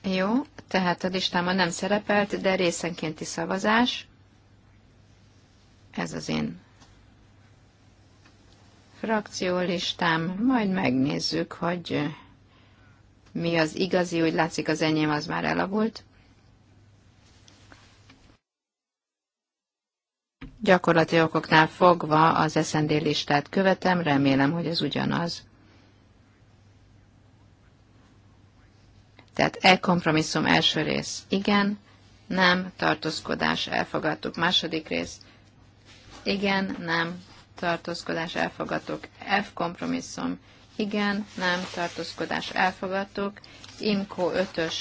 Jó, tehát a listámon nem szerepelt, de részenkénti szavazás. Ez az én frakciólistám, majd megnézzük, hogy mi az igazi, úgy látszik az enyém az már elavult. Gyakorlati okoknál fogva az SND listát követem, remélem, hogy ez ugyanaz. Tehát e kompromisszum első rész igen, nem, tartózkodás, elfogadtuk. Második rész igen, nem, tartózkodás elfogadok, F kompromisszum, igen, nem, tartózkodás elfogadok, Imko 5-ös,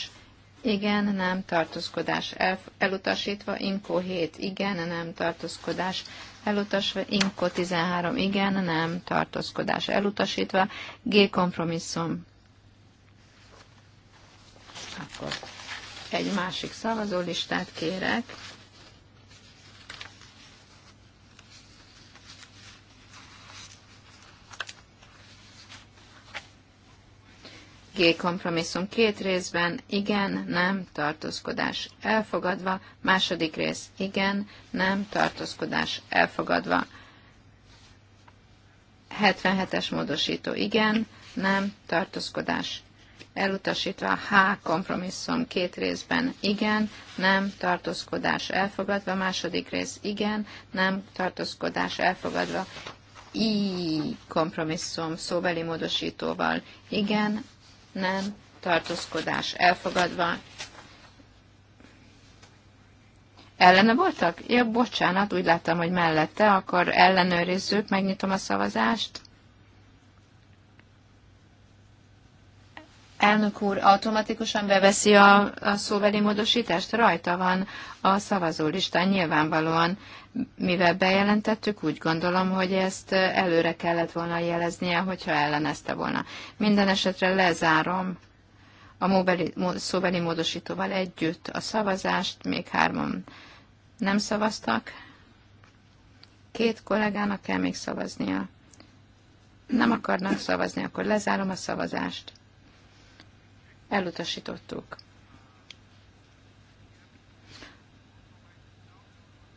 igen, nem, tartózkodás elf elutasítva. Imko 7, igen, nem, tartózkodás elutasítva. Imko 13, igen, nem, tartózkodás elutasítva. G kompromisszum. Akkor egy másik szavazólistát kérek. G kompromisszum két részben, igen, nem, tartózkodás elfogadva. Második rész, igen, nem, tartózkodás elfogadva. 77-es módosító, igen, nem, tartózkodás elutasítva. H kompromisszum két részben, igen, nem, tartózkodás elfogadva. Második rész, igen, nem, tartózkodás elfogadva. I kompromisszum szóbeli módosítóval, igen, nem, tartózkodás elfogadva. Ellene voltak? Ja, bocsánat, úgy láttam, hogy mellette, akkor ellenőrizzük, megnyitom a szavazást. Elnök úr automatikusan beveszi a, a szóbeli módosítást? Rajta van a szavazólistán nyilvánvalóan. Mivel bejelentettük, úgy gondolom, hogy ezt előre kellett volna jeleznie, hogyha ellenezte volna. Minden esetre lezárom a móbeli, szóbeli módosítóval együtt a szavazást, még hárman nem szavaztak. Két kollégának kell még szavaznia. Nem akarnak szavazni, akkor lezárom a szavazást. Elutasítottuk.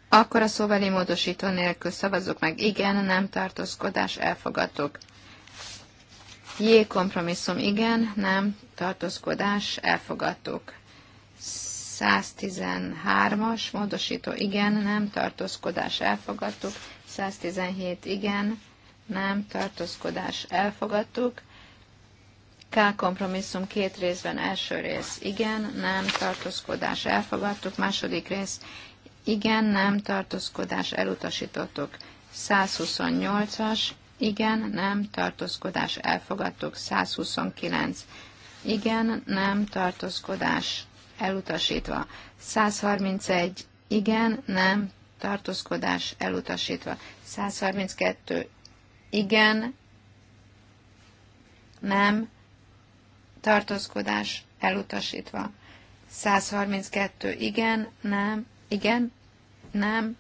Akkor a szóveli módosító nélkül szavazok meg igen, nem tartózkodás, elfogadtuk. J kompromisszum igen, nem tartózkodás, elfogadtuk. 113-as módosító igen, nem tartózkodás, elfogadtuk. 117 igen, nem tartózkodás, elfogadtuk. K kompromisszum két részben első rész. Igen, nem, tartózkodás, elfogadtuk. Második rész. Igen, nem, tartózkodás, elutasítottuk. 128-as. Igen, nem, tartózkodás, elfogadtuk. 129. Igen, nem, tartózkodás, elutasítva. 131. Igen, nem, tartózkodás, elutasítva. 132. Igen, nem, tartózkodás elutasítva. 132 igen, nem, igen, nem,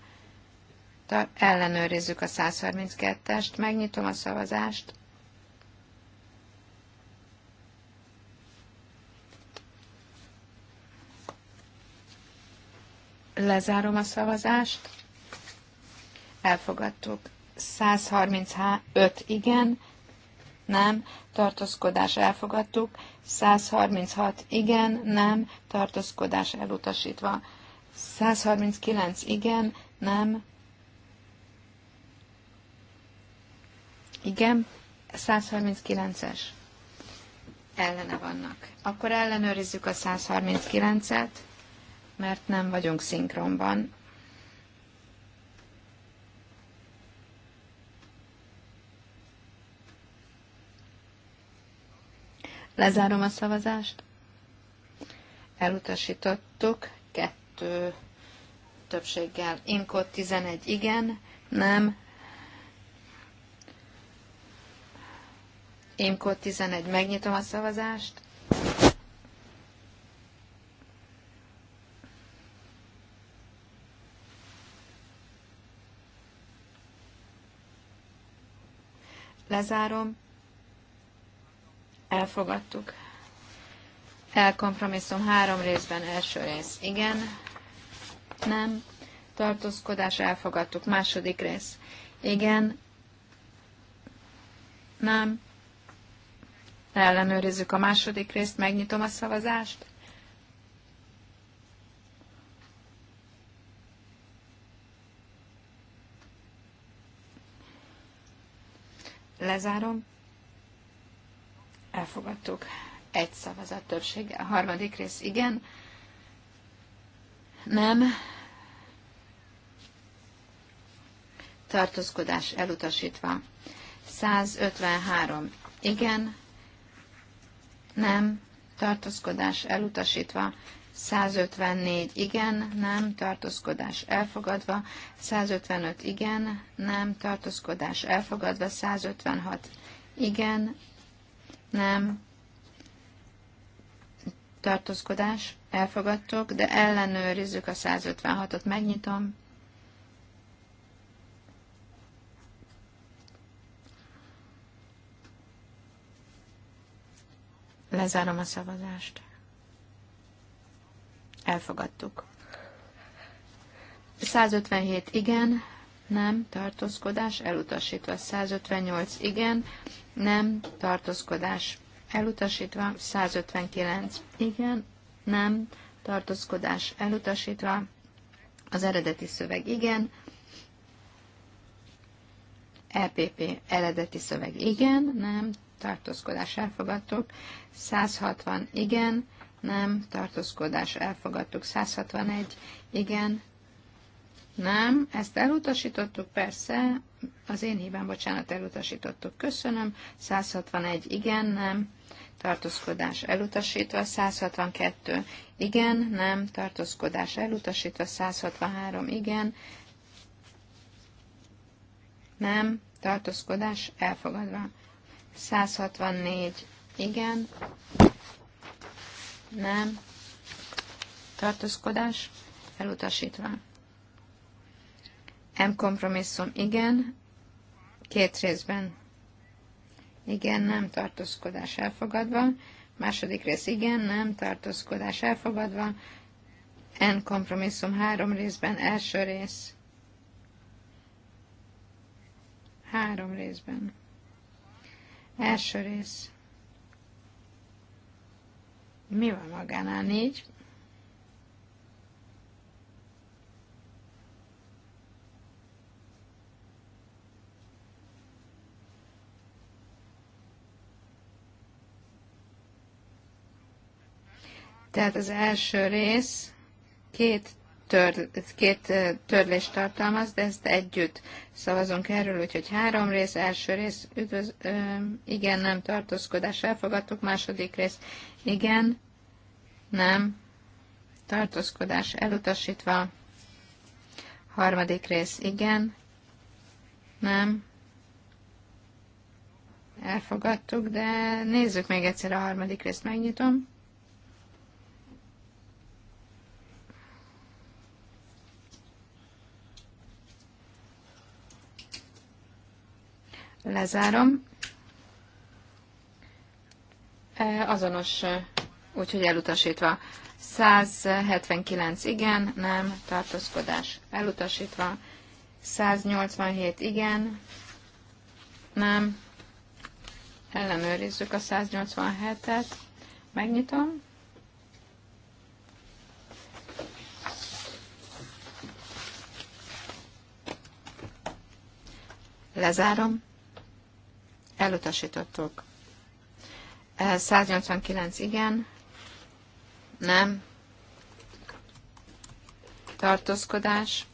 ellenőrizzük a 132-est, megnyitom a szavazást, Lezárom a szavazást. Elfogadtuk. 135 igen, nem, tartózkodás elfogadtuk. 136 igen, nem, tartózkodás elutasítva. 139 igen, nem, igen, 139-es ellene vannak. Akkor ellenőrizzük a 139-et, mert nem vagyunk szinkronban. Lezárom a szavazást. Elutasítottuk. Kettő többséggel. Inkó 11 igen, nem. Inkó 11, megnyitom a szavazást. Lezárom. Elfogadtuk. Elkompromisszum három részben, első rész igen, nem, tartózkodás, elfogadtuk. Második rész igen, nem, ellenőrizzük a második részt, megnyitom a szavazást. Lezárom. Elfogadtuk. Egy szavazat többsége. A harmadik rész igen. Nem. Tartózkodás elutasítva. 153. Igen. Nem. Tartózkodás elutasítva. 154 igen, nem, tartózkodás elfogadva, 155 igen, nem, tartózkodás elfogadva, 156 igen, nem, tartózkodás, elfogadtok, de ellenőrizzük a 156-ot, megnyitom. Lezárom a szavazást. Elfogadtuk. 157 igen, nem, tartózkodás, elutasítva. 158, igen, nem, tartózkodás, elutasítva. 159, igen, nem, tartózkodás, elutasítva. Az eredeti szöveg igen, EPP eredeti szöveg igen, nem, tartózkodás elfogadtuk, 160 igen, nem, tartózkodás elfogadtuk, 161 igen, nem, ezt elutasítottuk, persze, az én hibám, bocsánat, elutasítottuk, köszönöm. 161, igen, nem, tartózkodás elutasítva, 162, igen, nem, tartózkodás elutasítva, 163, igen, nem, tartózkodás elfogadva. 164, igen, nem, tartózkodás elutasítva. M kompromisszum igen, két részben igen, nem tartózkodás elfogadva, második rész igen, nem tartózkodás elfogadva, N kompromisszum három részben, első rész három részben. Első rész. Mi van magánál? Négy. Tehát az első rész két, tör, két törlést tartalmaz, de ezt együtt szavazunk erről, úgyhogy három rész, első rész, üdvöz, ö, igen, nem tartózkodás, elfogadtuk, második rész, igen, nem, tartózkodás elutasítva, harmadik rész, igen, nem, elfogadtuk, de nézzük még egyszer a harmadik részt, megnyitom. Lezárom. E, azonos, e, úgyhogy elutasítva. 179 igen, nem, tartózkodás elutasítva. 187 igen, nem, ellenőrizzük a 187-et, megnyitom. Lezárom. Elutasítottuk. 189 eh, igen, nem, tartózkodás,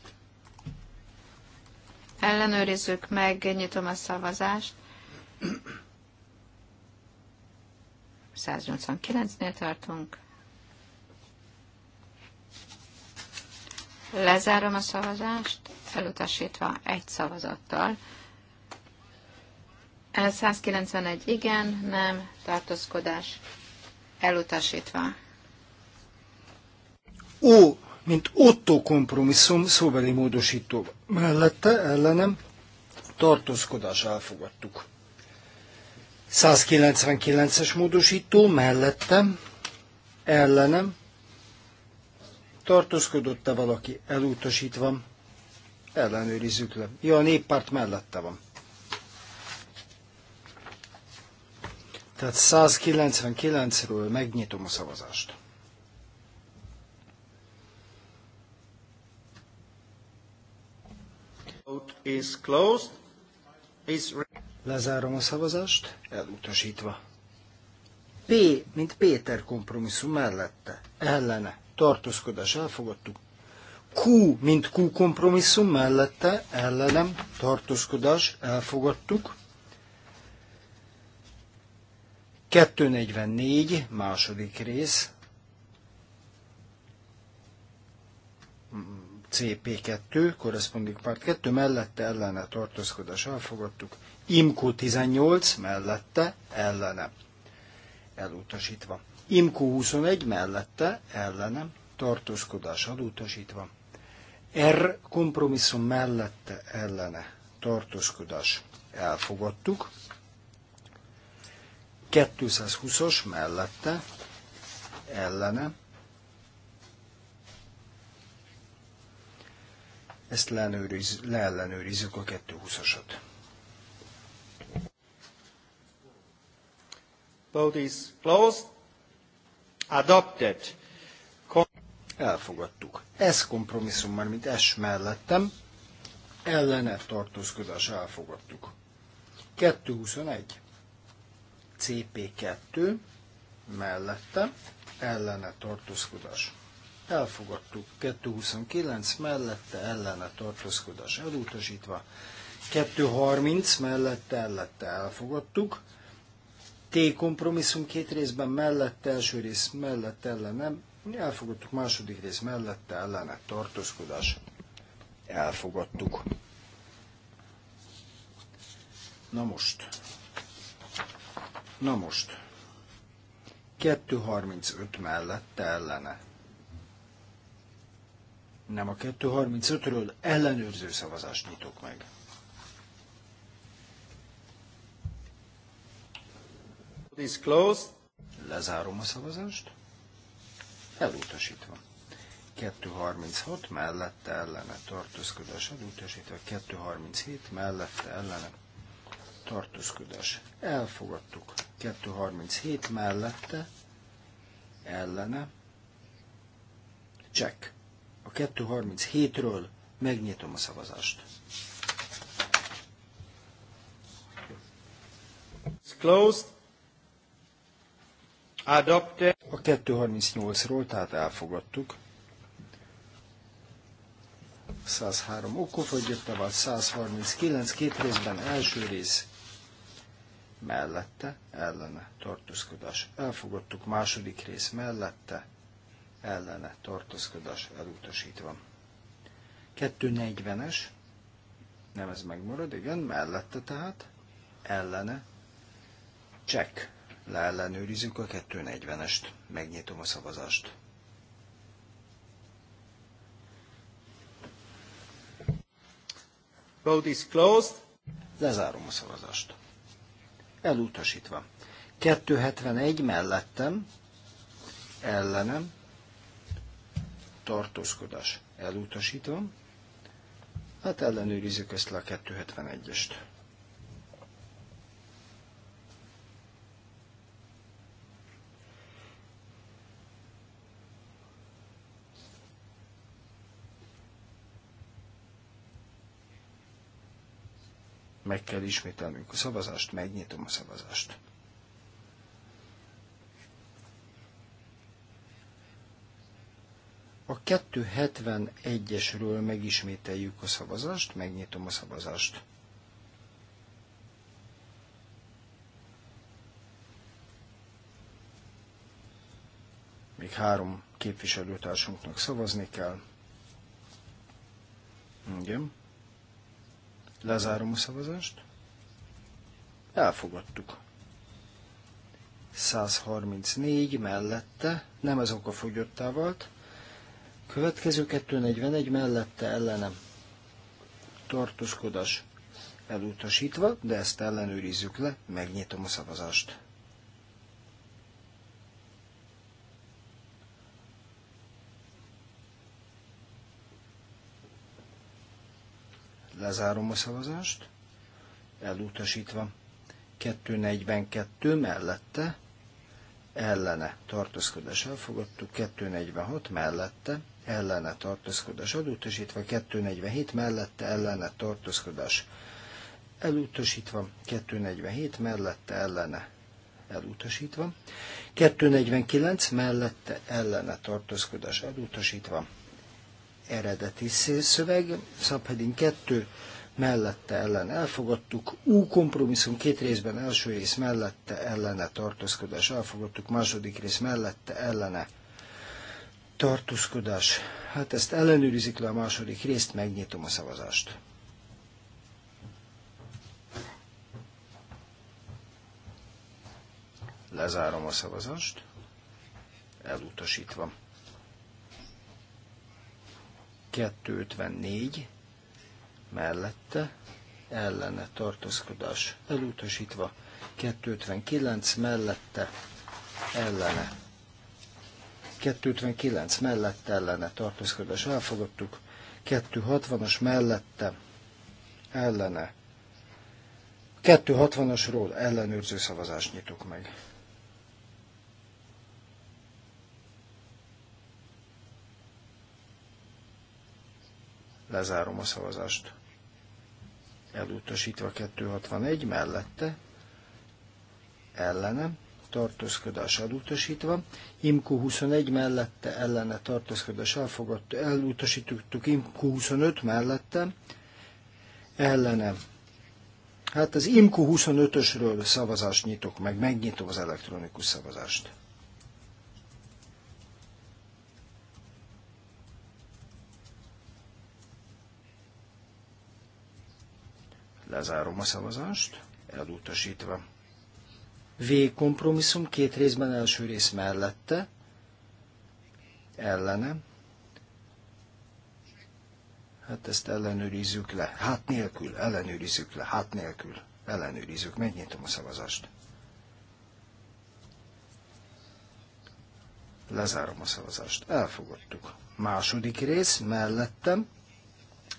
ellenőrizzük meg, nyitom a szavazást. 189-nél tartunk. Lezárom a szavazást, elutasítva egy szavazattal. 191 igen, nem, tartózkodás elutasítva. Ó, mint ottó kompromisszum szóbeli módosító. Mellette ellenem tartózkodás elfogadtuk. 199-es módosító mellettem ellenem tartózkodott-e valaki elutasítva? Ellenőrizzük le. Ja, a néppárt mellette van. Tehát 199-ről megnyitom a szavazást. Lezárom a szavazást, elutasítva. P, mint Péter kompromisszum mellette, ellene, tartózkodás elfogadtuk. Q, mint Q kompromisszum mellette, ellenem, tartózkodás elfogadtuk. 244, második rész, CP2, Corresponding Part 2, mellette ellene tartózkodás elfogadtuk, IMCO 18, mellette ellene elutasítva. IMCO 21, mellette ellene tartózkodás elutasítva. R kompromisszum mellette ellene tartózkodás elfogadtuk. 220-os mellette, ellene. Ezt leellenőriz, leellenőrizzük a 220-asat. Vote is closed. Adopted. Kom Elfogadtuk. Ez kompromisszum már, mint S mellettem. Ellene tartózkodás elfogadtuk. 221. CP2 mellette ellene tartózkodás. Elfogadtuk 229 mellette ellene tartózkodás elutasítva, 230 mellette ellette elfogadtuk, T kompromisszum két részben mellette, első rész mellette ellene. elfogadtuk második rész mellette ellene tartózkodás. Elfogadtuk. Na most Na most, 2.35 mellette ellene. Nem a 2.35-ről ellenőrző szavazást nyitok meg. Is Lezárom a szavazást. Elutasítva. 236 mellette ellene tartózkodás elutasítva, 237 mellette ellene tartózkodás. Elfogadtuk. 237 mellette, ellene, check. A 237-ről megnyitom a szavazást. It's closed. Adopted. A 238-ról, tehát elfogadtuk. 103 okofogyott, a 139, két részben első rész mellette, ellene tartózkodás. Elfogadtuk második rész mellette, ellene tartózkodás elutasítva. 240-es, nem ez megmarad, igen, mellette tehát, ellene, check, leellenőrizzük a 240-est, megnyitom a szavazást. Vote is closed. Lezárom a szavazást elutasítva. 271 mellettem, ellenem, tartózkodás elutasítva. Hát ellenőrizzük ezt le a 271-est. meg kell ismételnünk a szavazást, megnyitom a szavazást. A 271-esről megismételjük a szavazást, megnyitom a szavazást. Még három képviselőtársunknak szavazni kell. Igen. Lezárom a szavazást. Elfogadtuk. 134 mellette, nem ez oka fogyottá volt. Következő 241 mellette ellenem. Tartózkodás elutasítva, de ezt ellenőrizzük le, megnyitom a szavazást. Lezárom a szavazást. Elutasítva. 242 mellette. Ellene tartózkodás elfogadtuk. 246 mellette. Ellene tartózkodás elutasítva. 247 mellette. Ellene tartózkodás elutasítva. 247 mellette. Ellene elutasítva. 249 mellette ellene tartózkodás elutasítva eredeti szöveg, szabhedin szóval 2 mellette ellen elfogadtuk, U kompromisszum két részben első rész mellette ellene tartózkodás elfogadtuk, második rész mellette ellene tartózkodás. Hát ezt ellenőrizik le a második részt, megnyitom a szavazást. Lezárom a szavazást, elutasítva. 254 mellette ellene tartózkodás elutasítva, 259 mellette ellene 259 mellette ellene tartózkodás elfogadtuk, 260-as mellette ellene 260-asról ellenőrző szavazást nyitok meg. Lezárom a szavazást. Elutasítva 261 mellette, ellene, tartózkodás elutasítva. IMKU 21 mellette, ellene tartózkodás elfogadta, elutasítottuk IMKU 25 mellette, ellene. Hát az IMKU 25-ösről szavazást nyitok meg, megnyitom az elektronikus szavazást. Lezárom a szavazást, elutasítva. V kompromisszum két részben első rész mellette, ellene. Hát ezt ellenőrizzük le. Hát nélkül, ellenőrizzük le, hát nélkül, ellenőrizzük. Megnyitom a szavazást. Lezárom a szavazást. Elfogadtuk. Második rész, mellettem,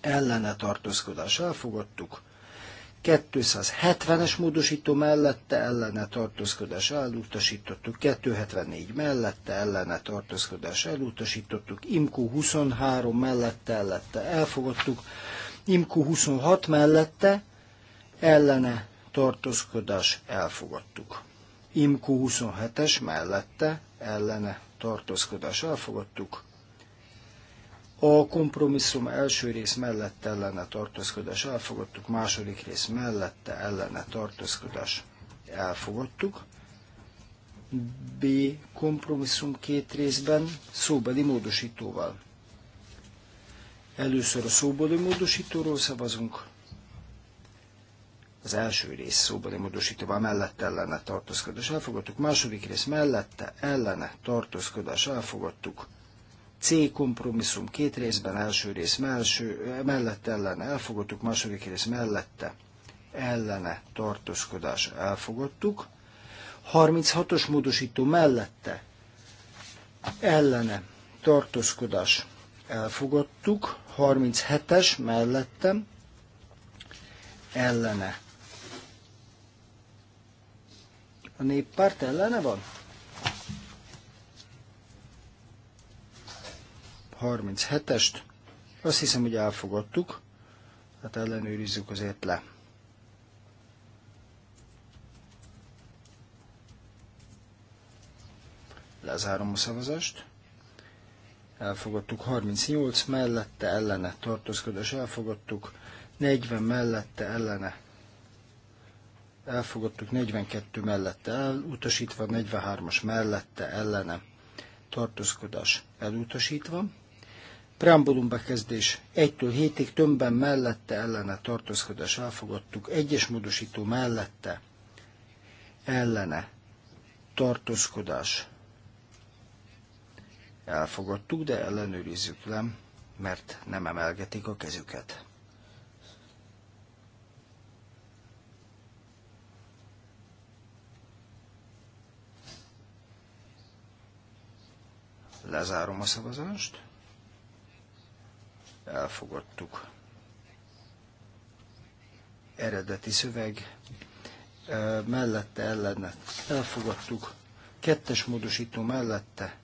ellene tartózkodás elfogadtuk. 270-es módosító mellette ellene tartózkodás elutasítottuk, 274 mellette ellene tartózkodás elutasítottuk, IMKU 23 mellette ellette elfogadtuk, IMKU 26 mellette ellene tartózkodás elfogadtuk. IMKU 27-es mellette ellene tartózkodás elfogadtuk, a kompromisszum első rész mellett ellene tartózkodás elfogadtuk, második rész mellette ellene tartózkodás elfogadtuk. B. Kompromisszum két részben szóbeli módosítóval. Először a szóbeli módosítóról szavazunk, az első rész szóbeli módosítóval mellette ellene tartózkodás elfogadtuk, második rész mellette ellene tartózkodás elfogadtuk, C kompromisszum két részben, első rész melső, mellett ellen elfogadtuk, második rész mellette ellene tartózkodás elfogadtuk, 36-os módosító mellette ellene tartózkodás elfogadtuk, 37-es mellette ellene. A néppárt ellene van? 37-est. Azt hiszem, hogy elfogadtuk, hát ellenőrizzük azért le. Lezárom a szavazást. Elfogadtuk 38 mellette, ellene tartózkodás elfogadtuk, 40 mellette, ellene elfogadtuk 42 mellette elutasítva, 43-as mellette ellene tartózkodás elutasítva, Preambulum bekezdés 1-től 7-ig tömbben mellette ellene tartózkodás elfogadtuk, egyes módosító mellette ellene tartózkodás elfogadtuk, de ellenőrizzük le, mert nem emelgetik a kezüket. Lezárom a szavazást elfogadtuk. Eredeti szöveg mellette ellene elfogadtuk. Kettes módosító mellette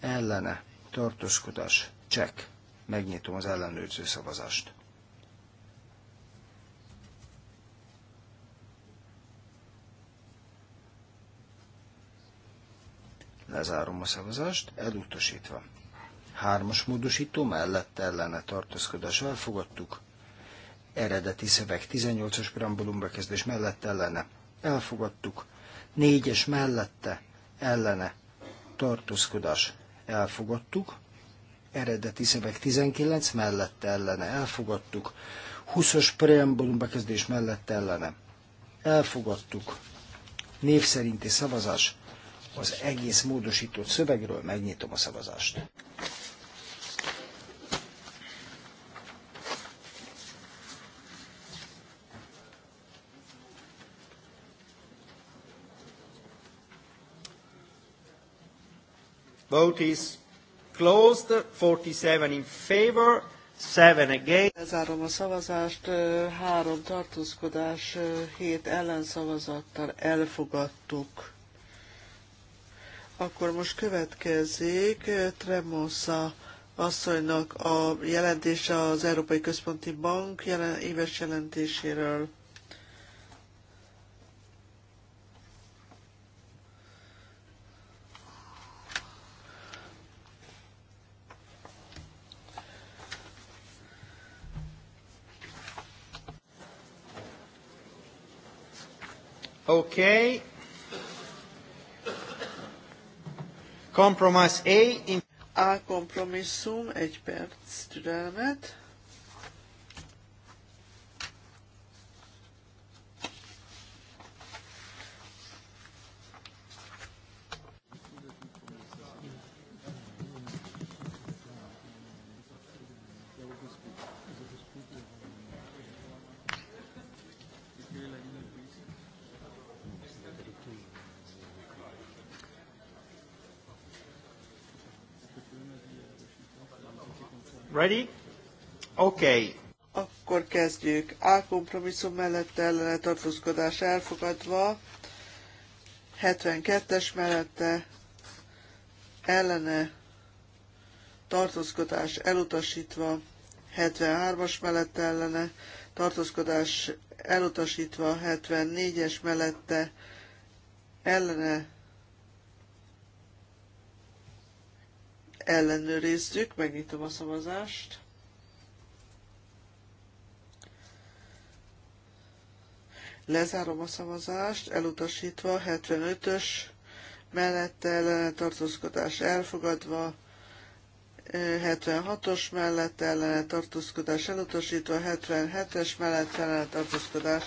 ellene tartózkodás csekk. Megnyitom az ellenőrző szavazást. Lezárom a szavazást, elutasítva. Hármas módosító mellette ellene tartózkodás elfogadtuk. Eredeti szöveg 18-as preambulum bekezdés mellett ellene elfogadtuk. Négyes mellette ellene tartózkodás elfogadtuk. Eredeti szöveg 19 mellette ellene elfogadtuk. 20-as preambulum bekezdés mellett ellene elfogadtuk. Név szerinti szavazás az egész módosított szövegről megnyitom a szavazást. Vote is closed. 47 in favor, 7 against. Lezárom a szavazást, három tartózkodás, hét ellenszavazattal elfogadtuk. Akkor most következik Tremosa asszonynak a jelentése az Európai Központi Bank éves jelentéséről. Okay. Compromise A. In... A kompromisszum, egy perc türelmet. Ready? Okay. Akkor kezdjük. A kompromisszum mellett ellene tartózkodás elfogadva. 72-es mellette ellene tartózkodás elutasítva. 73-as mellette ellene tartózkodás elutasítva. 74-es mellette ellene ellenőrizzük, megnyitom a szavazást. Lezárom a szavazást, elutasítva 75-ös, mellette ellene tartózkodás elfogadva, 76-os mellett ellene tartózkodás elutasítva, 77-es mellett ellene tartózkodás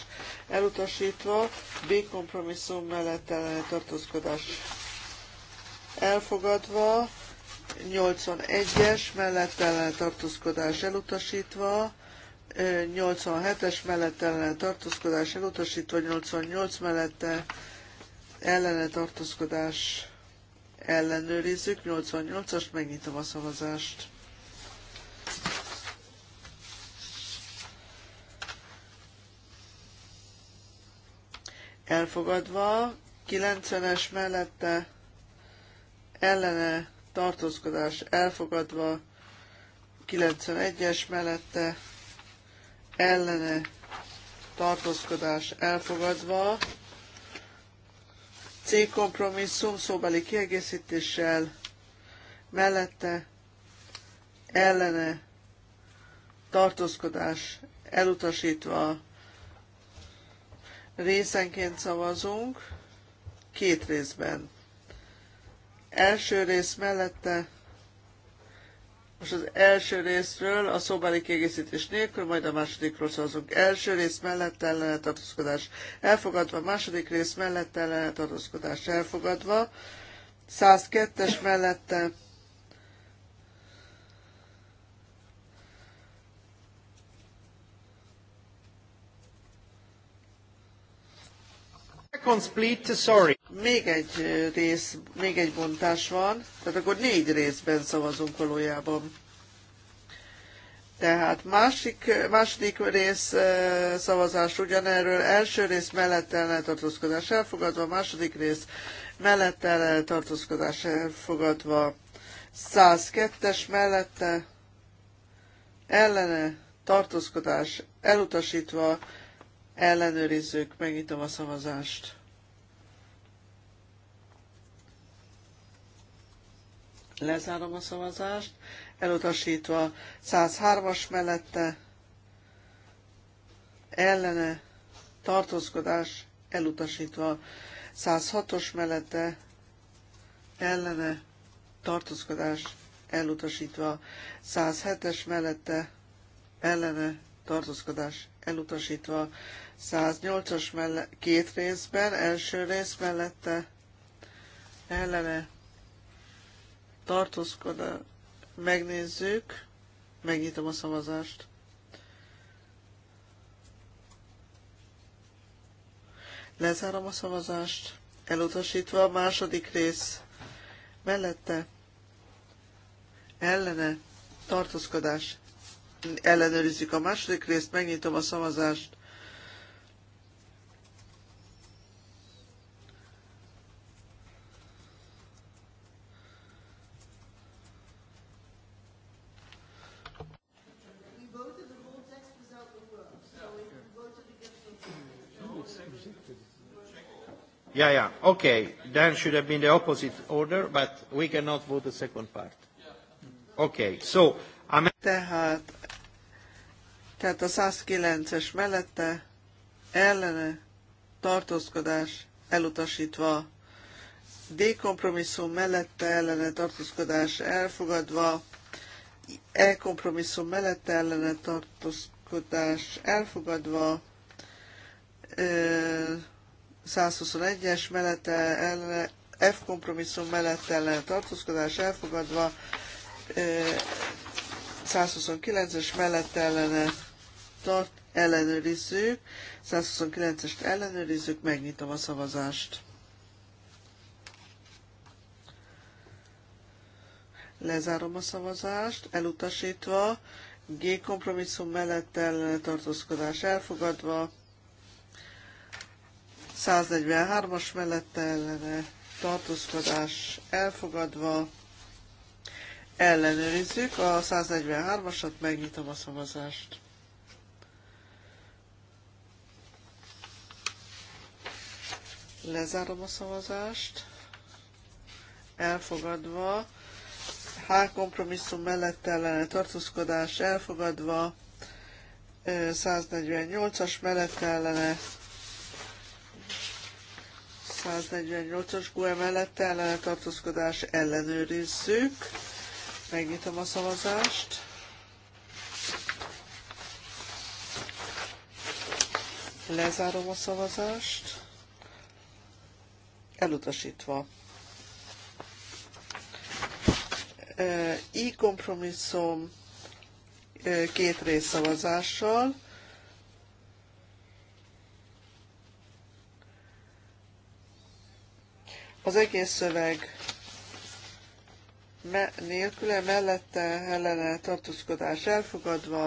elutasítva, B kompromisszum mellett ellene tartózkodás elfogadva, 81-es mellett ellen tartózkodás elutasítva, 87-es mellett ellen tartózkodás elutasítva, 88 mellette ellene tartózkodás ellenőrizzük, 88-as, megnyitom a szavazást. Elfogadva, 90-es mellette ellene tartózkodás elfogadva, 91-es mellette ellene tartózkodás elfogadva, C kompromisszum szóbeli kiegészítéssel mellette ellene tartózkodás elutasítva részenként szavazunk, két részben. Első rész mellette, most az első részről a szóbeli kiegészítés nélkül, majd a másodikról szavazunk. Első rész mellett ellene tartózkodás elfogadva, második rész mellett ellene tartózkodás elfogadva, 102-es mellette Még egy rész, még egy bontás van, tehát akkor négy részben szavazunk valójában. Tehát másik, második rész szavazás ugyanerről, első rész mellett el tartózkodás elfogadva, második rész mellett el tartózkodás elfogadva, 102-es mellette ellene tartózkodás elutasítva, Ellenőrizzük, megnyitom a szavazást. Lezárom a szavazást. Elutasítva 103-as mellette ellene tartózkodás elutasítva 106-os mellette ellene tartózkodás elutasítva 107-es mellette ellene tartózkodás elutasítva 108-as mellett, két részben, első rész mellette ellene tartózkodás. Megnézzük, megnyitom a szavazást. Lezárom a szavazást, elutasítva a második rész mellette ellene tartózkodás. Ellenőrizzük a második részt, megnyitom a szavazást. Yeah, yeah. Okay. Then should have been the opposite order, but we cannot vote the second part. Okay. So, I'm... Tehát, tehát a 109-es mellette ellene tartózkodás elutasítva, D kompromisszum mellette ellene tartózkodás elfogadva, E kompromisszum mellette ellene tartózkodás elfogadva, ö, 121-es mellette ellene, F kompromisszum mellett ellen tartózkodás elfogadva, 129-es mellett ellene tart, ellenőrizzük, 129-est ellenőrizzük, megnyitom a szavazást. Lezárom a szavazást, elutasítva, G kompromisszum mellett ellene tartózkodás elfogadva, 143-as mellette ellene tartózkodás elfogadva. Ellenőrizzük a 143-asat, megnyitom a szavazást. Lezárom a szavazást. Elfogadva. H kompromisszum mellett ellene tartózkodás elfogadva. 148-as mellett ellene 148-as GUE mellette ellene tartózkodás ellenőrizzük. Megnyitom a szavazást. Lezárom a szavazást. Elutasítva. I kompromisszum két részszavazással. szavazással Az egész szöveg me- nélküle, mellette ellene tartózkodás elfogadva.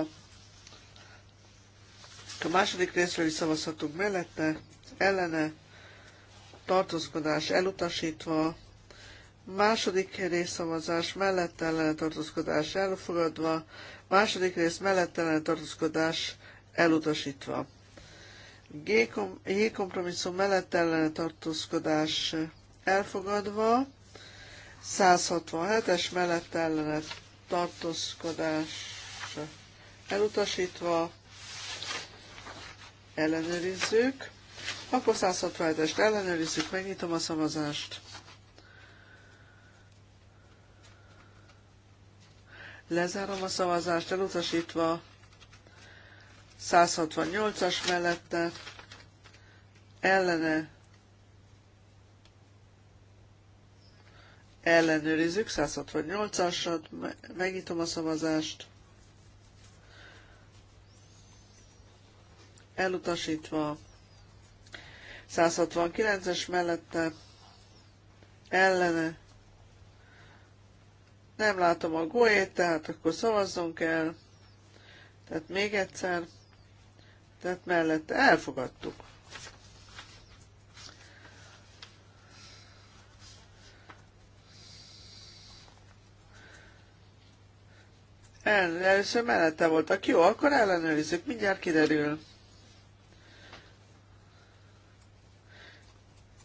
A második részről is szavazhatunk mellette, ellene tartózkodás elutasítva. Második szavazás mellett ellene tartózkodás elfogadva, második rész mellett ellene tartózkodás elutasítva. G, kom- G kompromisszum mellett ellene tartózkodás elfogadva, 167-es mellett ellenet tartózkodás elutasítva, ellenőrizzük. Akkor 167-est ellenőrizzük, megnyitom a szavazást. Lezárom a szavazást, elutasítva 168-as mellette, ellene ellenőrizzük, 168-asat, megnyitom a szavazást, elutasítva, 169-es mellette, ellene, nem látom a goét, tehát akkor szavazzunk el, tehát még egyszer, tehát mellette elfogadtuk. El, először mellette voltak. Jó, akkor ellenőrizzük, mindjárt kiderül.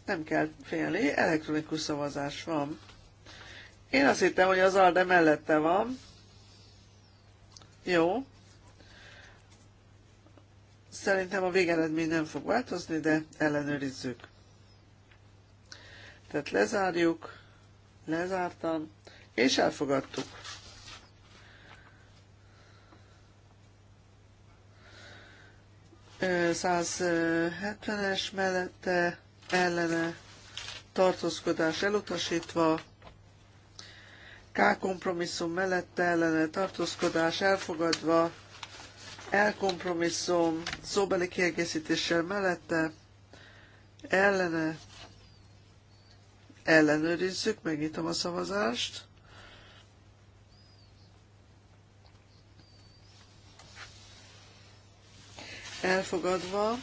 Nem kell félni, elektronikus szavazás van. Én azt hittem, hogy az ALDE mellette van. Jó. Szerintem a végeredmény nem fog változni, de ellenőrizzük. Tehát lezárjuk, lezártam, és elfogadtuk. 170-es mellette ellene tartózkodás elutasítva, K kompromisszum mellette ellene tartózkodás elfogadva, L kompromisszum szóbeli kiegészítéssel mellette ellene ellenőrizzük, megnyitom a szavazást. elfogadva.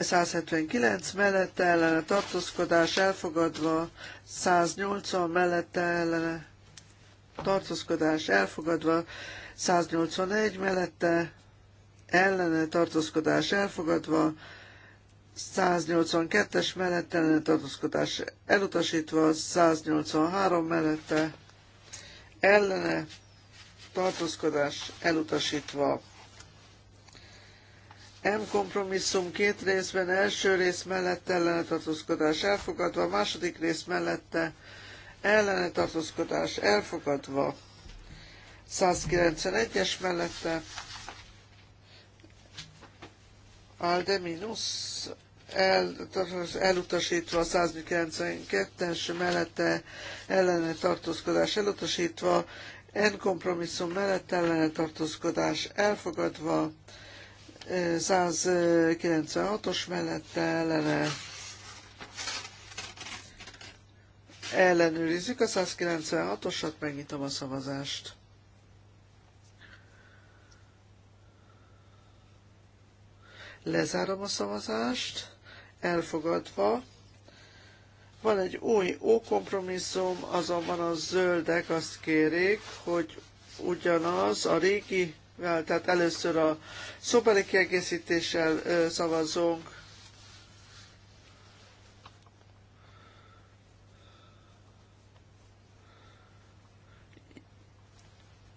...179 mellette ellene tartózkodás elfogadva, 180 mellette ellene tartózkodás elfogadva, 181 mellette ellene tartózkodás elfogadva, 182-es mellette ellene tartózkodás elutasítva, 183 mellette ellene tartózkodás elutasítva. M kompromisszum két részben, első rész mellett ellene tartózkodás elfogadva, második rész mellette ellene tartózkodás elfogadva, 191-es mellette, al de minusz el, elutasítva a 192-es mellette ellene tartózkodás elutasítva, en kompromisszum mellett ellene tartózkodás elfogadva, 196-os mellette ellene ellenőrizzük a 196-osat, megnyitom a szavazást. Lezárom a szavazást elfogadva. Van egy új ókompromisszum, azonban a zöldek azt kérik, hogy ugyanaz a régi, tehát először a szóbeli kiegészítéssel szavazunk,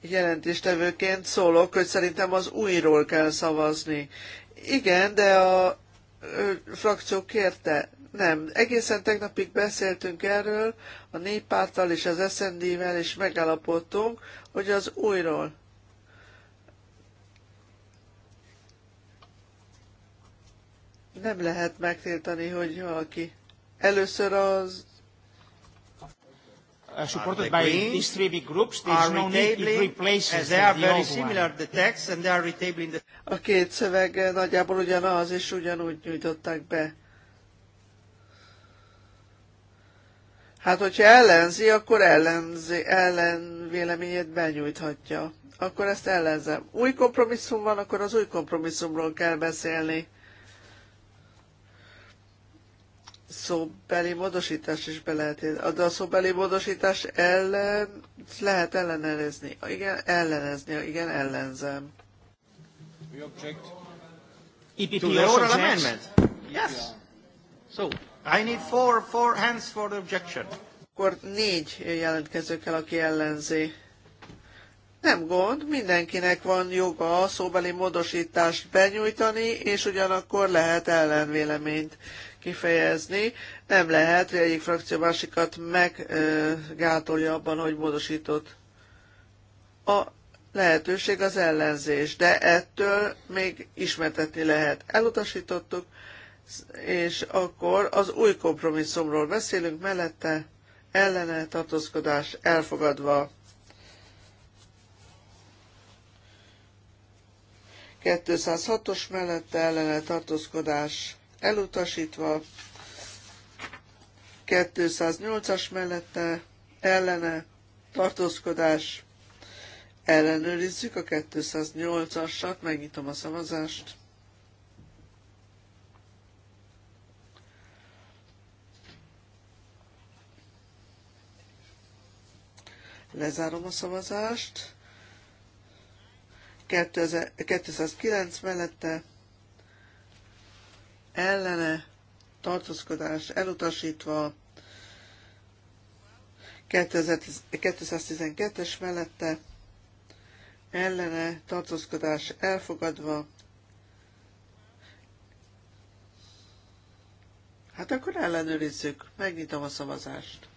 jelentéstevőként szólok, hogy szerintem az újról kell szavazni. Igen, de a frakció kérte. Nem, egészen tegnapig beszéltünk erről a néppárttal és az SND-vel, és megállapodtunk, hogy az újról nem lehet megtiltani, hogy valaki először az uh, supported by these three big groups. There is no need to replace as they are very similar the text and they are retabling the A két szöveg eh, nagyjából ugyanaz és ugyanúgy nyújtották be. Hát, hogyha ellenzi, akkor ellenzi, ellen véleményét benyújthatja. Akkor ezt ellenzem. Új kompromisszum van, akkor az új kompromisszumról kell beszélni. szóbeli módosítás is be lehet De a szóbeli módosítás ellen lehet ellenezni. Igen, ellenezni. Igen, ellenzem. We object. EPP to the oral amendment. Yes. So, I need four, four hands for the objection. Akkor négy jelentkező kell, aki ellenzi. Nem gond, mindenkinek van joga a szóbeli módosítást benyújtani, és ugyanakkor lehet ellenvéleményt kifejezni. Nem lehet, hogy egyik frakció másikat meggátolja abban, hogy módosított. A lehetőség az ellenzés, de ettől még ismertetni lehet. Elutasítottuk, és akkor az új kompromisszumról beszélünk, mellette ellene tartózkodás elfogadva. 206-os mellette ellene tartózkodás elutasítva, 208-as mellette ellene tartózkodás, ellenőrizzük a 208-asat, megnyitom a szavazást. Lezárom a szavazást. 2009 mellette ellene tartózkodás elutasítva, 212-es mellette ellene tartózkodás elfogadva. Hát akkor ellenőrizzük, megnyitom a szavazást.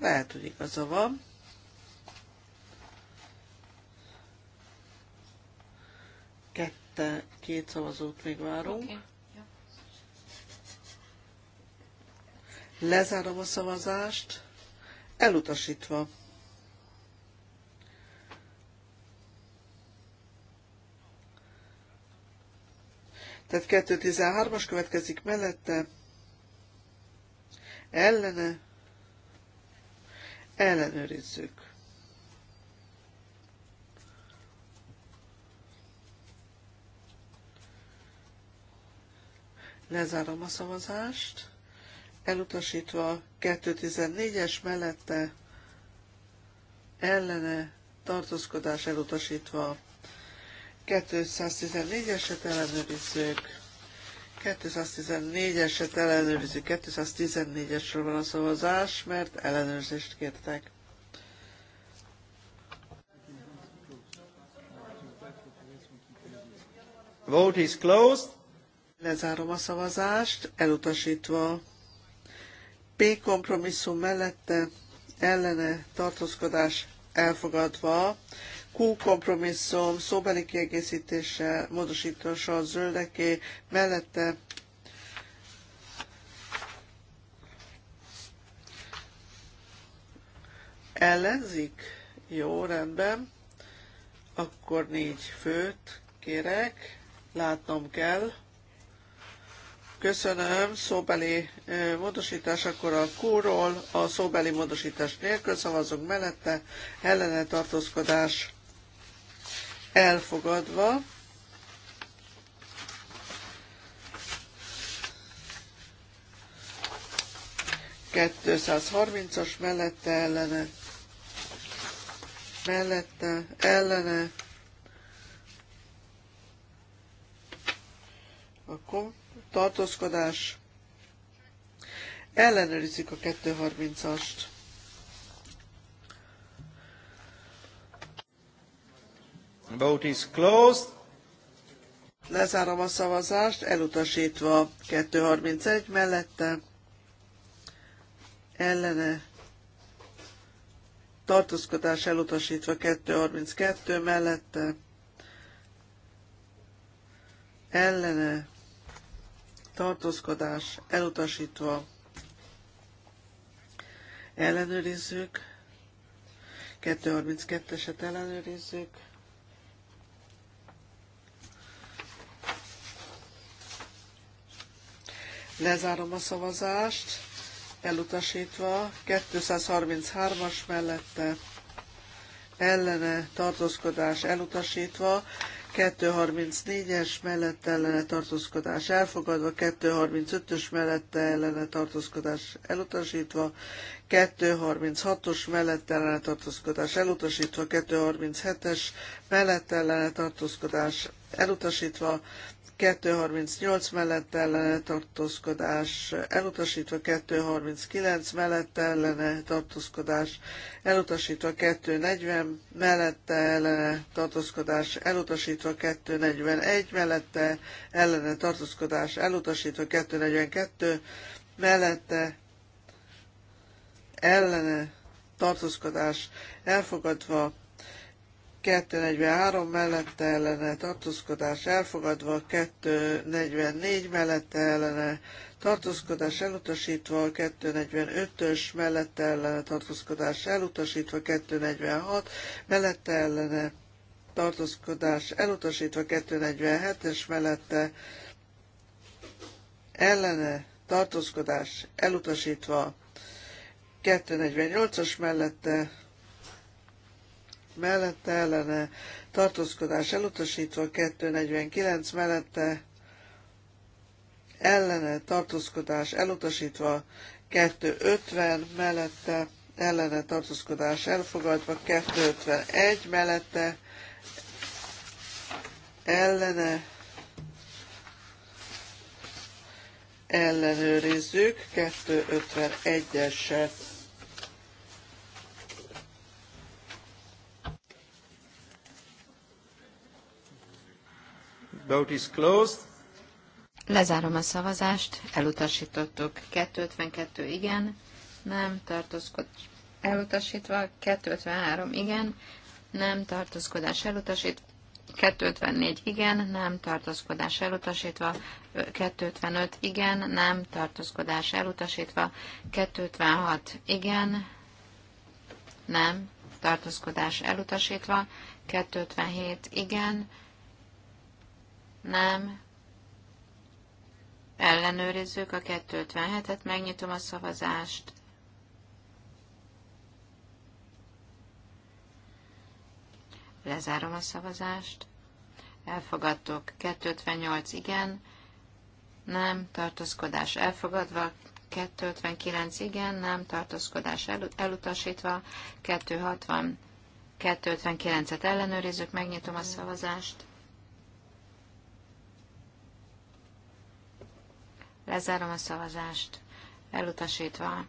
Lehet, hogy igaza van. mellette, két szavazót még várunk. Lezárom a szavazást, elutasítva. Tehát 2.13-as következik mellette, ellene, ellenőrizzük. Lezárom a szavazást. Elutasítva 214-es mellette ellene tartózkodás elutasítva. 214-eset ellenőrizzük. 214-eset ellenőrizzük. 214-esről van a szavazás, mert ellenőrzést kértek. Vote is closed. Lezárom a szavazást, elutasítva. P kompromisszum mellette ellene tartózkodás elfogadva. Q kompromisszum szóbeli kiegészítése, módosítása a zöldeké mellette ellenzik? Jó, rendben. Akkor négy főt kérek, látnom kell. Köszönöm. Szóbeli módosítás, akkor a kúról a szóbeli módosítás nélkül szavazunk mellette, ellene tartózkodás elfogadva. as mellette ellene, mellette ellene, akkor tartózkodás. Ellenőrizzük a 230-ast. Vote is closed. Lezárom a szavazást, elutasítva 231 mellette, ellene tartózkodás elutasítva 232 mellette, ellene tartózkodás elutasítva. Ellenőrizzük. 232-eset ellenőrizzük. Lezárom a szavazást, elutasítva, 233-as mellette ellene tartózkodás elutasítva, 234-es mellette ellene tartózkodás elfogadva, 235-ös mellette ellene tartózkodás elutasítva, 236-os mellette ellene tartózkodás elutasítva, 237-es mellette ellene tartózkodás elutasítva, 238 mellett ellene tartózkodás elutasítva, 239 mellett ellene tartózkodás elutasítva, 240 mellette ellene tartózkodás elutasítva, 241 mellette ellene tartózkodás elutasítva, 242 mellette ellene tartózkodás elfogadva, 243 mellette ellene tartózkodás elfogadva, 244 mellette ellene tartózkodás elutasítva, 245-ös mellette ellene tartózkodás elutasítva, 246 mellette ellene tartózkodás elutasítva, 247-es mellette ellene tartózkodás elutasítva, 248-as mellette mellette ellene tartózkodás elutasítva, 249 mellette ellene tartózkodás elutasítva, 250 mellette ellene tartózkodás elfogadva, 251 mellette ellene ellenőrizzük, 251-eset Vote is closed. Lezárom a szavazást, elutasítottuk. 252 igen, nem tartózkod. elutasítva, 253 igen, nem tartózkodás elutasítva, 254 igen, nem tartózkodás elutasítva, 255 igen, nem tartózkodás elutasítva, 256 igen, nem tartózkodás elutasítva, 257 igen, nem. Ellenőrizzük a 257-et, megnyitom a szavazást. Lezárom a szavazást. Elfogadtok. 258 igen. Nem. Tartózkodás elfogadva. 259 igen. Nem. Tartózkodás el, elutasítva. 260. 259-et ellenőrizzük. Megnyitom a szavazást. Lezárom a szavazást. Elutasítva.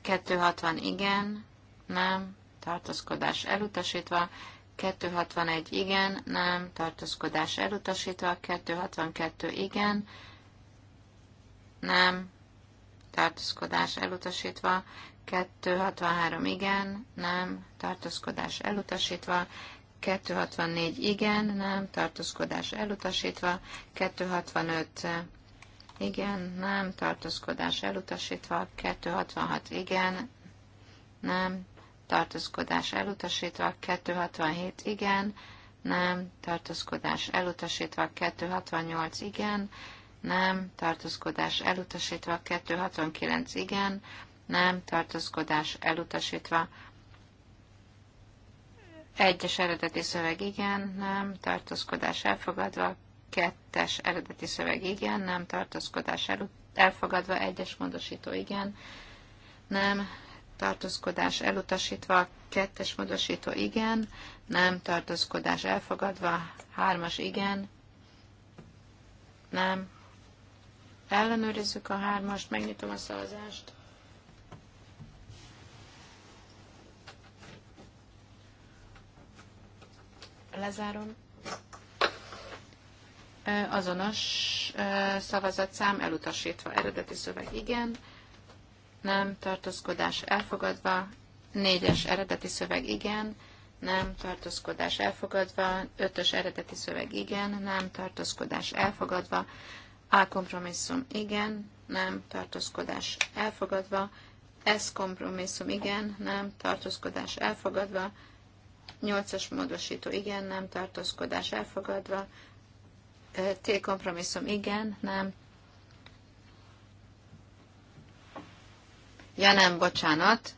260 igen, nem, tartózkodás elutasítva. 261 igen, nem, tartózkodás elutasítva. 262 igen, nem, tartózkodás elutasítva. 263 igen, nem, tartózkodás elutasítva, 264 igen, nem, tartózkodás elutasítva, 265 igen, nem, tartózkodás elutasítva, 266 igen, nem, tartózkodás elutasítva, 267 igen, nem, tartózkodás elutasítva, 268 igen, nem, tartózkodás elutasítva, 269 igen, nem, tartózkodás elutasítva, egyes eredeti szöveg igen, nem, tartózkodás elfogadva. Kettes eredeti szöveg igen, nem, tartózkodás elfogadva. Egyes módosító igen, nem, tartózkodás elutasítva. Kettes módosító igen, nem, tartózkodás elfogadva. Hármas igen, nem. Ellenőrizzük a hármast, megnyitom a szavazást. Lezárom. Azonos szavazatszám elutasítva. Eredeti szöveg igen. Nem. Tartózkodás elfogadva. Négyes eredeti szöveg igen. Nem. Tartózkodás elfogadva. Ötös eredeti szöveg igen. Nem. Tartózkodás elfogadva. A kompromisszum igen. Nem. Tartózkodás elfogadva. Ez kompromisszum igen. Nem. Tartózkodás elfogadva Nyolcas módosító igen, nem tartózkodás elfogadva. T kompromisszum igen, nem. Ja nem, bocsánat,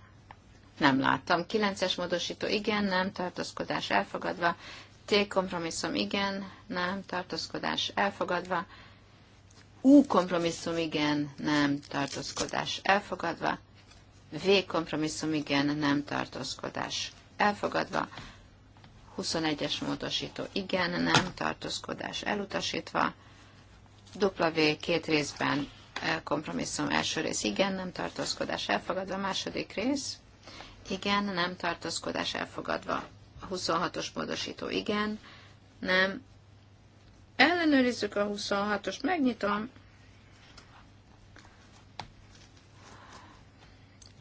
nem láttam. Kilences módosító igen, nem tartózkodás elfogadva. T kompromisszum igen, nem tartózkodás elfogadva. U kompromisszum igen, nem tartózkodás elfogadva. V kompromisszum igen, nem tartózkodás elfogadva, 21-es módosító igen, nem, tartózkodás elutasítva, W két részben e, kompromisszum első rész igen, nem tartózkodás elfogadva, második rész igen, nem tartózkodás elfogadva, 26-os módosító igen, nem, ellenőrizzük a 26-os, megnyitom,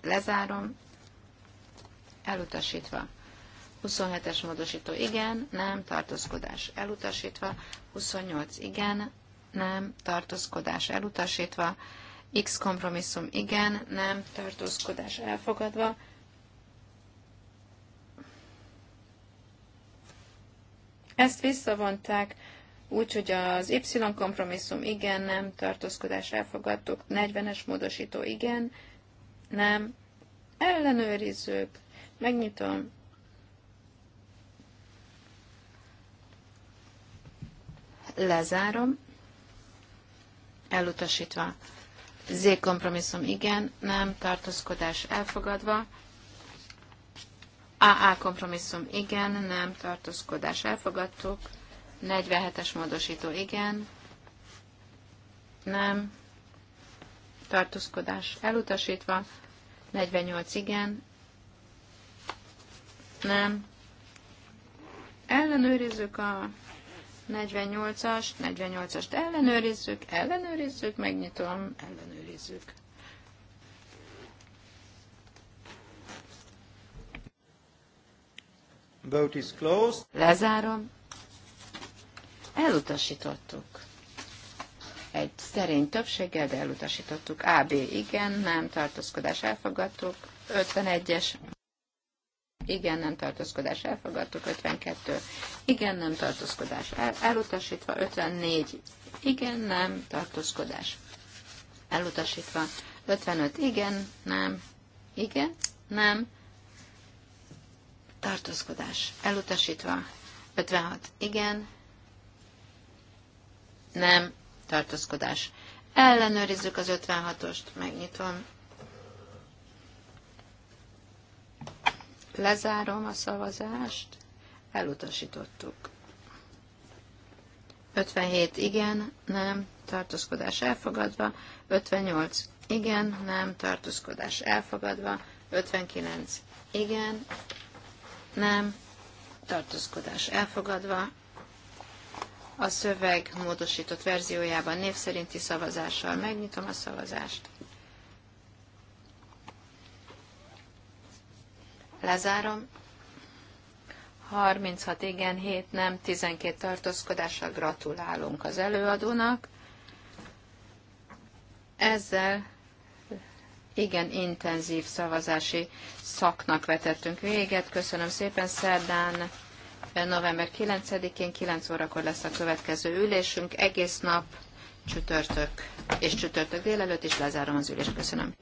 lezárom, elutasítva. 27-es módosító igen, nem, tartózkodás elutasítva. 28 igen, nem, tartózkodás elutasítva. X kompromisszum igen, nem, tartózkodás elfogadva. Ezt visszavonták, úgyhogy az Y kompromisszum igen, nem, tartózkodás elfogadtuk, 40-es módosító igen, nem, ellenőrizzük, Megnyitom. Lezárom. Elutasítva. Z kompromisszum igen, nem, tartózkodás elfogadva. AA kompromisszum igen, nem, tartózkodás elfogadtuk. 47-es módosító igen, nem, tartózkodás elutasítva. 48 igen, nem. Ellenőrizzük a 48-as, 48-ast ellenőrizzük, ellenőrizzük, megnyitom, ellenőrizzük. Vote is closed. Lezárom. Elutasítottuk. Egy szerény többséggel, de elutasítottuk. AB igen, nem, tartózkodás elfogadtuk. 51-es igen, nem tartózkodás, elfogadtuk, 52, igen, nem tartózkodás, el, elutasítva, 54, igen, nem tartózkodás, elutasítva, 55, igen, nem, igen, nem, tartózkodás, elutasítva, 56, igen, nem, tartózkodás. Ellenőrizzük az 56-ost, megnyitom. Lezárom a szavazást. Elutasítottuk. 57 igen, nem, tartózkodás elfogadva. 58 igen, nem, tartózkodás elfogadva. 59 igen, nem, tartózkodás elfogadva. A szöveg módosított verziójában név szerinti szavazással megnyitom a szavazást. Lezárom. 36 igen, 7 nem, 12 tartózkodásra gratulálunk az előadónak. Ezzel igen intenzív szavazási szaknak vetettünk véget. Köszönöm szépen szerdán, eh, november 9-én, 9 órakor lesz a következő ülésünk, egész nap csütörtök és csütörtök délelőtt, is lezárom az ülést. Köszönöm.